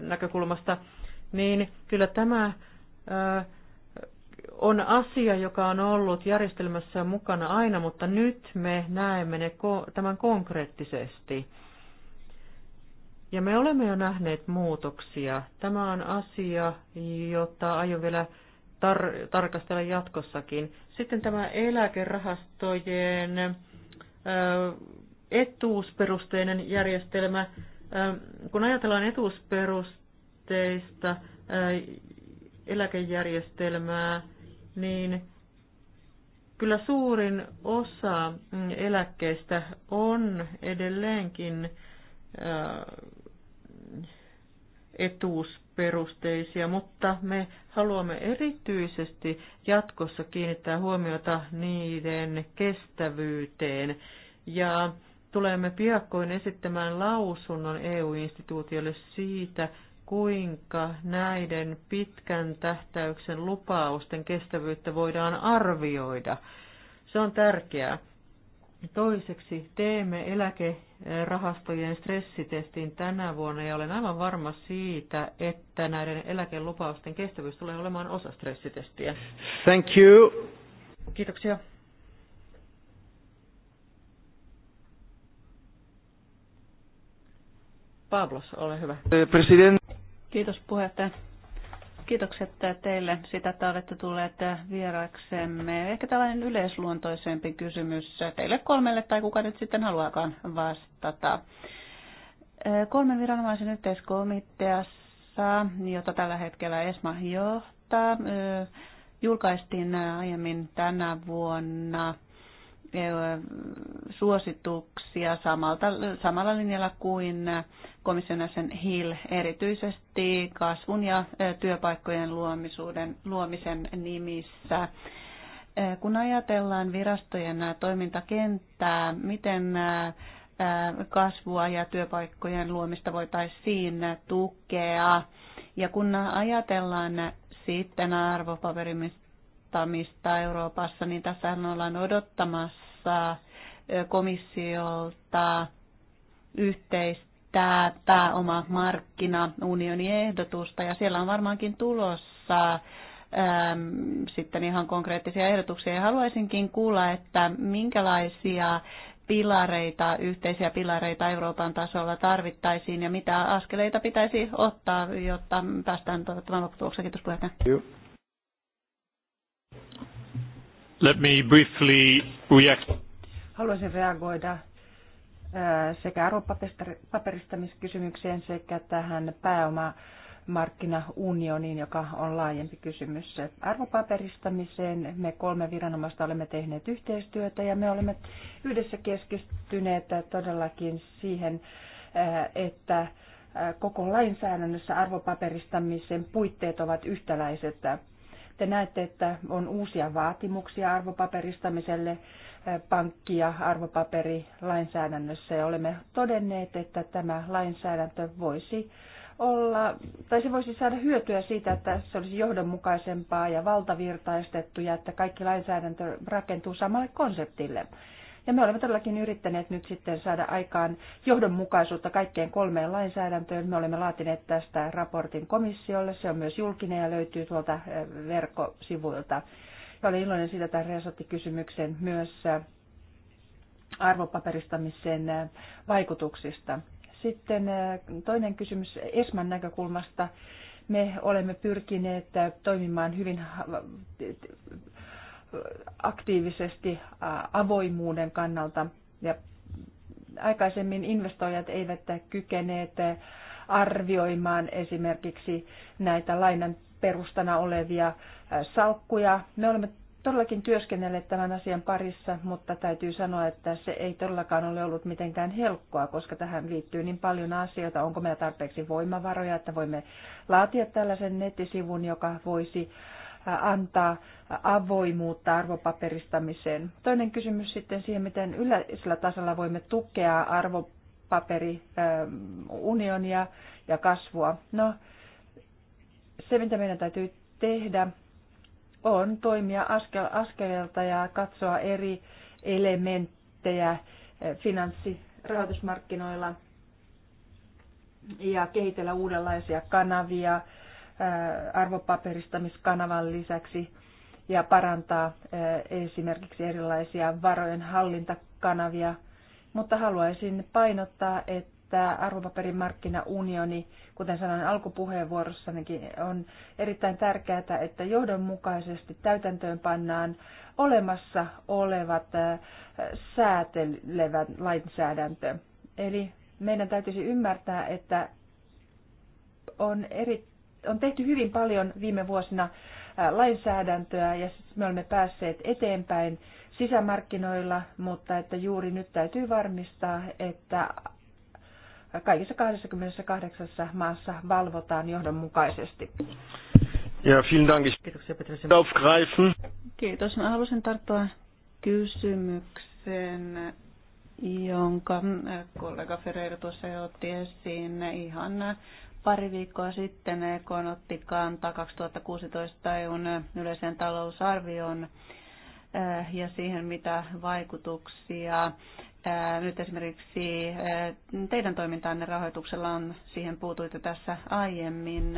näkökulmasta, niin kyllä tämä äh, on asia, joka on ollut järjestelmässä mukana aina, mutta nyt me näemme ne ko- tämän konkreettisesti ja me olemme jo nähneet muutoksia. Tämä on asia, jota aion vielä tar- tarkastella jatkossakin. Sitten tämä eläkerahastojen äh, etuusperusteinen järjestelmä. Äh, kun ajatellaan etuusperusteista äh, eläkejärjestelmää, niin kyllä suurin osa mm, eläkkeistä on edelleenkin etuusperusteisia, mutta me haluamme erityisesti jatkossa kiinnittää huomiota niiden kestävyyteen ja tulemme piakkoin esittämään lausunnon EU-instituutiolle siitä, kuinka näiden pitkän tähtäyksen lupausten kestävyyttä voidaan arvioida. Se on tärkeää. Toiseksi teemme eläke- rahastojen stressitestin tänä vuonna ja olen aivan varma siitä, että näiden eläkelupausten kestävyys tulee olemaan osa stressitestiä. Thank you. Kiitoksia. Pablos, ole hyvä. President. Kiitos puheenjohtaja. Kiitokset teille sitä, että olette tulleet vieraksemme. Ehkä tällainen yleisluontoisempi kysymys teille kolmelle tai kuka nyt sitten haluaakaan vastata. Kolmen viranomaisen yhteiskomiteassa, jota tällä hetkellä ESMA johtaa, julkaistiin aiemmin tänä vuonna Äh, suosituksia samalta, samalla linjalla kuin komissionäisen Hill erityisesti kasvun ja äh, työpaikkojen luomisuuden, luomisen nimissä. Äh, kun ajatellaan virastojen toimintakenttää, miten kasvua ja työpaikkojen luomista voitaisiin tukea, ja kun ajatellaan sitten arvopaperimista, Euroopassa, niin tässä ollaan odottamassa tulossa komissiolta yhteistä markkina ehdotusta ja siellä on varmaankin tulossa sitten ihan konkreettisia ehdotuksia. Ja haluaisinkin kuulla, että minkälaisia pilareita, yhteisiä pilareita Euroopan tasolla tarvittaisiin ja mitä askeleita pitäisi ottaa, jotta päästään toivottavan lopputulokseen. Kiitos puheenjohtaja. Let me briefly react. Haluaisin reagoida äh, sekä arvopaperistamiskysymykseen sekä tähän pääomamarkkinaunioniin, joka on laajempi kysymys. Arvopaperistamiseen me kolme viranomaista olemme tehneet yhteistyötä ja me olemme yhdessä keskittyneet todellakin siihen, äh, että äh, koko lainsäädännössä arvopaperistamisen puitteet ovat yhtäläiset te näette, että on uusia vaatimuksia arvopaperistamiselle eh, pankki- ja arvopaperilainsäädännössä ja olemme todenneet, että tämä lainsäädäntö voisi olla, tai se voisi saada hyötyä siitä, että se olisi johdonmukaisempaa ja valtavirtaistettu ja että kaikki lainsäädäntö rakentuu samalle konseptille. Ja me olemme todellakin yrittäneet nyt sitten saada aikaan johdonmukaisuutta kaikkeen kolmeen lainsäädäntöön. Me olemme laatineet tästä raportin komissiolle. Se on myös julkinen ja löytyy tuolta eh, verkkosivuilta. Ja olen iloinen siitä tämän resorttikysymyksen myös eh, arvopaperistamisen eh, vaikutuksista. Sitten toinen kysymys Esman näkökulmasta. Me olemme pyrkineet toimimaan hyvin aktiivisesti avoimuuden kannalta. Ja aikaisemmin investoijat eivät kykeneet arvioimaan esimerkiksi näitä lainan perustana olevia salkkuja. Me olemme todellakin työskennelleet tämän asian parissa, mutta täytyy sanoa, että se ei todellakaan ole ollut mitenkään helppoa, koska tähän liittyy niin paljon asioita. Onko meillä tarpeeksi voimavaroja, että voimme laatia tällaisen nettisivun, joka voisi äh, antaa avoimuutta arvopaperistamiseen. Toinen kysymys sitten siihen, miten yleisellä tasolla voimme tukea arvopaperiunionia ähm, ja kasvua. No, se mitä meidän täytyy tehdä on toimia askel, askeleelta ja katsoa eri elementtejä äh, finanssirahoitusmarkkinoilla ja kehitellä uudenlaisia kanavia, Äh, arvopaperistamiskanavan lisäksi ja parantaa äh, esimerkiksi erilaisia varojen hallintakanavia. Mutta haluaisin painottaa, että arvopaperimarkkinaunioni, kuten sanoin alkupuheenvuorossanikin, on erittäin tärkeää, että johdonmukaisesti täytäntöön pannaan olemassa olevat äh, säätelevät lainsäädäntö. Eli meidän täytyisi ymmärtää, että on erittäin on tehty hyvin paljon viime vuosina lainsäädäntöä ja siis me olemme päässeet eteenpäin sisämarkkinoilla, mutta että juuri nyt täytyy varmistaa, että kaikissa 28 maassa valvotaan johdonmukaisesti. Ja, vielen Dank. Kiitoksia Aufgreifen. Kiitos. Mä halusin tarttua kysymykseen, jonka kollega Ferreira tuossa jo otti esiin ihan Pari viikkoa sitten EKN otti kantaa 2016 EUn yleisen talousarvioon eh, ja siihen, mitä vaikutuksia eh, nyt esimerkiksi eh, teidän toimintaanne rahoituksella on, siihen puutuitte tässä aiemmin.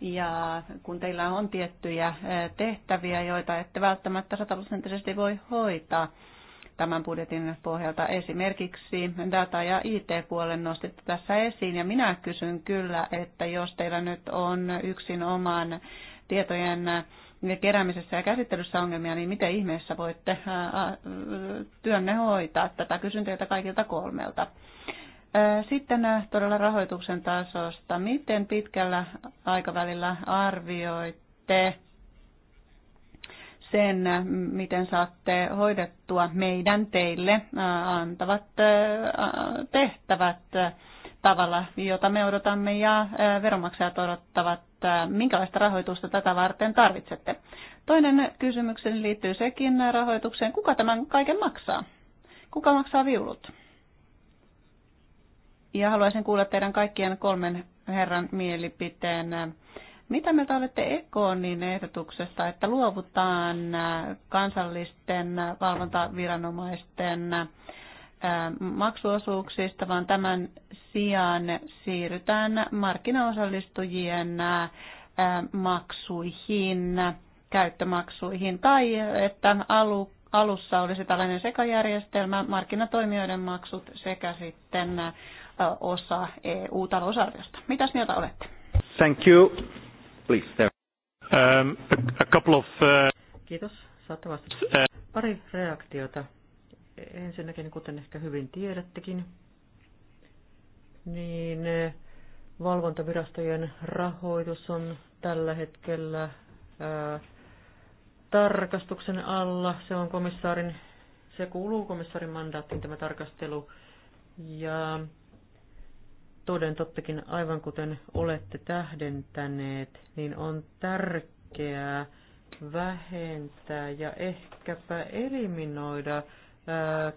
Ja kun teillä on tiettyjä tehtäviä, joita ette välttämättä sataprosenttisesti voi hoitaa, tämän budjetin pohjalta. Esimerkiksi data- ja IT-puolen nostitte tässä esiin, ja minä kysyn kyllä, että jos teillä nyt on yksin oman tietojen keräämisessä ja käsittelyssä ongelmia, niin miten ihmeessä voitte työnne hoitaa? Tätä kysyn teiltä kaikilta kolmelta. Sitten todella rahoituksen tasosta. Miten pitkällä aikavälillä arvioitte sen, miten saatte hoidettua meidän teille antavat tehtävät tavalla, jota me odotamme ja veronmaksajat odottavat, minkälaista rahoitusta tätä varten tarvitsette. Toinen kysymykseni liittyy sekin rahoitukseen. Kuka tämän kaiken maksaa? Kuka maksaa viulut? Ja haluaisin kuulla teidän kaikkien kolmen herran mielipiteen mitä mieltä olette Ekonin ehdotuksesta, että luovutaan äh, kansallisten äh, valvontaviranomaisten äh, maksuosuuksista, vaan tämän sijaan siirrytään markkinaosallistujien maksuihin, käyttömaksuihin, tai että alu, alussa olisi tällainen sekajärjestelmä, markkinatoimijoiden maksut sekä sitten osa EU-talousarviosta. Mitäs mieltä olette? Thank you. Please, there. Um, a couple of, uh... Kiitos. Saatte vastata. Uh, Pari reaktiota. Ensinnäkin, kuten ehkä hyvin tiedättekin, niin uh, valvontavirastojen rahoitus on tällä hetkellä ää, uh, tarkastuksen alla. Se on komissaarin, se kuuluu komissaarin mandaattiin tämä tarkastelu. Ja toden tottakin, aivan kuten olette tähdentäneet, niin on tärkeää vähentää ja ehkäpä eliminoida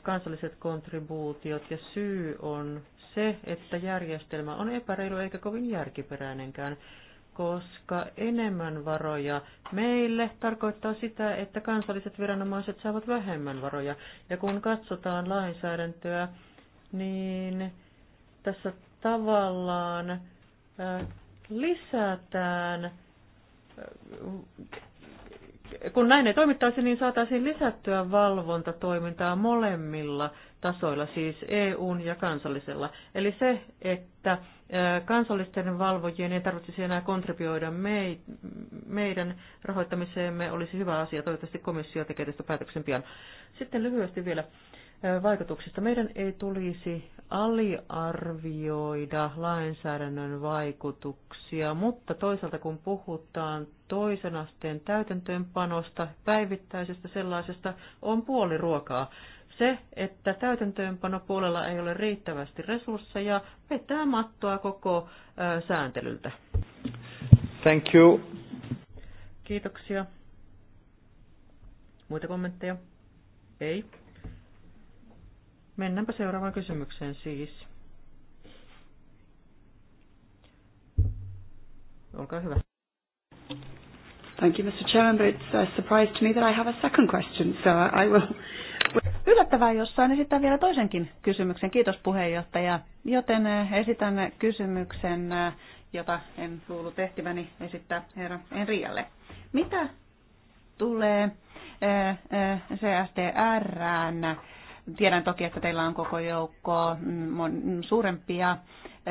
kansalliset kontribuutiot ja syy on se, että järjestelmä on epäreilu eikä kovin järkiperäinenkään, koska enemmän varoja meille tarkoittaa sitä, että kansalliset viranomaiset saavat vähemmän varoja. Ja kun katsotaan lainsäädäntöä, niin tässä tavallaan lisätään, kun näin ei toimittaisi, niin saataisiin lisättyä valvontatoimintaa molemmilla tasoilla, siis EUn ja kansallisella. Eli se, että kansallisten valvojien ei tarvitsisi enää kontribioida meidän rahoittamiseemme, olisi hyvä asia. Toivottavasti komissio tekee tästä päätöksen pian. Sitten lyhyesti vielä vaikutuksista. Meidän ei tulisi aliarvioida lainsäädännön vaikutuksia, mutta toisaalta kun puhutaan toisen asteen täytäntöönpanosta, päivittäisestä sellaisesta, on puoli ruokaa. Se, että täytäntöönpanopuolella ei ole riittävästi resursseja, vetää mattoa koko ö, sääntelyltä. Thank you. Kiitoksia. Muita kommentteja? Ei. Mennäänpä seuraavaan kysymykseen siis. Olkaa hyvä. Thank you, Mr. Chairman, but it's a surprise to me that I have a second question, so I will... Yllättävää, jos saan esittää vielä toisenkin kysymyksen. Kiitos puheenjohtaja. Joten eh, esitän kysymyksen, eh, jota en luullut tehtäväni esittää herra Enrialle. Mitä tulee eh, CSTRään? Tiedän toki, että teillä on koko joukko mm, suurempia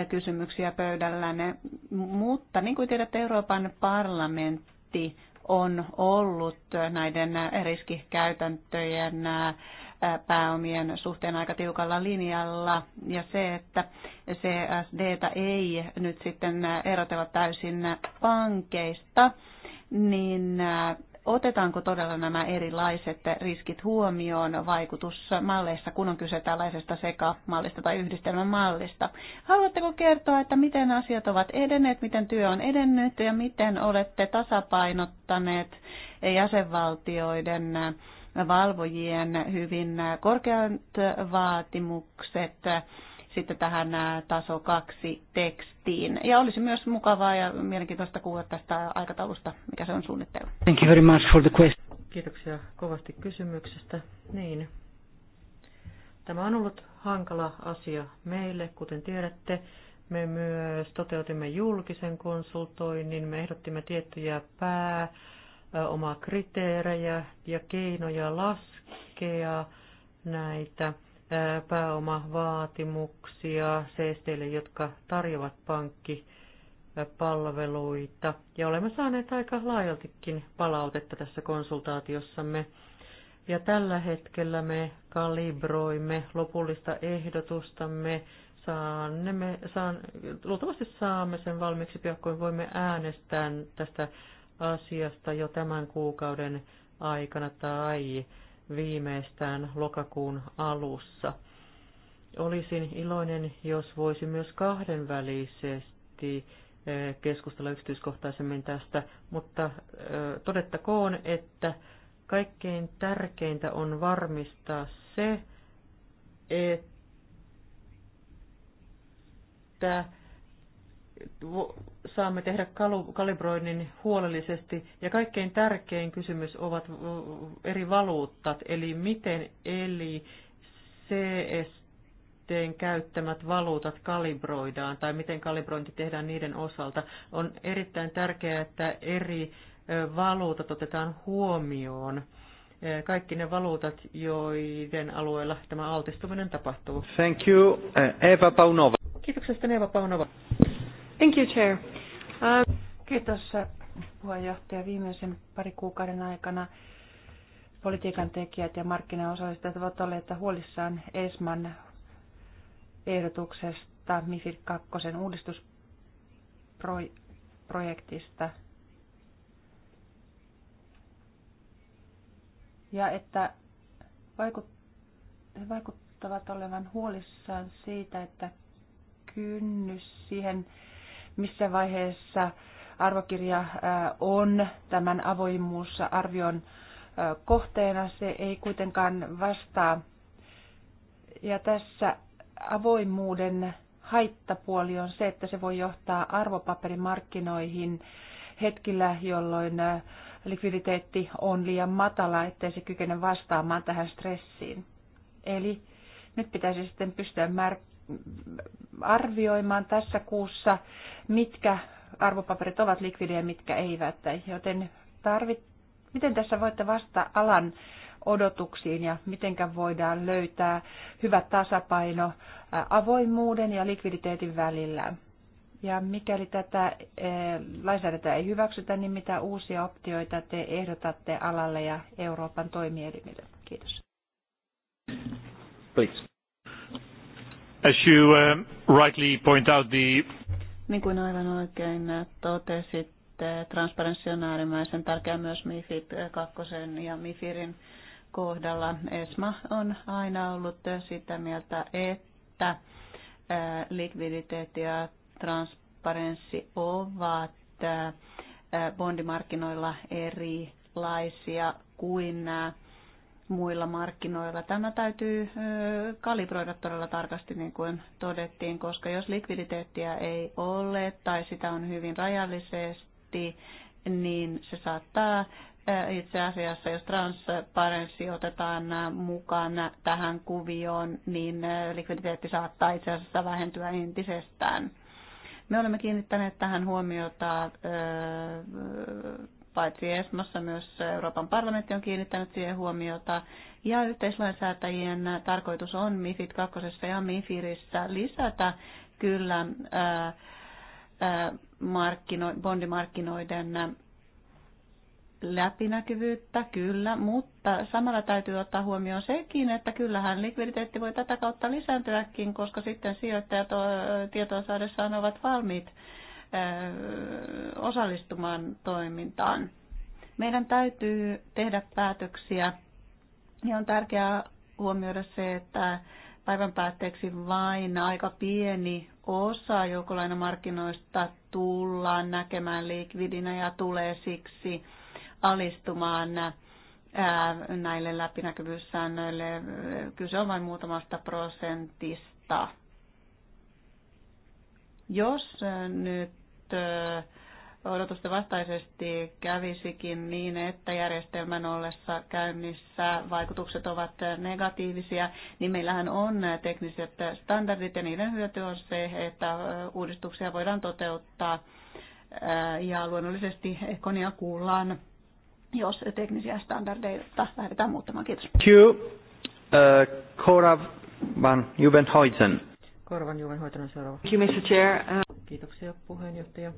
kysymyksiä pöydällänne, mutta niin kuin tiedätte, Euroopan parlamentti on ollut näiden riskikäytäntöjen pääomien suhteen aika tiukalla linjalla ja se, että CSD ei nyt sitten erotella täysin pankeista, niin otetaanko todella nämä erilaiset riskit huomioon vaikutusmalleissa, kun on kyse tällaisesta sekamallista tai yhdistelmämallista. Haluatteko kertoa, että miten asiat ovat edenneet, miten työ on edennyt ja miten olette tasapainottaneet jäsenvaltioiden valvojien hyvin korkeat vaatimukset sitten tähän taso kaksi tekstiin. Ja olisi myös mukavaa ja mielenkiintoista kuulla tästä aikataulusta, mikä se on suunnitteilla. Thank you very much for the question. Kiitoksia kovasti kysymyksestä. Niin. Tämä on ollut hankala asia meille, kuten tiedätte. Me myös toteutimme julkisen konsultoinnin, me ehdottimme tiettyjä pää, omaa kriteerejä ja keinoja laskea näitä pääomavaatimuksia seesteille, jotka tarjoavat pankkipalveluita. Ja olemme saaneet aika laajaltikin palautetta tässä konsultaatiossamme. Ja tällä hetkellä me kalibroimme lopullista ehdotustamme. me saan, luultavasti saamme sen valmiiksi piakkoin. Voimme äänestää tästä asiasta jo tämän kuukauden aikana tai viimeistään lokakuun alussa. Olisin iloinen, jos voisi myös kahdenvälisesti eh, keskustella yksityiskohtaisemmin tästä, mutta eh, todettakoon, että kaikkein tärkeintä on varmistaa se, että saamme tehdä kalibroinnin huolellisesti. Ja kaikkein tärkein kysymys ovat eri valuuttat, eli miten eli CSTn käyttämät valuutat kalibroidaan tai miten kalibrointi tehdään niiden osalta. On erittäin tärkeää, että eri valuutat otetaan huomioon. Kaikki ne valuutat, joiden alueella tämä altistuminen tapahtuu. Thank you, Eva Paunova. Kiitoksesta, Eva Paunova. Thank you, Chair. Kiitos puheenjohtaja. Viimeisen pari kuukauden aikana politiikan tekijät ja markkinaosallistajat ovat olleet huolissaan ESMAN ehdotuksesta MIFID 2 uudistusprojektista. Ja että vaikuttavat olevan huolissaan siitä, että kynnys siihen missä vaiheessa arvokirja on tämän avoimuusarvion kohteena. Se ei kuitenkaan vastaa. Ja tässä avoimuuden haittapuoli on se, että se voi johtaa arvopaperimarkkinoihin hetkillä, jolloin likviditeetti on liian matala, ettei se kykene vastaamaan tähän stressiin. Eli nyt pitäisi sitten pystyä arvioimaan tässä kuussa, mitkä arvopaperit ovat likvidejä ja mitkä eivät. Joten tarvit, miten tässä voitte vastata alan odotuksiin ja miten voidaan löytää hyvä tasapaino avoimuuden ja likviditeetin välillä? Ja mikäli tätä lainsäädäntöä ei hyväksytä, niin mitä uusia optioita te ehdotatte alalle ja Euroopan toimielimille? Kiitos. Please. As you uh, rightly point out, the... Niin kuin aivan oikein totesitte, transparenssi on äärimmäisen tärkeä myös MIFID 2 ja MIFIRin kohdalla. ESMA on aina ollut sitä mieltä, että äh, likviditeetti ja transparenssi ovat äh, äh, bondimarkkinoilla erilaisia kuin nämä muilla markkinoilla. Tämä täytyy kalibroida todella tarkasti, niin kuin todettiin, koska jos likviditeettiä ei ole tai sitä on hyvin rajallisesti, niin se saattaa itse asiassa, jos transparenssi otetaan mukaan tähän kuvioon, niin likviditeetti saattaa itse asiassa vähentyä entisestään. Me olemme kiinnittäneet tähän huomiota paitsi ESMassa myös Euroopan parlamentti on kiinnittänyt siihen huomiota. Ja yhteislainsäätäjien tarkoitus on MIFID 2 ja MIFIRissä lisätä kyllä ää, ää, markkino, bondimarkkinoiden läpinäkyvyyttä, kyllä, mutta samalla täytyy ottaa huomioon sekin, että kyllähän likviditeetti voi tätä kautta lisääntyäkin, koska sitten sijoittajat tietoa saadessaan ovat valmiit osallistumaan toimintaan. Meidän täytyy tehdä päätöksiä ja on tärkeää huomioida se, että päivän päätteeksi vain aika pieni osa joukolainamarkkinoista tullaan näkemään likvidinä ja tulee siksi alistumaan näille läpinäkyvyyssäännöille. Kyse on vain muutamasta prosentista. Jos nyt odotusten vastaisesti kävisikin niin, että järjestelmän ollessa käynnissä vaikutukset ovat negatiivisia, niin meillähän on tekniset standardit ja niiden hyöty on se, että uudistuksia voidaan toteuttaa ja luonnollisesti ekonia kuullaan, jos teknisiä standardeita lähdetään muuttamaan. Kiitos. Q. Uh, Korav van Juvenhoitsen. Korvan juven hoitona seuraava. Uh, Kiitoksia puheenjohtaja.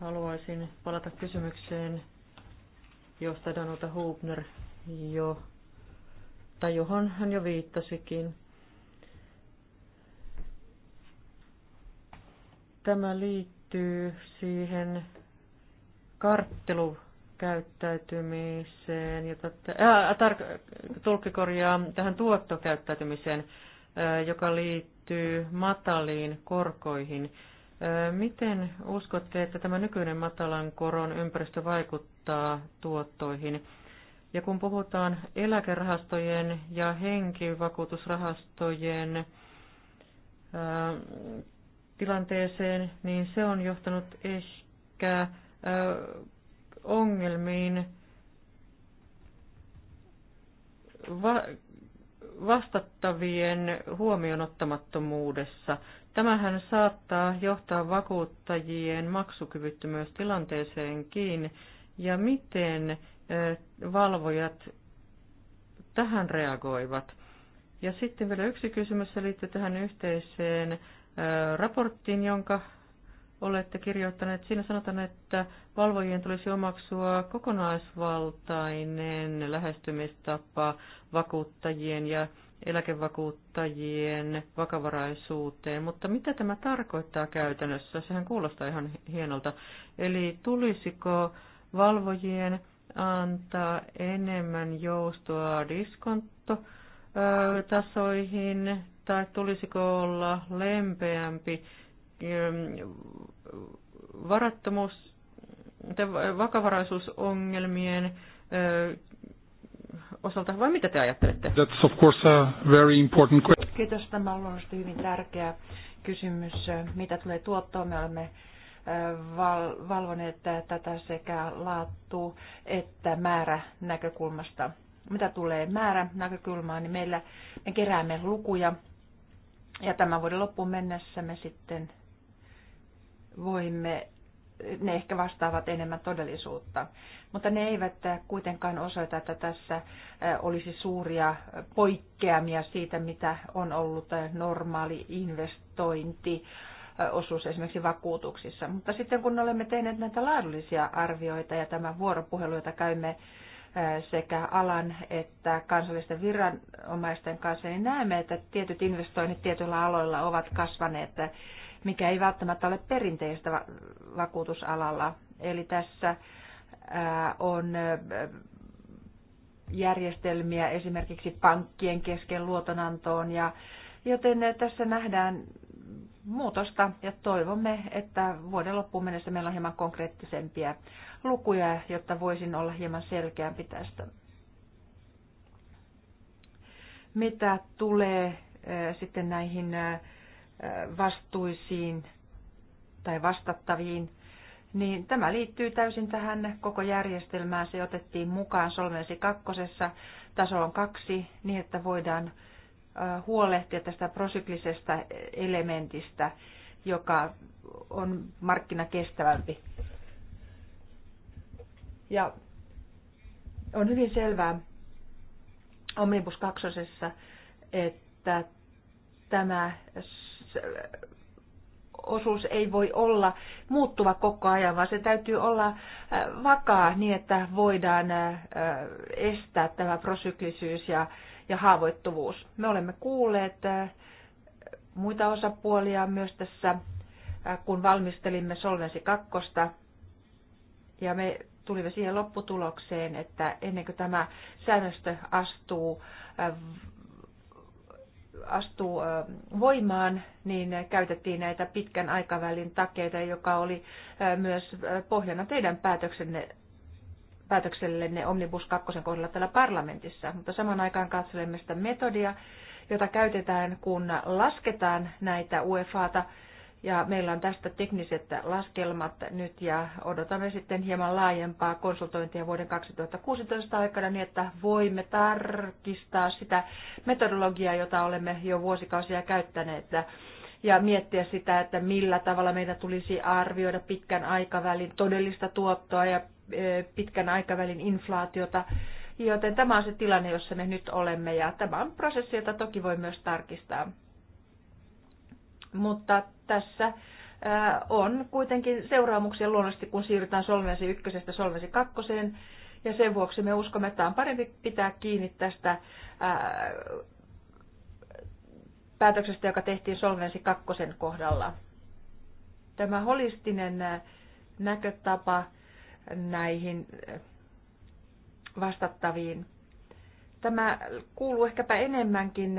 Haluaisin palata kysymykseen, josta Danuta Hubner jo, tai johon hän jo viittasikin. Tämä liittyy siihen karttelukäyttäytymiseen, jota, ää, äh, tar, tulkkikorjaa tähän tuottokäyttäytymiseen joka liittyy mataliin korkoihin. Miten uskotte, että tämä nykyinen matalan koron ympäristö vaikuttaa tuottoihin? Ja kun puhutaan eläkerahastojen ja henkivakuutusrahastojen tilanteeseen, niin se on johtanut ehkä ongelmiin vastattavien huomionottamattomuudessa. ottamattomuudessa. Tämähän saattaa johtaa vakuuttajien maksukyvyttömyystilanteeseenkin. Ja miten valvojat tähän reagoivat? Ja sitten vielä yksi kysymys liittyy tähän yhteiseen raporttiin, jonka olette kirjoittaneet. Siinä sanotaan, että valvojien tulisi omaksua kokonaisvaltainen lähestymistapa vakuuttajien ja eläkevakuuttajien vakavaraisuuteen, mutta mitä tämä tarkoittaa käytännössä? Sehän kuulostaa ihan hienolta. Eli tulisiko valvojien antaa enemmän joustoa diskonttotasoihin, tai tulisiko olla lempeämpi varattomuus, vakavaraisuusongelmien osalta, vai mitä te ajattelette? That's of course a very important question. Kiitos, tämä on luonnollisesti hyvin tärkeä kysymys. Mitä tulee tuottoon, me olemme val- valvoneet tätä sekä laatu- että määrä näkökulmasta. Mitä tulee määrä näkökulmaan, niin meillä me keräämme lukuja ja tämän vuoden loppuun mennessä me sitten voimme, ne ehkä vastaavat enemmän todellisuutta. Mutta ne eivät kuitenkaan osoita, että tässä olisi suuria poikkeamia siitä, mitä on ollut normaali investointi osuus esimerkiksi vakuutuksissa. Mutta sitten kun olemme tehneet näitä laadullisia arvioita ja tämä vuoropuhelu, jota käymme sekä alan että kansallisten viranomaisten kanssa, niin näemme, että tietyt investoinnit tietyillä aloilla ovat kasvaneet mikä ei välttämättä ole perinteistä vakuutusalalla. Eli tässä on järjestelmiä esimerkiksi pankkien kesken luotonantoon, ja, joten tässä nähdään muutosta ja toivomme, että vuoden loppuun mennessä meillä on hieman konkreettisempia lukuja, jotta voisin olla hieman selkeämpi tästä. Mitä tulee sitten näihin vastuisiin tai vastattaviin, niin tämä liittyy täysin tähän koko järjestelmään. Se otettiin mukaan solvensi kakkosessa tasoon kaksi niin, että voidaan huolehtia tästä prosyklisesta elementistä, joka on markkinakestävämpi. Ja on hyvin selvää Omnibus kaksosessa, että tämä osuus ei voi olla muuttuva koko ajan, vaan se täytyy olla äh, vakaa niin, että voidaan äh, estää tämä prosyklisyys ja, ja haavoittuvuus. Me olemme kuulleet äh, muita osapuolia myös tässä, kun valmistelimme Solvensi 2. Ja me tulimme siihen lopputulokseen, että ennen kuin tämä säännöstö astuu astuu voimaan, niin käytettiin näitä pitkän aikavälin takeita, joka oli myös pohjana teidän päätöksenne päätöksellenne Omnibus 2 kohdalla täällä parlamentissa, mutta saman aikaan katselemme sitä metodia, jota käytetään, kun lasketaan näitä UEFAta ja meillä on tästä tekniset laskelmat nyt ja odotamme sitten hieman laajempaa konsultointia vuoden 2016 aikana niin, että voimme tarkistaa sitä metodologiaa, jota olemme jo vuosikausia käyttäneet ja miettiä sitä, että millä tavalla meidän tulisi arvioida pitkän aikavälin todellista tuottoa ja e, pitkän aikavälin inflaatiota. Joten tämä on se tilanne, jossa me nyt olemme ja tämä on prosessi, jota toki voi myös tarkistaa. Mutta tässä äh, on kuitenkin seuraamuksia luonnollisesti, kun siirrytään solvensi ykkösestä solvensi kakkoseen. Ja sen vuoksi me uskomme, että on parempi pitää kiinni tästä ää, äh, päätöksestä, joka tehtiin solvensi kakkosen kohdalla. Tämä holistinen äh, näkötapa näihin vastattaviin. Tämä kuuluu ehkäpä enemmänkin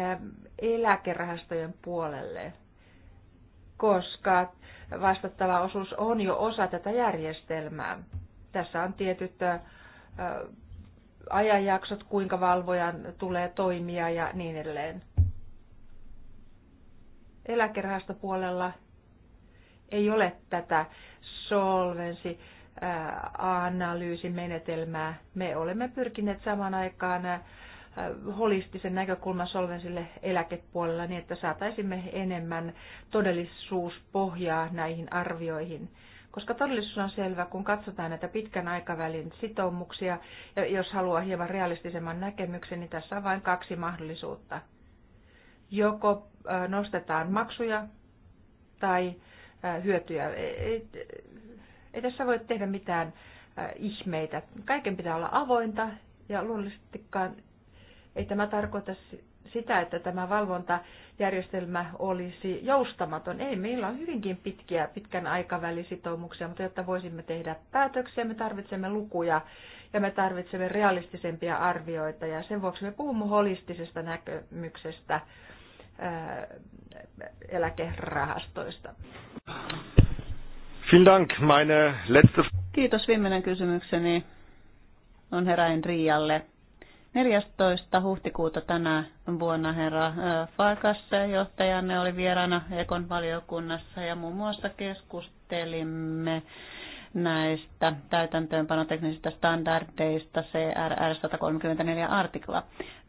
eläkerahastojen puolelle koska vastattava osuus on jo osa tätä järjestelmää. Tässä on tietyt ajanjaksot, kuinka valvojan tulee toimia ja niin edelleen. Eläkerahastopuolella ei ole tätä solvensi analyysimenetelmää. Me olemme pyrkineet saman aikaan Äh, holistisen näkökulman solvensille eläkepuolella niin, että saataisimme enemmän todellisuuspohjaa näihin arvioihin. Koska todellisuus on selvä, kun katsotaan näitä pitkän aikavälin sitoumuksia, ja jos haluaa hieman realistisemman näkemyksen, niin tässä on vain kaksi mahdollisuutta. Joko äh, nostetaan maksuja tai äh, hyötyjä. E, e, ei tässä voi tehdä mitään ihmeitä. Kaiken pitää olla avointa ja luonnollisestikaan ei tämä tarkoita sitä, että tämä valvontajärjestelmä olisi joustamaton. Ei, meillä on hyvinkin pitkiä, pitkän aikavälin sitoumuksia, mutta jotta voisimme tehdä päätöksiä, me tarvitsemme lukuja ja me tarvitsemme realistisempia arvioita. Ja sen vuoksi me puhumme holistisesta näkemyksestä eläkerahastoista. Dank. Meine letzte... Kiitos viimeinen kysymykseni on heräin Rialle. 14. huhtikuuta tänä vuonna herra äh, Farkasse johtajanne, oli vieraana Ekon valiokunnassa ja muun muassa keskustelimme näistä täytäntöönpanoteknisistä standardeista CRR 134 artikla.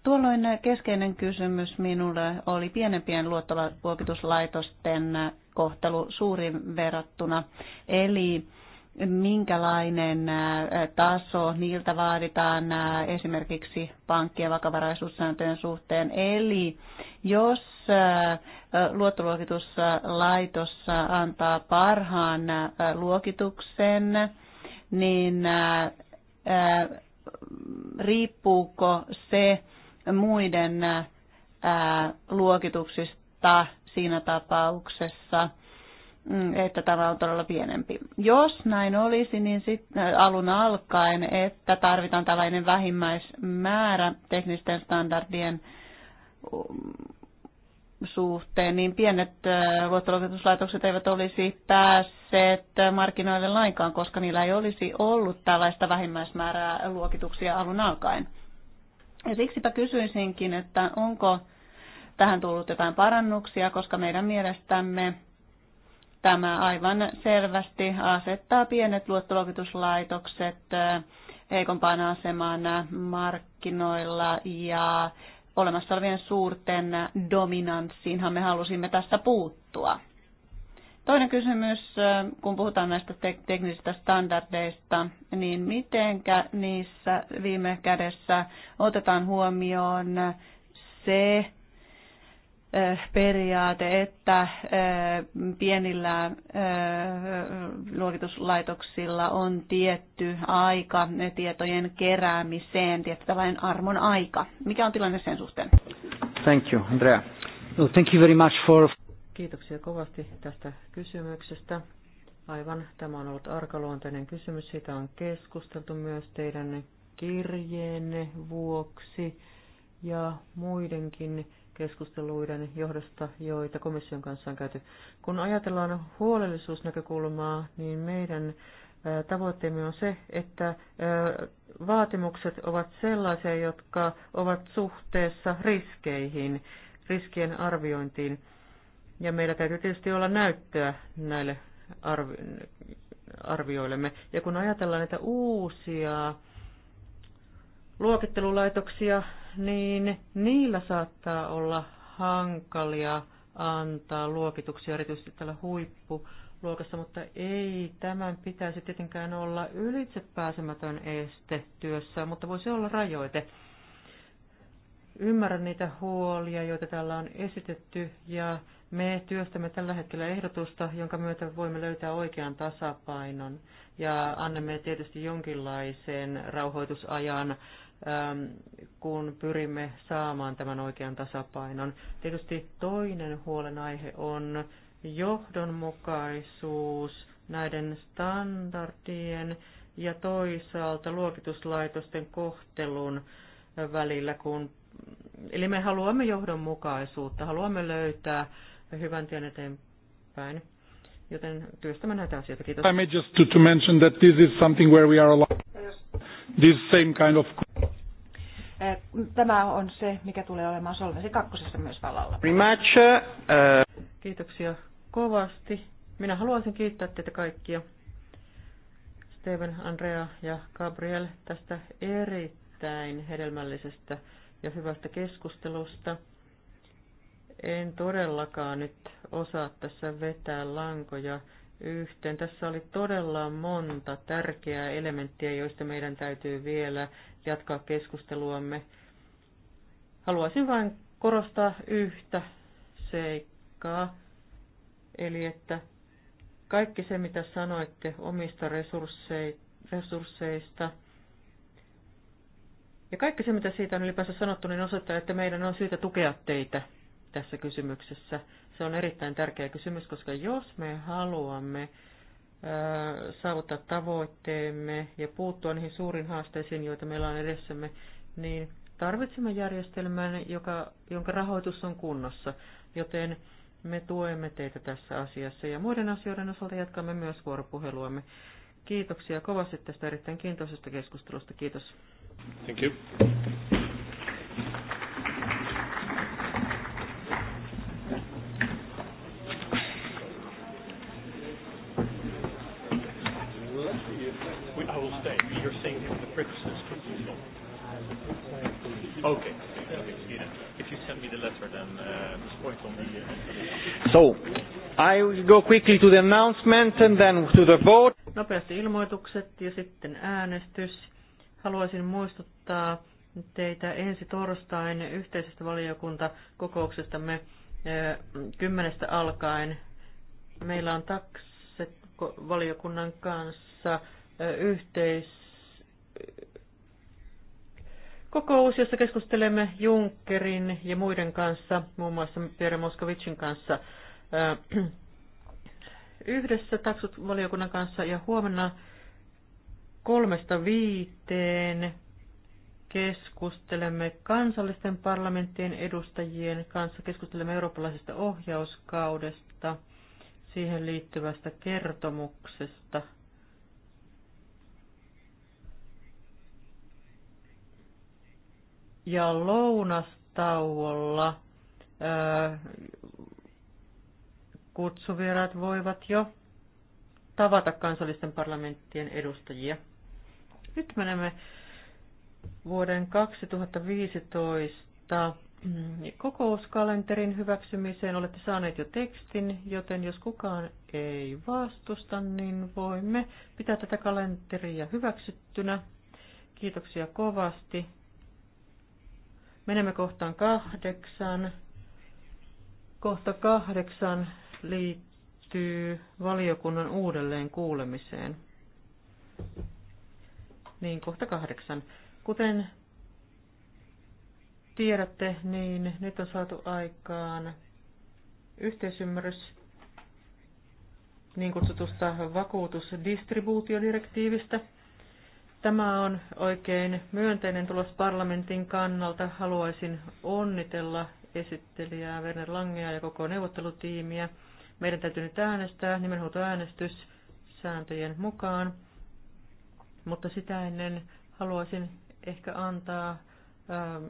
Tuolloin keskeinen kysymys minulle oli pienempien luottoluokituslaitosten kohtelu suurin verrattuna, eli minkälainen taso niiltä vaaditaan esimerkiksi pankkien vakavaraisuussääntöjen suhteen. Eli jos luottoluokituslaitos antaa parhaan luokituksen, niin riippuuko se muiden luokituksista siinä tapauksessa – Mm, että tämä on todella pienempi. Jos näin olisi, niin sitten äh, alun alkaen, että tarvitaan tällainen vähimmäismäärä teknisten standardien mm, suhteen, niin pienet äh, luottoluokituslaitokset eivät olisi päässeet markkinoille lainkaan, koska niillä ei olisi ollut tällaista vähimmäismäärää luokituksia alun alkaen. Ja siksipä kysyisinkin, että onko tähän tullut jotain parannuksia, koska meidän mielestämme Tämä aivan selvästi asettaa pienet luottoluokituslaitokset heikompaan asemaan markkinoilla ja olemassa olevien suurten dominanssiinhan me halusimme tässä puuttua. Toinen kysymys, kun puhutaan näistä teknisistä standardeista, niin miten niissä viime kädessä otetaan huomioon se, Eh, periaate, että eh, pienillä eh, luokituslaitoksilla on tietty aika tietojen keräämiseen, tietty tällainen armon aika. Mikä on tilanne sen suhteen? Thank you, Andrea. No, thank you very much for... Kiitoksia kovasti tästä kysymyksestä. Aivan, tämä on ollut arkaluonteinen kysymys. Siitä on keskusteltu myös teidän kirjeenne vuoksi ja muidenkin keskusteluiden johdosta, joita komission kanssa on käyty. Kun ajatellaan huolellisuusnäkökulmaa, niin meidän tavoitteemme on se, että vaatimukset ovat sellaisia, jotka ovat suhteessa riskeihin, riskien arviointiin. Ja meillä täytyy tietysti olla näyttöä näille arvioillemme. Ja kun ajatellaan näitä uusia luokittelulaitoksia, niin niillä saattaa olla hankalia antaa luokituksia erityisesti tällä huippuluokassa, mutta ei tämän pitäisi tietenkään olla ylitse pääsemätön este työssä, mutta voisi olla rajoite. Ymmärrän niitä huolia, joita täällä on esitetty, ja me työstämme tällä hetkellä ehdotusta, jonka myötä voimme löytää oikean tasapainon, ja annamme tietysti jonkinlaisen rauhoitusajan Ähm, kun pyrimme saamaan tämän oikean tasapainon. Tietysti toinen huolenaihe on johdonmukaisuus näiden standardien ja toisaalta luokituslaitosten kohtelun välillä, kun, eli me haluamme johdonmukaisuutta, haluamme löytää hyvän tien eteenpäin. Joten työstämme näitä asioita. Kiitos. I may just to, to mention that this is something where we are aligned. This same kind of Eh, tämä on se, mikä tulee olemaan Solvensi kakkosessa myös vallalla. Rematch, uh... Eh, Kiitoksia kovasti. Minä haluaisin kiittää teitä kaikkia, Steven, Andrea ja Gabriel, tästä erittäin hedelmällisestä ja hyvästä keskustelusta. En todellakaan nyt osaa tässä vetää lankoja yhteen. Tässä oli todella monta tärkeää elementtiä, joista meidän täytyy vielä jatkaa keskusteluamme. Haluaisin vain korostaa yhtä seikkaa, eli että kaikki se, mitä sanoitte omista resursseista, ja kaikki se, mitä siitä on ylipäänsä sanottu, niin osoittaa, että meidän on syytä tukea teitä tässä kysymyksessä. Se on erittäin tärkeä kysymys, koska jos me haluamme saavuttaa tavoitteemme ja puuttua niihin suurin haasteisiin, joita meillä on edessämme, niin tarvitsemme järjestelmän, joka, jonka rahoitus on kunnossa, joten me tuemme teitä tässä asiassa ja muiden asioiden osalta jatkamme myös vuoropuheluamme. Kiitoksia kovasti tästä erittäin kiintoisesta keskustelusta. Kiitos. Thank you. So, I will go quickly to the announcement and then to the vote. Nopeasti ilmoitukset ja sitten äänestys. Haluaisin muistuttaa teitä ensi torstain yhteisestä valiokuntakokouksestamme eh, kymmenestä alkaen. Meillä on takset valiokunnan kanssa eh, yhteis kokous, jossa keskustelemme Junckerin ja muiden kanssa, muun muassa Pierre Moskovicin kanssa, yhdessä taksut valiokunnan kanssa ja huomenna kolmesta viiteen keskustelemme kansallisten parlamenttien edustajien kanssa, keskustelemme eurooppalaisesta ohjauskaudesta, siihen liittyvästä kertomuksesta. Ja lounastauolla kutsuvieraat voivat jo tavata kansallisten parlamenttien edustajia. Nyt menemme vuoden 2015 kokouskalenterin hyväksymiseen. Olette saaneet jo tekstin, joten jos kukaan ei vastusta, niin voimme pitää tätä kalenteria hyväksyttynä. Kiitoksia kovasti. Menemme kohtaan kahdeksan. Kohta kahdeksan liittyy valiokunnan uudelleen kuulemiseen. Niin kohta kahdeksan. Kuten tiedätte, niin nyt on saatu aikaan yhteisymmärrys niin kutsutusta vakuutusdistribuutiodirektiivistä. Tämä on oikein myönteinen tulos parlamentin kannalta. Haluaisin onnitella esittelijää Werner Langea ja koko neuvottelutiimiä. Meidän täytyy nyt äänestää nimenhuoltoäänestys sääntöjen mukaan, mutta sitä ennen haluaisin ehkä antaa ähm,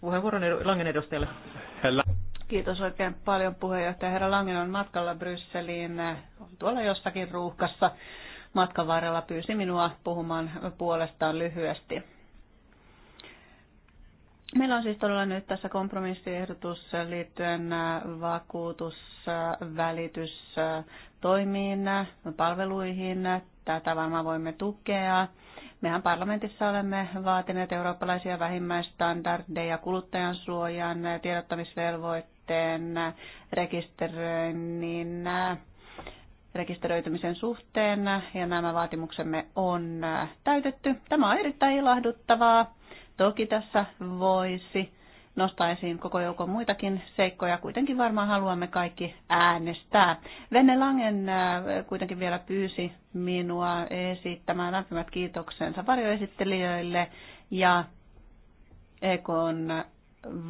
puheenvuoron Langen edustajalle. Hella. Kiitos oikein paljon puheenjohtaja. Herra Langen on matkalla Brysseliin, on äh, tuolla jossakin ruuhkassa matkan varrella pyysi minua puhumaan puolestaan lyhyesti. Meillä on siis todella nyt tässä kompromissiehdotus liittyen äh, vakuutusvälitystoimiin, äh, palveluihin. Tätä varmaan voimme tukea. Mehän parlamentissa olemme vaatineet eurooppalaisia vähimmäistandardeja kuluttajan suojan, äh, tiedottamisvelvoitteen, rekisteröinnin, rekisteröitymisen suhteen ja nämä vaatimuksemme on täytetty. Tämä on erittäin ilahduttavaa Toki tässä voisi nostaa esiin koko joukon muitakin seikkoja. Kuitenkin varmaan haluamme kaikki äänestää. Venne Langen äh, kuitenkin vielä pyysi minua esittämään lämpimät kiitoksensa varjoesittelijöille ja EKn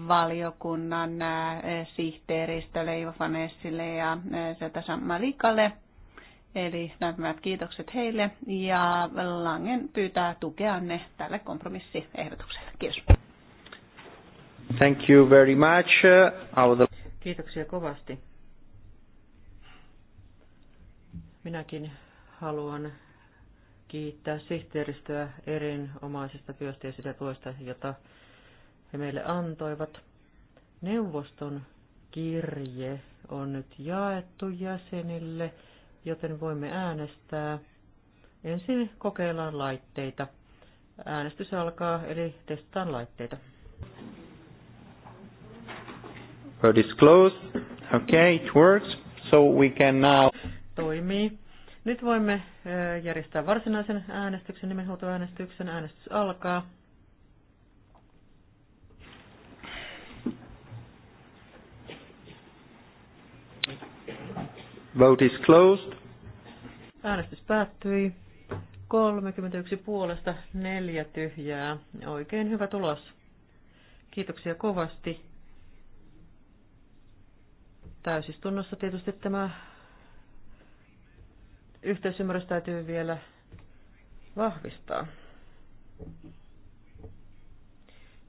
valiokunnan äh, sihteeristölle Ivo Fanessille ja äh, Seta Sammalikalle. Eli lämpimät kiitokset heille ja Langen pyytää tukeanne tälle kompromissiehdotukselle. Kiitos. Thank you very much. Uh, the... Kiitoksia kovasti. Minäkin haluan kiittää sihteeristöä erinomaisesta työstä ja sitä tuosta, jota he meille antoivat. Neuvoston kirje on nyt jaettu jäsenille joten voimme äänestää. Ensin kokeillaan laitteita. Äänestys alkaa, eli testataan laitteita. Vote is closed. Okay, it works. So we can now... Toimii. Nyt voimme äh, järjestää varsinaisen äänestyksen, nimenhuutoäänestyksen. Äänestys alkaa. Vote is closed. Äänestys päättyi. 31 puolesta, neljä tyhjää. Oikein hyvä tulos. Kiitoksia kovasti. Täysistunnossa tietysti tämä yhteisymmärrys täytyy vielä vahvistaa,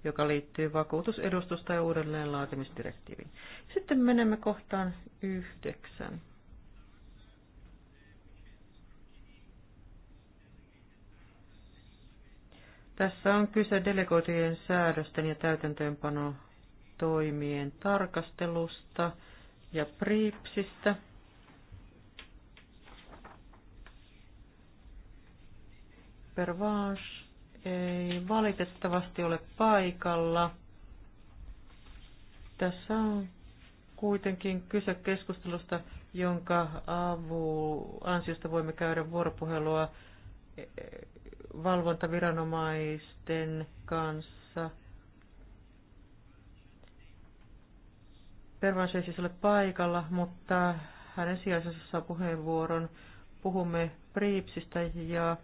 joka liittyy vakuutusedustusta ja uudelleen laatimisdirektiiviin. Sitten menemme kohtaan yhdeksän. Tässä on kyse delegoitujen säädösten ja täytäntöönpano toimien tarkastelusta ja priipsistä. Pervanche ei valitettavasti ole paikalla. Tässä on kuitenkin kyse keskustelusta, jonka avu, ansiosta voimme käydä vuoropuhelua valvontaviranomaisten kanssa. Pervans ei siis ole paikalla, mutta hänen sijaisensa saa puheenvuoron. Puhumme Priipsistä ja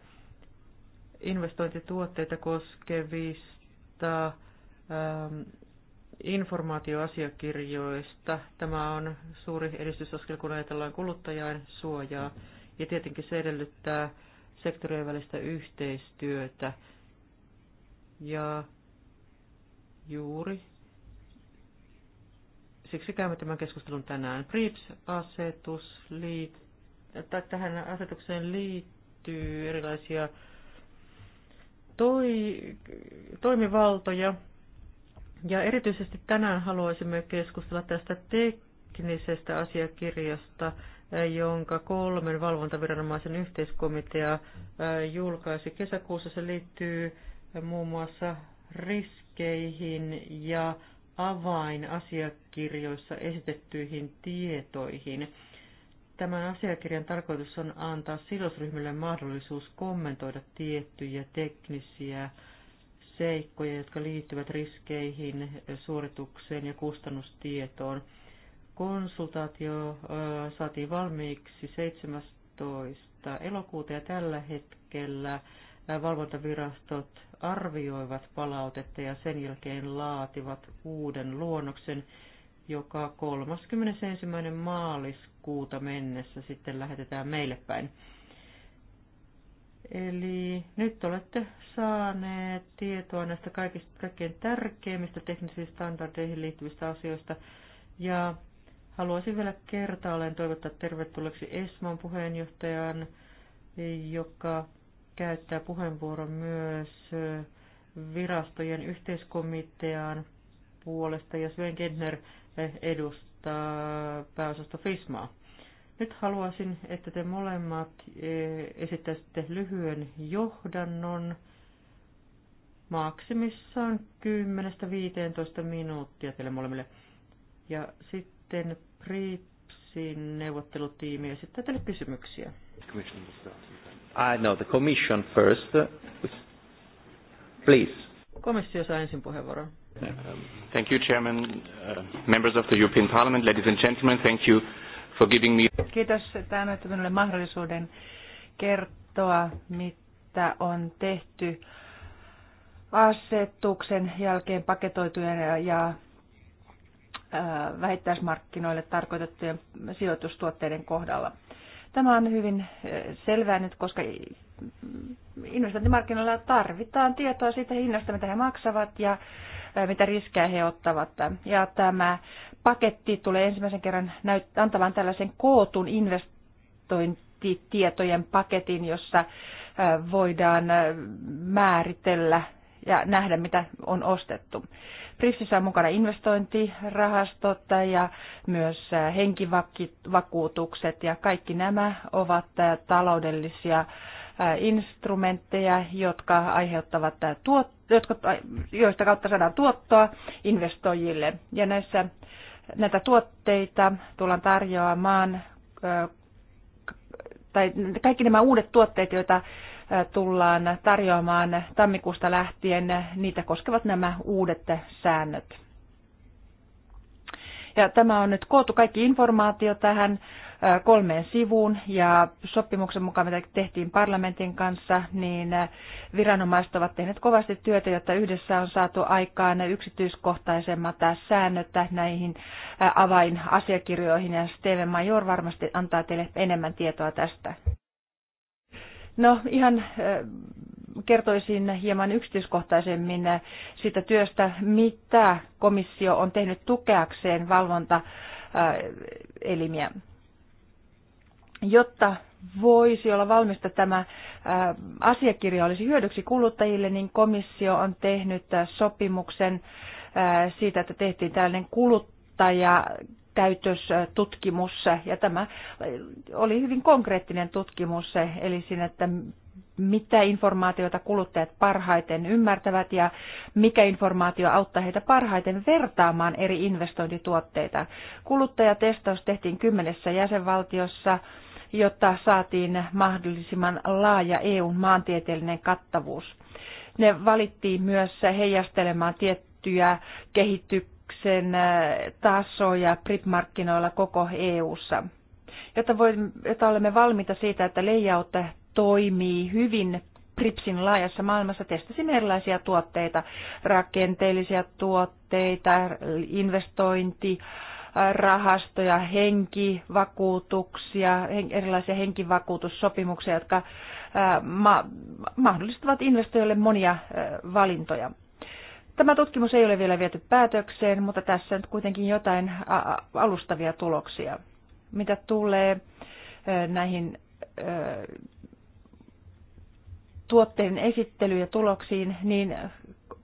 investointituotteita koskevista ähm, informaatioasiakirjoista. Tämä on suuri edistysaskel, kun ajatellaan kuluttajan suojaa. Ja tietenkin se edellyttää sektorien välistä yhteistyötä. Ja juuri siksi käymme tämän keskustelun tänään. PRIPS-asetus liittyy tähän asetukseen liittyy erilaisia toi, toimivaltoja. Ja erityisesti tänään haluaisimme keskustella tästä teknisestä asiakirjasta, jonka kolmen valvontaviranomaisen yhteiskomitea äh, julkaisi kesäkuussa. Se liittyy äh, muun muassa riskeihin ja avainasiakirjoissa esitettyihin tietoihin. Tämän asiakirjan tarkoitus on antaa sidosryhmille mahdollisuus kommentoida tiettyjä teknisiä seikkoja, jotka liittyvät riskeihin, suoritukseen ja kustannustietoon – Konsultaatio saatiin valmiiksi 17. elokuuta ja tällä hetkellä valvontavirastot arvioivat palautetta ja sen jälkeen laativat uuden luonnoksen, joka 31. maaliskuuta mennessä sitten lähetetään meille päin. Eli nyt olette saaneet tietoa näistä kaikista, kaikkein tärkeimmistä teknisiin standardeihin liittyvistä asioista. Ja Haluaisin vielä kertaalleen toivottaa tervetulleeksi ESMAn puheenjohtajan, joka käyttää puheenvuoron myös eh, virastojen yhteiskomitean puolesta ja Sven Gentner eh, edustaa pääosasta FISMAa. Nyt haluaisin, että te molemmat eh, esittäisitte lyhyen johdannon maksimissaan 10-15 minuuttia teille molemmille. Ja sitten BRIPSin neuvottelutiimi esittää teille kysymyksiä. I know the commission first. Please. Komissio saa ensin puheenvuoron. Um, thank you, Chairman, uh, members of the European Parliament, ladies and gentlemen, thank you for giving me... Kiitos, että annoitte minulle mahdollisuuden kertoa, mitä on tehty asetuksen jälkeen paketoitujen ja vähittäismarkkinoille tarkoitettujen sijoitustuotteiden kohdalla. Tämä on hyvin selvää nyt, koska investointimarkkinoilla tarvitaan tietoa siitä hinnasta, mitä he maksavat ja mitä riskejä he ottavat. Ja tämä paketti tulee ensimmäisen kerran antamaan tällaisen kootun investointitietojen paketin, jossa voidaan määritellä ja nähdä, mitä on ostettu. BRICSissä on mukana investointirahastot ja myös henkivakuutukset ja kaikki nämä ovat taloudellisia instrumentteja, jotka aiheuttavat tuot, jotka, joista kautta saadaan tuottoa investoijille. Ja näissä näitä tuotteita tullaan tarjoamaan, tai kaikki nämä uudet tuotteet, joita tullaan tarjoamaan tammikuusta lähtien, niitä koskevat nämä uudet säännöt. Ja tämä on nyt koottu kaikki informaatio tähän kolmeen sivuun ja sopimuksen mukaan, mitä tehtiin parlamentin kanssa, niin viranomaiset ovat tehneet kovasti työtä, jotta yhdessä on saatu aikaan yksityiskohtaisemmat säännöt näihin avainasiakirjoihin ja Steven Major varmasti antaa teille enemmän tietoa tästä. No ihan kertoisin hieman yksityiskohtaisemmin siitä työstä, mitä komissio on tehnyt tukeakseen valvontaelimiä. Jotta voisi olla valmista tämä asiakirja olisi hyödyksi kuluttajille, niin komissio on tehnyt sopimuksen siitä, että tehtiin tällainen kuluttaja käytöstutkimus, ja tämä oli hyvin konkreettinen tutkimus, eli siinä, että mitä informaatiota kuluttajat parhaiten ymmärtävät ja mikä informaatio auttaa heitä parhaiten vertaamaan eri investointituotteita. Kuluttajatestaus tehtiin kymmenessä jäsenvaltiossa, jotta saatiin mahdollisimman laaja EUn maantieteellinen kattavuus. Ne valittiin myös heijastelemaan tiettyjä kehitty, kehityksen äh, tasoja PRIP-markkinoilla koko EU:ssa, jotta, voi, jotta olemme valmiita siitä, että layout toimii hyvin PRIPSin laajassa maailmassa. Testasimme erilaisia tuotteita, rakenteellisia tuotteita, investointi, äh, rahastoja, henkivakuutuksia, erilaisia henkivakuutussopimuksia, jotka äh, mahdollistavat investoijille monia valintoja. Tämä tutkimus ei ole vielä viety päätökseen, mutta tässä nyt kuitenkin jotain alustavia tuloksia. Mitä tulee näihin tuotteiden esittelyyn ja tuloksiin, niin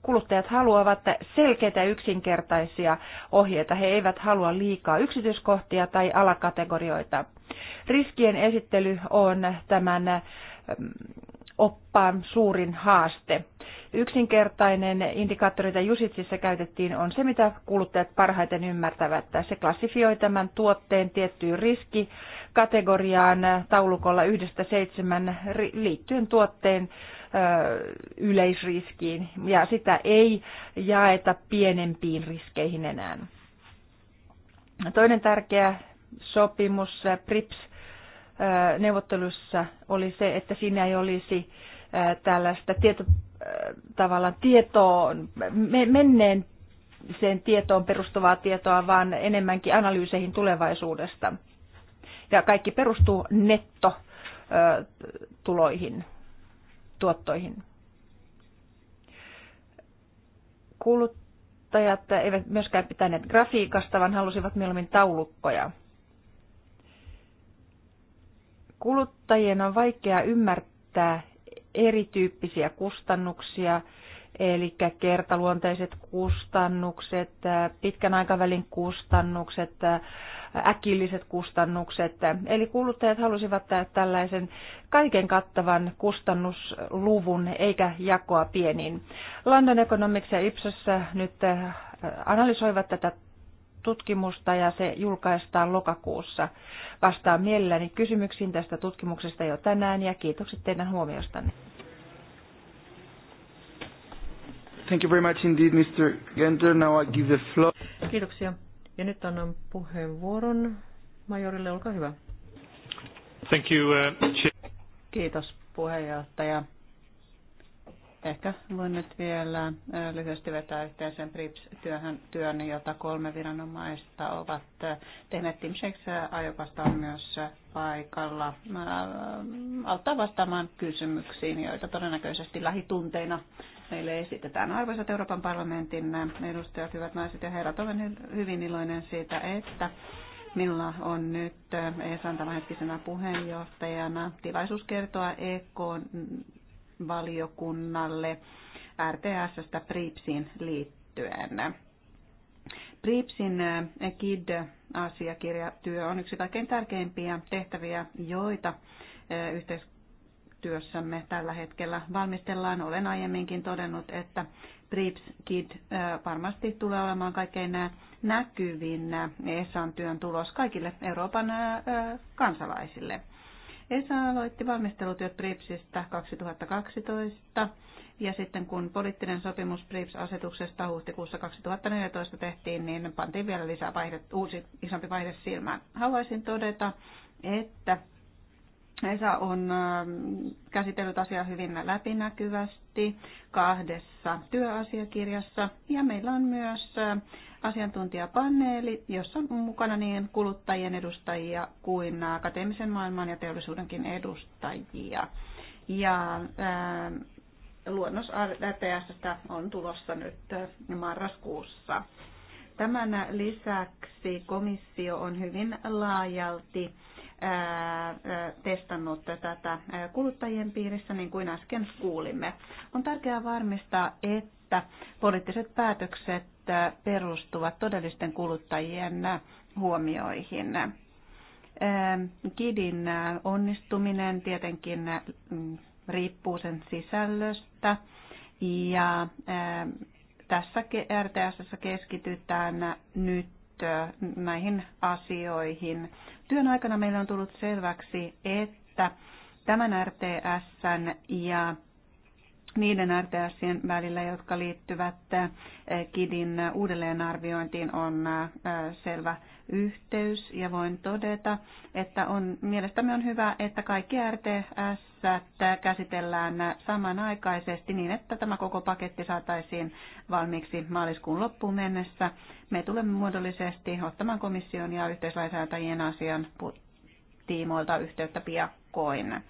kuluttajat haluavat selkeitä yksinkertaisia ohjeita. He eivät halua liikaa yksityiskohtia tai alakategorioita. Riskien esittely on tämän oppaan suurin haaste yksinkertainen indikaattori, jota Jusitsissa käytettiin, on se, mitä kuluttajat parhaiten ymmärtävät. Se klassifioi tämän tuotteen tiettyyn riskikategoriaan taulukolla yhdestä seitsemän liittyen tuotteen yleisriskiin, ja sitä ei jaeta pienempiin riskeihin enää. Toinen tärkeä sopimus PRIPS-neuvottelussa oli se, että siinä ei olisi tällaista tieto, tavallaan tietoon, menneen sen tietoon perustuvaa tietoa, vaan enemmänkin analyyseihin tulevaisuudesta. Ja kaikki perustuu nettotuloihin, tuottoihin. Kuluttajat eivät myöskään pitäneet grafiikasta, vaan halusivat mieluummin taulukkoja. Kuluttajien on vaikea ymmärtää erityyppisiä kustannuksia, eli kertaluonteiset kustannukset, pitkän aikavälin kustannukset, äkilliset kustannukset. Eli kuluttajat halusivat tällaisen kaiken kattavan kustannusluvun eikä jakoa pieniin. London Economics ja Ipsos nyt analysoivat tätä tutkimusta ja se julkaistaan lokakuussa. Vastaan mielelläni kysymyksiin tästä tutkimuksesta jo tänään ja kiitokset teidän huomiostanne. Thank you very much indeed, Mr. Genter. Now I give the floor. Kiitoksia. Ja nyt annan puheenvuoron majorille. Olkaa hyvä. Thank you, uh, Kiitos puheenjohtaja. Ehkä voin nyt vielä lyhyesti vetää yhteen sen prips työhön työn, jota kolme viranomaista ovat tehneet. Tim Shakes ajokasta on myös paikalla auttaa vastaamaan kysymyksiin, joita todennäköisesti lähitunteina meille esitetään. Arvoisat Euroopan parlamentin edustajat, hyvät naiset ja herrat, olen hyvin iloinen siitä, että Minulla on nyt ESAn tämänhetkisenä puheenjohtajana tilaisuus kertoa EK valiokunnalle RTS-stä PRIPSin liittyen. PRIPSin KID-asiakirjatyö äh, on yksi kaikkein tärkeimpiä tehtäviä, joita äh, yhteistyössämme tällä hetkellä valmistellaan. Olen aiemminkin todennut, että PRIPS KID äh, varmasti tulee olemaan kaikkein näkyvin ESAn työn tulos kaikille Euroopan kansalaisille. ESA aloitti valmistelutyöt BRIPSistä 2012 ja sitten kun poliittinen sopimus BRIPS-asetuksesta huhtikuussa 2014 tehtiin, niin pantiin vielä lisää vaihdet, uusi isompi vaihde silmään. Haluaisin todeta, että Esa on ähm, käsitellyt asiaa hyvin läpinäkyvästi kahdessa työasiakirjassa ja meillä on myös äh, asiantuntijapaneeli, jossa on mukana niin kuluttajien edustajia kuin akateemisen maailman ja teollisuudenkin edustajia. Ja ähm, luonnos RTSstä on tulossa nyt äh, marraskuussa. Tämän lisäksi komissio on hyvin laajalti testannut tätä kuluttajien piirissä, niin kuin äsken kuulimme. On tärkeää varmistaa, että poliittiset päätökset perustuvat todellisten kuluttajien huomioihin. Kidin onnistuminen tietenkin mm, riippuu sen sisällöstä ja tässä RTS keskitytään nyt näihin asioihin. Työn aikana meillä on tullut selväksi, että tämän RTSn ja niiden RTSien välillä, jotka liittyvät KIDin uudelleenarviointiin, on selvä yhteys. Ja voin todeta, että on, mielestämme on hyvä, että kaikki RTS että käsitellään samanaikaisesti niin, että tämä koko paketti saataisiin valmiiksi maaliskuun loppuun mennessä. Me tulemme muodollisesti ottamaan komission ja yhteislainsäätäjien asian tiimoilta yhteyttä piakkoin.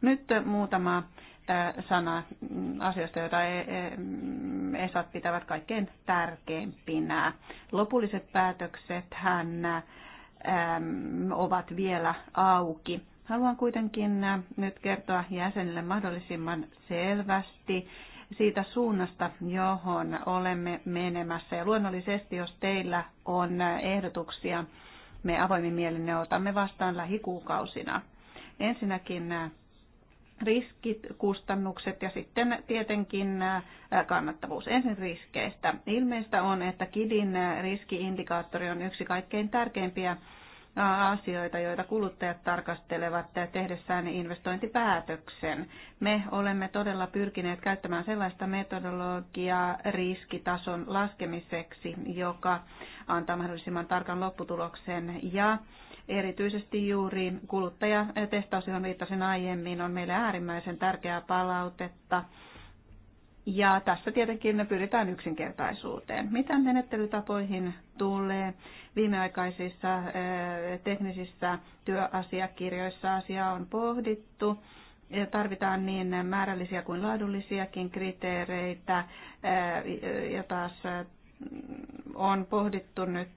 Nyt muutama äh, sana asioista, joita e- e- mm, ESAT pitävät kaikkein tärkeimpinä. Lopulliset päätökset hän ähm, ovat vielä auki Haluan kuitenkin nyt kertoa jäsenille mahdollisimman selvästi siitä suunnasta, johon olemme menemässä. Ja luonnollisesti, jos teillä on ehdotuksia, me avoimin mielin ne otamme vastaan lähikuukausina. Ensinnäkin riskit, kustannukset ja sitten tietenkin kannattavuus. Ensin riskeistä. Ilmeistä on, että KIDin riskiindikaattori on yksi kaikkein tärkeimpiä asioita, joita kuluttajat tarkastelevat tehdessään investointipäätöksen. Me olemme todella pyrkineet käyttämään sellaista metodologiaa riskitason laskemiseksi, joka antaa mahdollisimman tarkan lopputuloksen ja Erityisesti juuri kuluttajatestaus, johon viittasin aiemmin, on meille äärimmäisen tärkeää palautetta ja tässä tietenkin pyritään yksinkertaisuuteen. Mitä menettelytapoihin tulee? Viimeaikaisissa eh, teknisissä työasiakirjoissa asia on pohdittu. Eh, tarvitaan niin määrällisiä kuin laadullisiakin kriteereitä, eh, ja taas on pohdittu nyt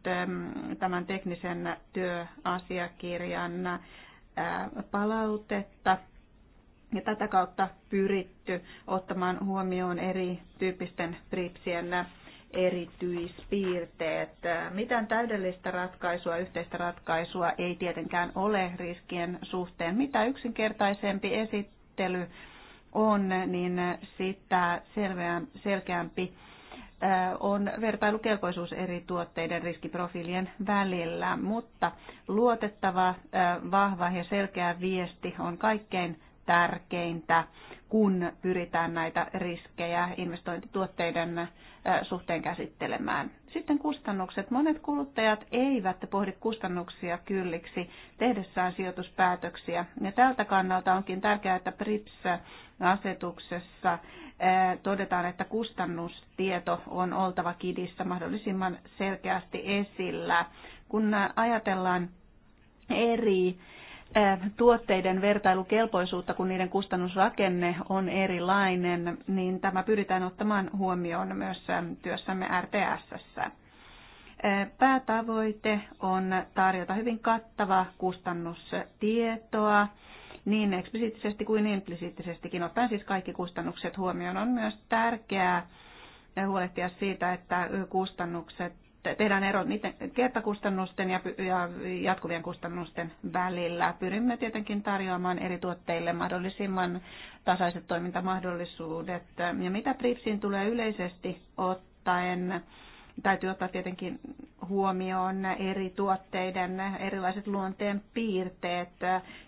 tämän teknisen työasiakirjan palautetta ja tätä kautta pyritty ottamaan huomioon eri tyyppisten pripsien erityispiirteet. Mitään täydellistä ratkaisua, yhteistä ratkaisua ei tietenkään ole riskien suhteen. Mitä yksinkertaisempi esittely on, niin sitä selkeämpi on vertailukelpoisuus eri tuotteiden riskiprofiilien välillä, mutta luotettava, vahva ja selkeä viesti on kaikkein tärkeintä, kun pyritään näitä riskejä investointituotteiden suhteen käsittelemään. Sitten kustannukset. Monet kuluttajat eivät pohdi kustannuksia kylliksi tehdessään sijoituspäätöksiä. Ja tältä kannalta onkin tärkeää, että PRIPS-asetuksessa todetaan, että kustannustieto on oltava kidissä mahdollisimman selkeästi esillä. Kun ajatellaan eri Eh, tuotteiden vertailukelpoisuutta, kun niiden kustannusrakenne on erilainen, niin tämä pyritään ottamaan huomioon myös eh, työssämme RTS. Eh, päätavoite on tarjota hyvin kattava kustannustietoa niin eksplisiittisesti kuin implisiittisestikin, ottaen siis kaikki kustannukset huomioon. On myös tärkeää huolehtia siitä, että kustannukset tehdään ero niiden kertakustannusten ja, ja jatkuvien kustannusten välillä. Pyrimme tietenkin tarjoamaan eri tuotteille mahdollisimman tasaiset toimintamahdollisuudet. Ja mitä PRIPSiin tulee yleisesti ottaen, täytyy ottaa tietenkin huomioon eri tuotteiden erilaiset luonteen piirteet,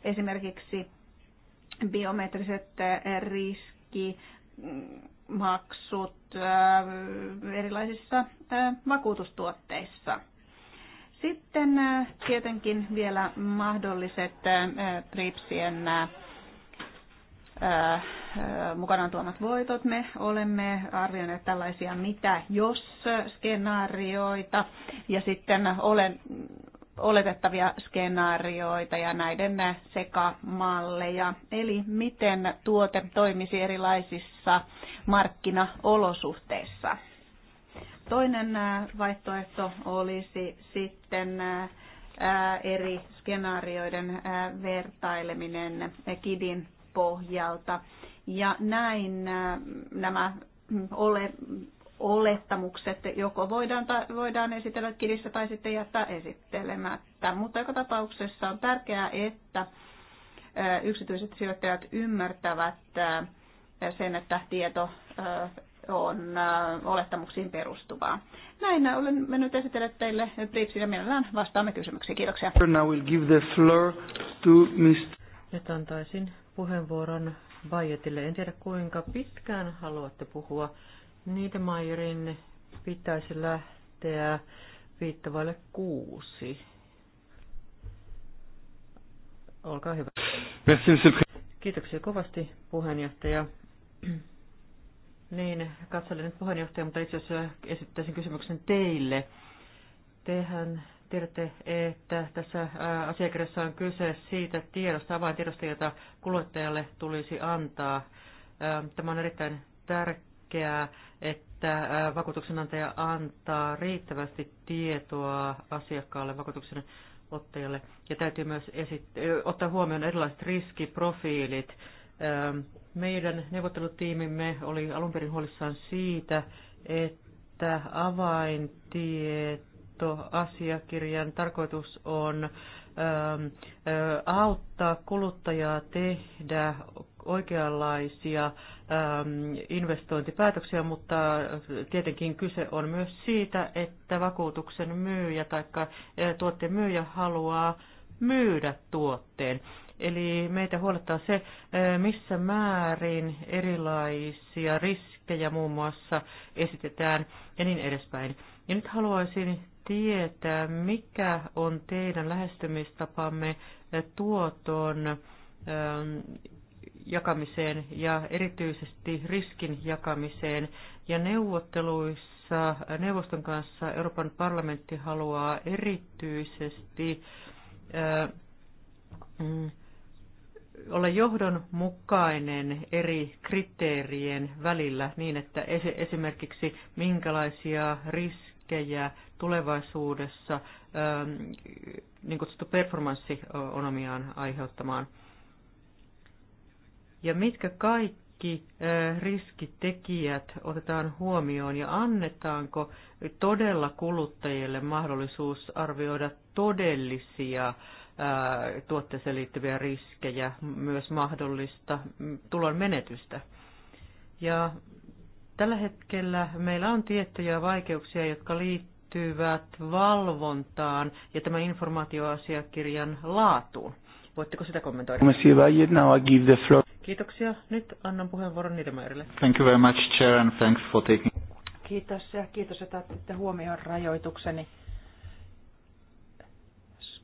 esimerkiksi biometriset riski maksut erilaisissa vakuutustuotteissa. Sitten tietenkin vielä mahdolliset TRIPSien mukanaan tuomat voitot. Me olemme arvioineet tällaisia mitä jos skenaarioita ja sitten olen, oletettavia skenaarioita ja näiden sekamalleja. Eli miten tuote toimisi erilaisissa markkinaolosuhteissa. Toinen äh, vaihtoehto olisi sitten äh, äh, eri skenaarioiden vertaileminen KIDin pohjalta. Ja näin nämä mm, ole, olettamukset joko voidaan, voidaan esitellä kirjassa tai sitten jättää esittelemättä. Mutta joka tapauksessa on tärkeää, että yksityiset sijoittajat ymmärtävät sen, että tieto on olettamuksiin perustuvaa. Näin olen mennyt esitellä teille briefsin ja mielellään vastaamme kysymyksiin. Kiitoksia. Now we'll give the floor to Mr. Nyt antaisin puheenvuoron Bayetille. En tiedä kuinka pitkään haluatte puhua. Niitemajerin pitäisi lähteä viittavalle kuusi. Olkaa hyvä. Kiitoksia kovasti puheenjohtaja. Niin, katselen nyt puheenjohtaja, mutta itse asiassa esittäisin kysymyksen teille. Tehän tiedätte, että tässä asiakirjassa on kyse siitä tiedosta, avaintiedosta, jota kuluttajalle tulisi antaa. Tämä on erittäin tärkeää, että vakuutuksenantaja antaa riittävästi tietoa asiakkaalle, vakuutuksen ottajalle. Ja täytyy myös esit- ottaa huomioon erilaiset riskiprofiilit meidän neuvottelutiimimme oli alun perin huolissaan siitä, että avaintietoasiakirjan tarkoitus on auttaa kuluttajaa tehdä oikeanlaisia investointipäätöksiä, mutta tietenkin kyse on myös siitä, että vakuutuksen myyjä tai tuotteen myyjä haluaa myydä tuotteen. Eli meitä huolettaa se, eh, missä määrin erilaisia riskejä muun muassa esitetään ja niin edespäin. Ja nyt haluaisin tietää, mikä on teidän lähestymistapamme eh, tuoton ehm, jakamiseen ja erityisesti riskin jakamiseen. Ja neuvotteluissa eh, neuvoston kanssa Euroopan parlamentti haluaa erityisesti mm, olla johdonmukainen eri kriteerien välillä niin, että esimerkiksi minkälaisia riskejä tulevaisuudessa ähm, niin kutsuttu performanssi on omiaan aiheuttamaan. Ja mitkä kaikki äh, riskitekijät otetaan huomioon ja annetaanko todella kuluttajille mahdollisuus arvioida todellisia äh, tuotteeseen liittyviä riskejä, myös mahdollista tulon menetystä. Ja tällä hetkellä meillä on tiettyjä vaikeuksia, jotka liittyvät valvontaan ja tämän informaatioasiakirjan laatuun. Voitteko sitä kommentoida? Kiitoksia. Nyt annan puheenvuoron Niedermayerille. Thank you very much, Chair, and thanks for taking... Kiitos ja kiitos, että otitte huomioon rajoitukseni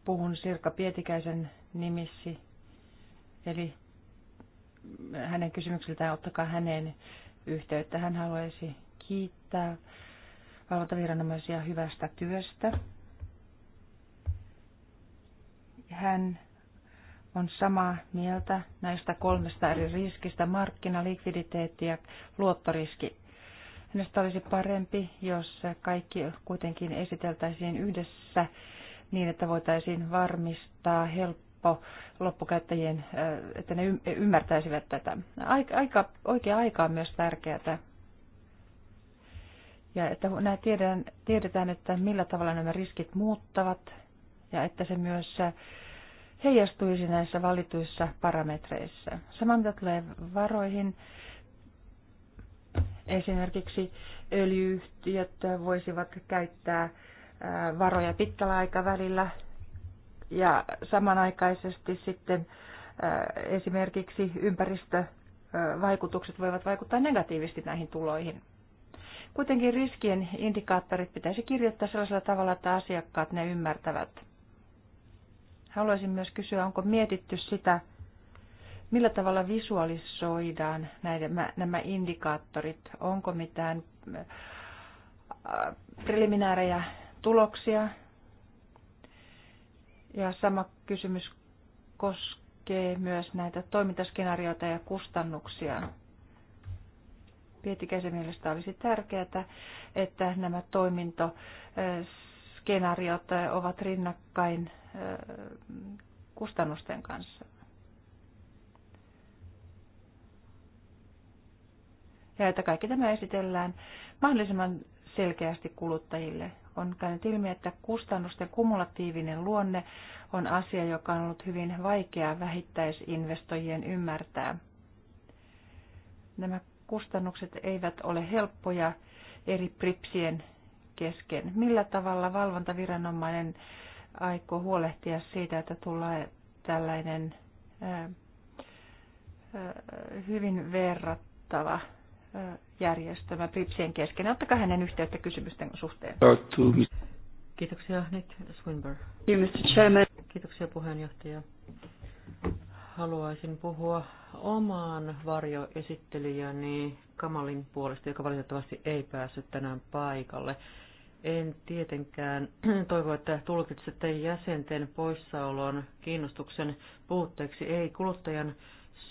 puhun Sirka Pietikäisen nimissi, eli hänen kysymyksiltään ottakaa häneen yhteyttä. Hän haluaisi kiittää valvontaviranomaisia hyvästä työstä. Hän on samaa mieltä näistä kolmesta eri riskistä, markkina, likviditeetti ja luottoriski. Hänestä olisi parempi, jos kaikki kuitenkin esiteltäisiin yhdessä niin, että voitaisiin varmistaa helppo loppukäyttäjien, että ne ymmärtäisivät tätä. Aika, oikea aika on myös tärkeää. Ja että nämä tiedetään, tiedetään, että millä tavalla nämä riskit muuttavat ja että se myös heijastuisi näissä valituissa parametreissa. Sama mitä tulee varoihin, esimerkiksi öljyyhtiöt voisivat käyttää varoja pitkällä aikavälillä ja samanaikaisesti sitten esimerkiksi ympäristövaikutukset voivat vaikuttaa negatiivisesti näihin tuloihin. Kuitenkin riskien indikaattorit pitäisi kirjoittaa sellaisella tavalla, että asiakkaat ne ymmärtävät. Haluaisin myös kysyä, onko mietitty sitä, millä tavalla visualisoidaan näiden, nämä indikaattorit? Onko mitään preliminäärejä tuloksia. Ja sama kysymys koskee myös näitä toimintaskenaarioita ja kustannuksia. Pietikäisen mielestä olisi tärkeää, että nämä toimintoskenaariot ovat rinnakkain äh, kustannusten kanssa. Ja että kaikki tämä esitellään mahdollisimman selkeästi kuluttajille on käynyt ilmi, että kustannusten kumulatiivinen luonne on asia, joka on ollut hyvin vaikea vähittäisinvestoijien ymmärtää. Nämä kustannukset eivät ole helppoja eri pripsien kesken. Millä tavalla valvontaviranomainen aikoo huolehtia siitä, että tulee tällainen hyvin verrattava järjestämä PRIPSien kesken. Ottakaa hänen yhteyttä kysymysten suhteen. Kiitoksia. Nyt Swinburne. Kiitoksia puheenjohtaja. Haluaisin puhua omaan varjoesittelijäni Kamalin puolesta, joka valitettavasti ei päässyt tänään paikalle. En tietenkään toivo, että tulkitsette jäsenten poissaolon kiinnostuksen puutteeksi, ei kuluttajan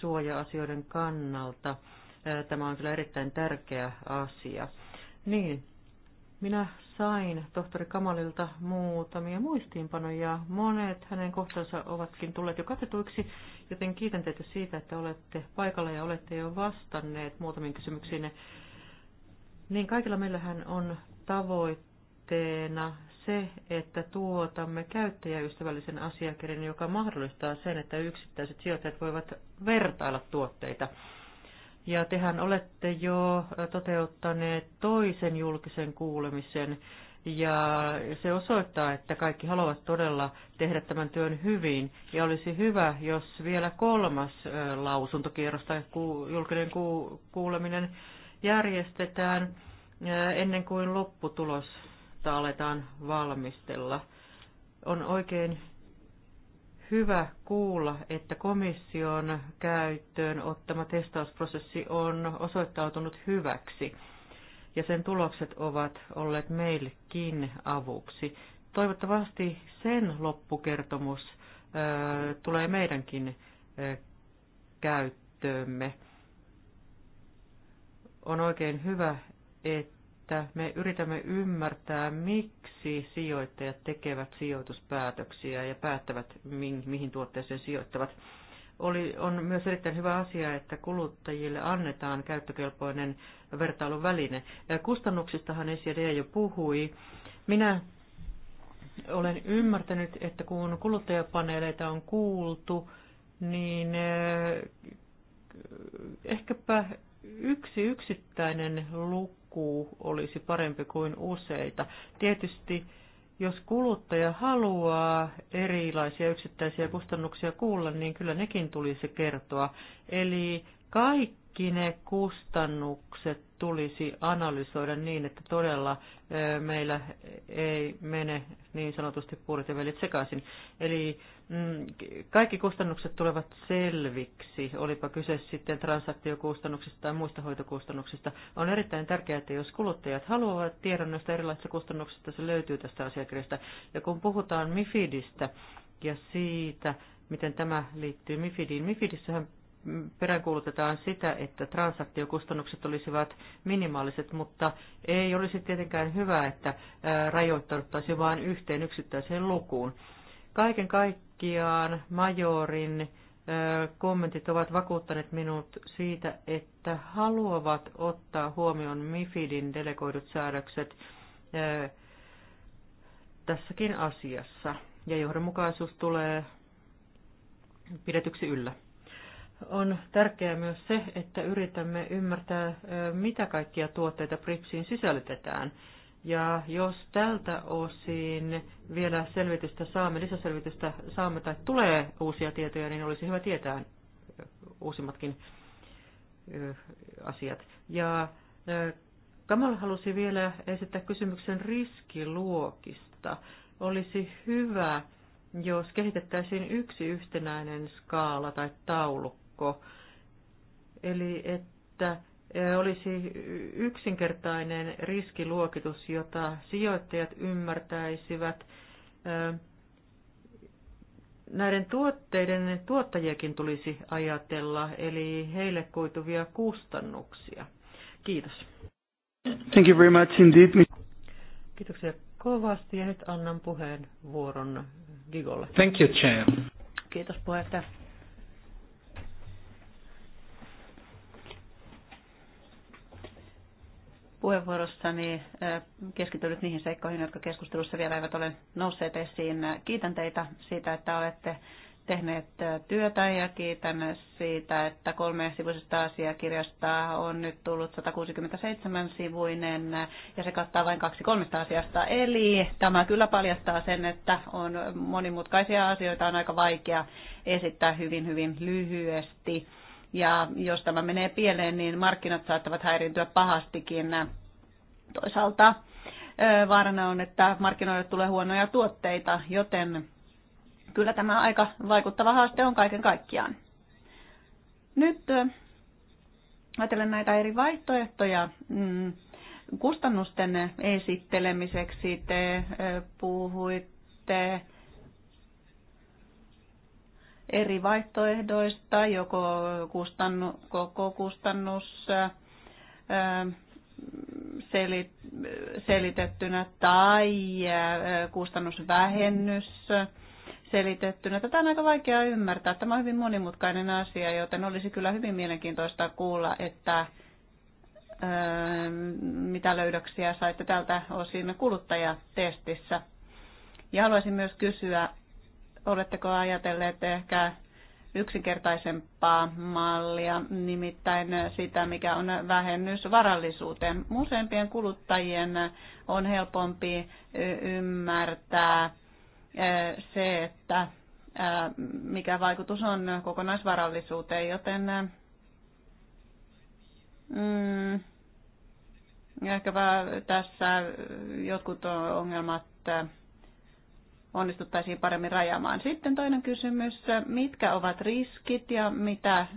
suoja-asioiden kannalta. Tämä on kyllä erittäin tärkeä asia. Niin, minä sain tohtori Kamalilta muutamia muistiinpanoja. Monet hänen kohtansa ovatkin tulleet jo katetuiksi, joten kiitän teitä siitä, että olette paikalla ja olette jo vastanneet muutamiin kysymyksiin. Niin kaikilla meillähän on tavoitteena se, että tuotamme käyttäjäystävällisen asiakirjan, joka mahdollistaa sen, että yksittäiset sijoittajat voivat vertailla tuotteita. Ja tehän olette jo toteuttaneet toisen julkisen kuulemisen, ja se osoittaa, että kaikki haluavat todella tehdä tämän työn hyvin. Ja olisi hyvä, jos vielä kolmas lausuntokierros tai julkinen kuuleminen järjestetään ennen kuin lopputulosta aletaan valmistella. On oikein hyvä kuulla, että komission käyttöön ottama testausprosessi on osoittautunut hyväksi ja sen tulokset ovat olleet meillekin avuksi. Toivottavasti sen loppukertomus tulee meidänkin käyttöömme. On oikein hyvä, että että me yritämme ymmärtää, miksi sijoittajat tekevät sijoituspäätöksiä ja päättävät, mihin tuotteeseen sijoittavat. Oli, on myös erittäin hyvä asia, että kuluttajille annetaan käyttökelpoinen vertailuväline. Kustannuksistahan SJD jo puhui. Minä olen ymmärtänyt, että kun kuluttajapaneeleita on kuultu, niin eh, ehkäpä yksi yksittäinen luku joku olisi parempi kuin useita. Tietysti jos kuluttaja haluaa erilaisia yksittäisiä kustannuksia kuulla, niin kyllä nekin tulisi kertoa. Eli kaikki kaikki ne kustannukset tulisi analysoida niin, että todella meillä ei mene niin sanotusti puurit ja velit sekaisin. Eli mm, kaikki kustannukset tulevat selviksi, olipa kyse sitten transaktiokustannuksista tai muista hoitokustannuksista. On erittäin tärkeää, että jos kuluttajat haluavat tiedon näistä erilaisista kustannuksista, se löytyy tästä asiakirjasta. Ja kun puhutaan MIFIDistä ja siitä, miten tämä liittyy MIFIDiin, MIFIDissähän peräänkuulutetaan sitä, että transaktiokustannukset olisivat minimaaliset, mutta ei olisi tietenkään hyvä, että rajoittauduttaisiin vain yhteen yksittäiseen lukuun. Kaiken kaikkiaan majorin kommentit ovat vakuuttaneet minut siitä, että haluavat ottaa huomioon MIFIDin delegoidut säädökset tässäkin asiassa. Ja johdonmukaisuus tulee pidetyksi yllä on tärkeää myös se, että yritämme ymmärtää, mitä kaikkia tuotteita BRICSiin sisällytetään. Ja jos tältä osin vielä selvitystä saamme, lisäselvitystä saamme tai tulee uusia tietoja, niin olisi hyvä tietää uusimmatkin asiat. Ja Kamal halusi vielä esittää kysymyksen riskiluokista. Olisi hyvä, jos kehitettäisiin yksi yhtenäinen skaala tai taulukko verkko, eli että e, olisi yksinkertainen riskiluokitus, jota sijoittajat ymmärtäisivät. E, näiden tuotteiden tuottajiakin tulisi ajatella, eli heille koituvia kustannuksia. Kiitos. Thank you very much indeed. Kiitoksia kovasti ja nyt annan puheenvuoron Gigolle. Thank you, Chair. Kiitos puheenjohtaja. puheenvuorossani äh, keskitynyt niihin seikkoihin, jotka keskustelussa vielä eivät ole nousseet esiin. Kiitän teitä siitä, että olette tehneet äh, työtä ja kiitän siitä, että kolme sivuisesta asiakirjasta on nyt tullut 167 sivuinen ja se kattaa vain kaksi kolmesta asiasta. Eli tämä kyllä paljastaa sen, että on monimutkaisia asioita, on aika vaikea esittää hyvin hyvin lyhyesti. Ja jos tämä menee pieleen, niin markkinat saattavat häiriintyä pahastikin. Toisaalta vaarana on, että markkinoille tulee huonoja tuotteita, joten kyllä tämä aika vaikuttava haaste on kaiken kaikkiaan. Nyt ajatellen näitä eri vaihtoehtoja mm, kustannusten esittelemiseksi. Te puhuitte eri vaihtoehdoista, joko kustannu, koko kustannus selitettynä tai kustannusvähennys selitettynä. Tätä on aika vaikea ymmärtää. Tämä on hyvin monimutkainen asia, joten olisi kyllä hyvin mielenkiintoista kuulla, että mitä löydöksiä saitte tältä osin kuluttajatestissä. Ja haluaisin myös kysyä, oletteko ajatelleet ehkä yksinkertaisempaa mallia, nimittäin sitä, mikä on vähennys varallisuuteen. Useimpien kuluttajien on helpompi ymmärtää se, että mikä vaikutus on kokonaisvarallisuuteen, joten mm, ehkäpä tässä jotkut ongelmat onnistuttaisiin paremmin rajamaan. Sitten toinen kysymys, mitkä ovat riskit ja mitä äh,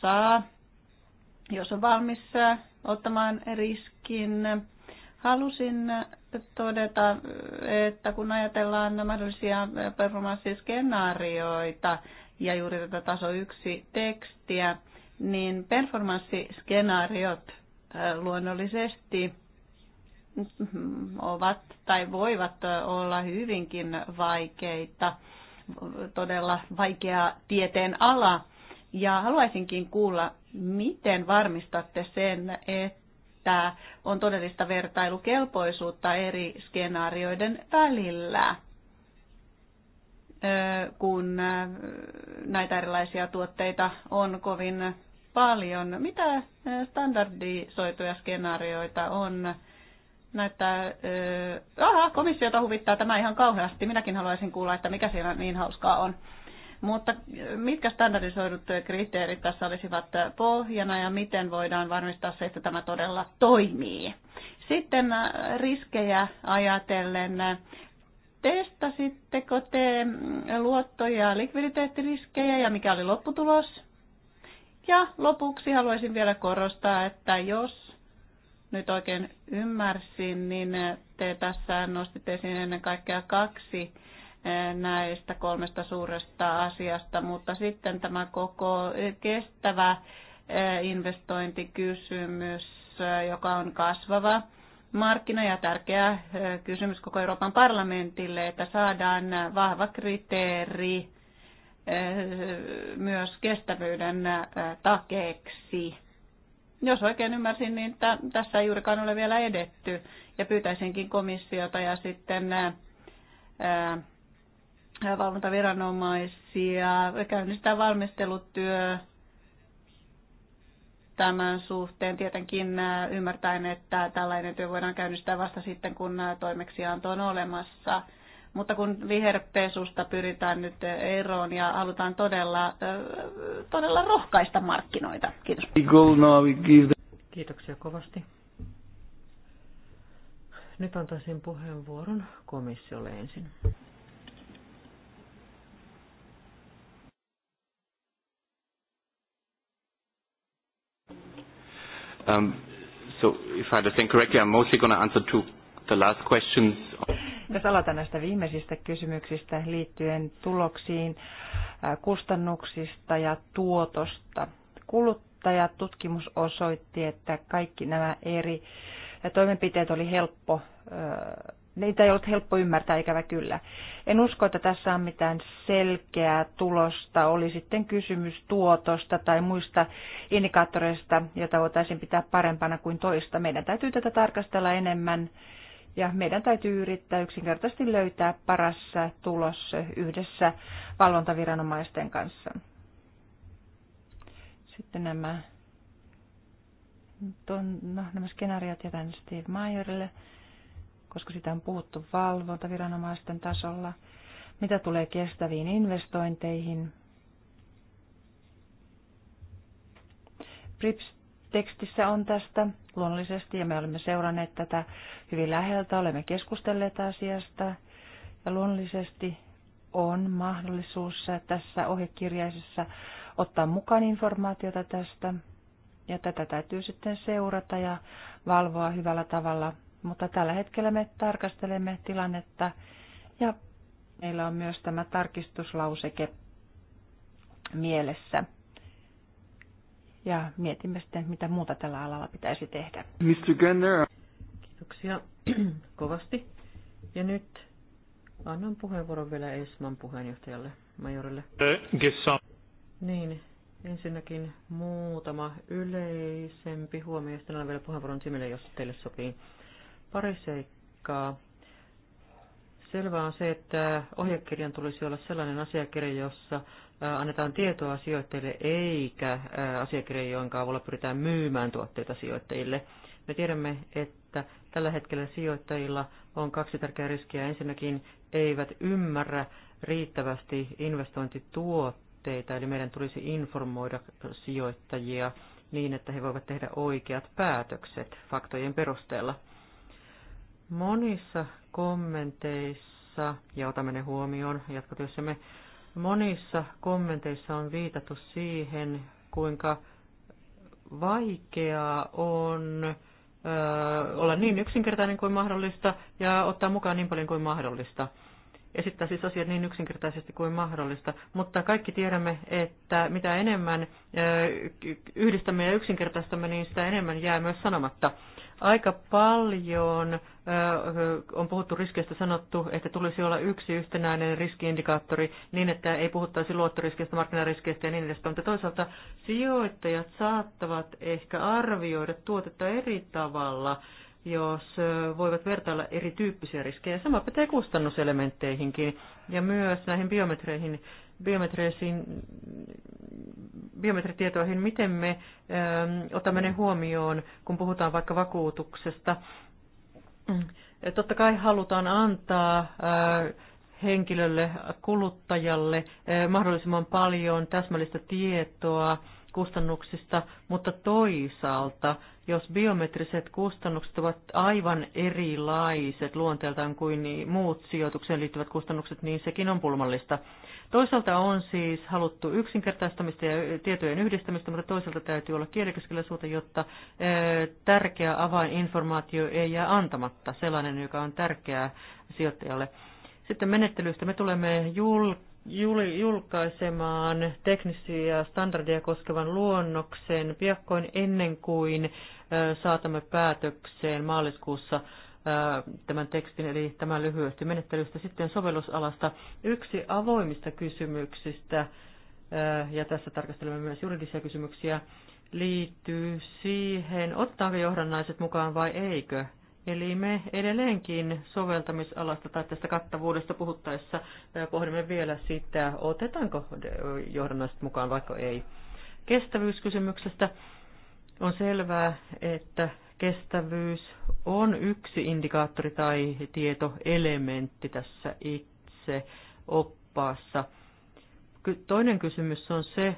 saa, jos on valmis äh, ottamaan riskin. Halusin todeta, että kun ajatellaan mahdollisia performanssiskenaarioita ja juuri tätä taso 1 tekstiä, niin performanssiskenaariot äh, luonnollisesti ovat tai voivat olla hyvinkin vaikeita, todella vaikea tieteen ala. Ja haluaisinkin kuulla, miten varmistatte sen, että on todellista vertailukelpoisuutta eri skenaarioiden välillä, kun näitä erilaisia tuotteita on kovin paljon. Mitä standardisoituja skenaarioita on? näyttää, öö, aha, komissiota huvittaa tämä ihan kauheasti. Minäkin haluaisin kuulla, että mikä siellä niin hauskaa on. Mutta mitkä standardisoidut kriteerit tässä olisivat pohjana ja miten voidaan varmistaa se, että tämä todella toimii? Sitten riskejä ajatellen, testasitteko te luotto- ja likviditeettiriskejä ja mikä oli lopputulos? Ja lopuksi haluaisin vielä korostaa, että jos nyt oikein ymmärsin, niin te tässä nostitte esiin ennen kaikkea kaksi eh, näistä kolmesta suuresta asiasta, mutta sitten tämä koko eh, kestävä eh, investointikysymys, joka on kasvava markkina ja tärkeä kysymys koko Euroopan parlamentille, että saadaan vahva kriteeri myös kestävyyden takeeksi jos oikein ymmärsin, niin t- tässä ei juurikaan ole vielä edetty. Ja pyytäisinkin komissiota ja sitten ää, valvontaviranomaisia käynnistää valmistelutyö tämän suhteen. Tietenkin ymmärtäen, että tällainen työ voidaan käynnistää vasta sitten, kun toimeksianto on olemassa. Mutta kun viherpesusta pyritään nyt eroon ja halutaan todella, todella rohkaista markkinoita. Kiitos. Kiitoksia kovasti. Nyt antaisin puheenvuoron komissiolle ensin. Um, so if I understand correctly, I'm mostly going to answer to the last questions. Jos aloitan näistä viimeisistä kysymyksistä liittyen tuloksiin, kustannuksista ja tuotosta. Kuluttajatutkimus osoitti, että kaikki nämä eri toimenpiteet oli helppo niitä ei ollut helppo ymmärtää, ikävä kyllä. En usko, että tässä on mitään selkeää tulosta, oli sitten kysymys tuotosta tai muista indikaattoreista, joita voitaisiin pitää parempana kuin toista. Meidän täytyy tätä tarkastella enemmän ja meidän täytyy yrittää yksinkertaisesti löytää paras tulos yhdessä valvontaviranomaisten kanssa. Sitten nämä, ton, no, nämä skenaariot jätän Steve Mayerille, koska sitä on puhuttu valvontaviranomaisten tasolla. Mitä tulee kestäviin investointeihin? PRIPS tekstissä on tästä luonnollisesti ja me olemme seuranneet tätä hyvin läheltä, olemme keskustelleet asiasta ja luonnollisesti on mahdollisuus tässä ohjekirjaisessa ottaa mukaan informaatiota tästä ja tätä täytyy sitten seurata ja valvoa hyvällä tavalla, mutta tällä hetkellä me tarkastelemme tilannetta ja meillä on myös tämä tarkistuslauseke mielessä ja mietimme sitten, mitä muuta tällä alalla pitäisi tehdä. Mr. Gender. Kiitoksia kovasti. Ja nyt annan puheenvuoron vielä ESMAn puheenjohtajalle, majorille. Gessa. Niin, ensinnäkin muutama yleisempi huomio, sitten vielä puheenvuoron Simille, jos teille sopii. Pari seikkaa. Selvää on se, että ohjekirjan tulisi olla sellainen asiakirja, jossa annetaan tietoa sijoittajille eikä asiakirjoja, jonka avulla pyritään myymään tuotteita sijoittajille. Me tiedämme, että tällä hetkellä sijoittajilla on kaksi tärkeää riskiä. Ensinnäkin eivät ymmärrä riittävästi investointituotteita, eli meidän tulisi informoida sijoittajia niin, että he voivat tehdä oikeat päätökset faktojen perusteella. Monissa kommenteissa, ja otamme ne huomioon jatkotyössämme, Monissa kommenteissa on viitattu siihen, kuinka vaikeaa on ö, olla niin yksinkertainen kuin mahdollista ja ottaa mukaan niin paljon kuin mahdollista siis asiat niin yksinkertaisesti kuin mahdollista. Mutta kaikki tiedämme, että mitä enemmän yhdistämme ja yksinkertaistamme, niin sitä enemmän jää myös sanomatta. Aika paljon on puhuttu riskeistä sanottu, että tulisi olla yksi yhtenäinen riskiindikaattori niin, että ei puhuttaisi luottoriskeistä, markkinariskeistä ja niin edespäin. Mutta toisaalta sijoittajat saattavat ehkä arvioida tuotetta eri tavalla jos voivat vertailla erityyppisiä riskejä. Sama pätee kustannuselementteihinkin ja myös näihin biometreihin, biometreisiin, biometritietoihin, miten me ö, otamme ne huomioon, kun puhutaan vaikka vakuutuksesta. Totta kai halutaan antaa ö, henkilölle, kuluttajalle mahdollisimman paljon täsmällistä tietoa kustannuksista, mutta toisaalta, jos biometriset kustannukset ovat aivan erilaiset luonteeltaan kuin muut sijoitukseen liittyvät kustannukset, niin sekin on pulmallista. Toisaalta on siis haluttu yksinkertaistamista ja tietojen yhdistämistä, mutta toisaalta täytyy olla kielikeskeläisuutta, jotta tärkeä avaininformaatio ei jää antamatta, sellainen, joka on tärkeää sijoittajalle. Sitten menettelyistä me tulemme julkaisemaan julkaisemaan teknisiä standardeja koskevan luonnoksen piakkoin ennen kuin saatamme päätökseen maaliskuussa tämän tekstin, eli tämän lyhyesti menettelystä. Sitten sovellusalasta yksi avoimista kysymyksistä, ja tässä tarkastelemme myös juridisia kysymyksiä, liittyy siihen, ottaako johdannaiset mukaan vai eikö. Eli me edelleenkin soveltamisalasta tai tästä kattavuudesta puhuttaessa pohdimme vielä sitä, otetaanko johdannaiset mukaan vaikka ei. Kestävyyskysymyksestä on selvää, että kestävyys on yksi indikaattori tai tietoelementti tässä itse oppaassa. Toinen kysymys on se,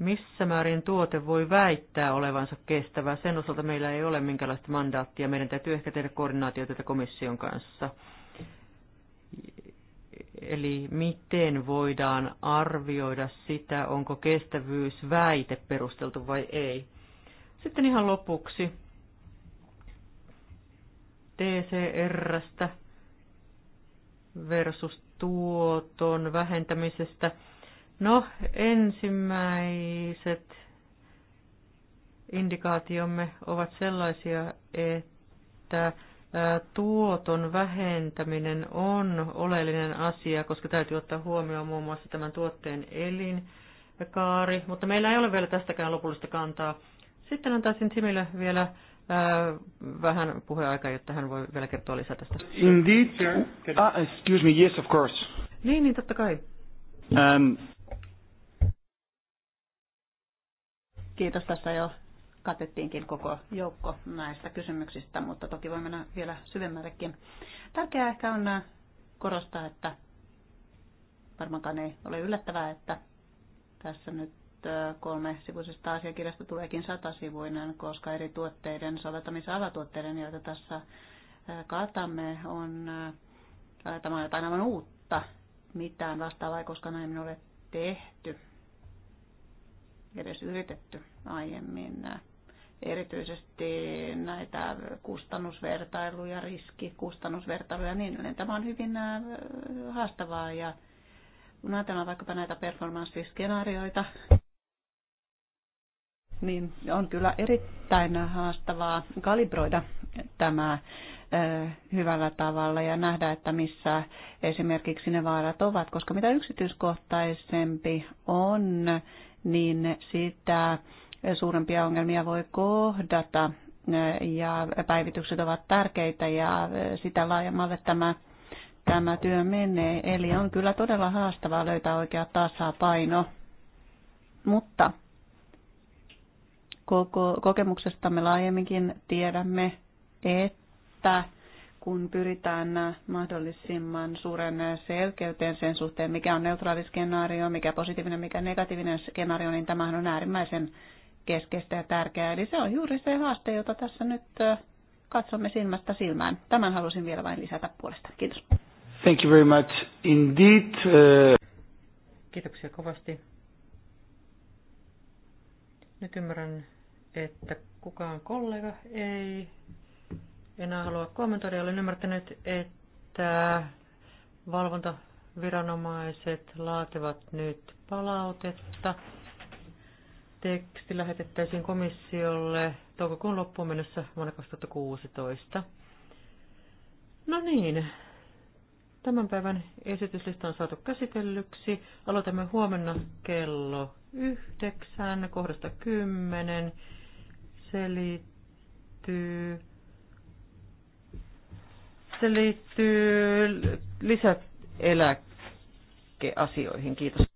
missä määrin tuote voi väittää olevansa kestävää. Sen osalta meillä ei ole minkäänlaista mandaattia. Meidän täytyy ehkä tehdä koordinaatiota komission kanssa. Eli miten voidaan arvioida sitä, onko kestävyysväite perusteltu vai ei. Sitten ihan lopuksi TCRstä versus tuoton vähentämisestä. No, ensimmäiset indikaatiomme ovat sellaisia, että tuoton vähentäminen on oleellinen asia, koska täytyy ottaa huomioon muun muassa tämän tuotteen elinkaari, mutta meillä ei ole vielä tästäkään lopullista kantaa. Sitten antaisin Simille vielä vähän puheaikaa, jotta hän voi vielä kertoa lisää tästä. Indeed. Ah, excuse me, yes of course. Niin, niin totta kai. Um, Kiitos, tässä jo katettiinkin koko joukko näistä kysymyksistä, mutta toki voi mennä vielä syvemmällekin. Tärkeää ehkä on äh, korostaa, että varmaankaan ei ole yllättävää, että tässä nyt äh, kolme sivuisesta asiakirjasta tuleekin satasivuinen, koska eri tuotteiden, soveltamisalatuotteiden, joita tässä äh, kaatamme, on tämä on jotain aivan uutta. Mitään vastaavaa ei koskaan aiemmin ole tehty edes yritetty aiemmin erityisesti näitä kustannusvertailuja, kustannusvertailuja ja niin edelleen. Tämä on hyvin äh, haastavaa ja kun ajatellaan vaikkapa näitä performanssiskenaarioita, niin on kyllä erittäin haastavaa kalibroida tämä äh, hyvällä tavalla ja nähdä, että missä esimerkiksi ne vaarat ovat, koska mitä yksityiskohtaisempi on niin sitä suurempia ongelmia voi kohdata ja päivitykset ovat tärkeitä ja sitä laajemmalle tämä, tämä työ menee. Eli on kyllä todella haastavaa löytää oikea tasapaino, mutta koko, kokemuksestamme laajemminkin tiedämme, että kun pyritään mahdollisimman suuren selkeyteen sen suhteen, mikä on neutraali skenaario, mikä positiivinen, mikä negatiivinen skenaario, niin tämähän on äärimmäisen keskeistä ja tärkeää. Eli se on juuri se haaste, jota tässä nyt katsomme silmästä silmään. Tämän halusin vielä vain lisätä puolesta. Kiitos. Thank you very much indeed. Kiitoksia kovasti. Nyt ymmärrän, että kukaan kollega ei enää halua kommentoida. Olen ymmärtänyt, että valvontaviranomaiset laativat nyt palautetta. Teksti lähetettäisiin komissiolle toukokuun loppuun mennessä vuonna 2016. No niin, tämän päivän esityslista on saatu käsitellyksi. Aloitamme huomenna kello yhdeksän, kohdasta kymmenen. Selittyy se liittyy lisäeläkeasioihin. Kiitos.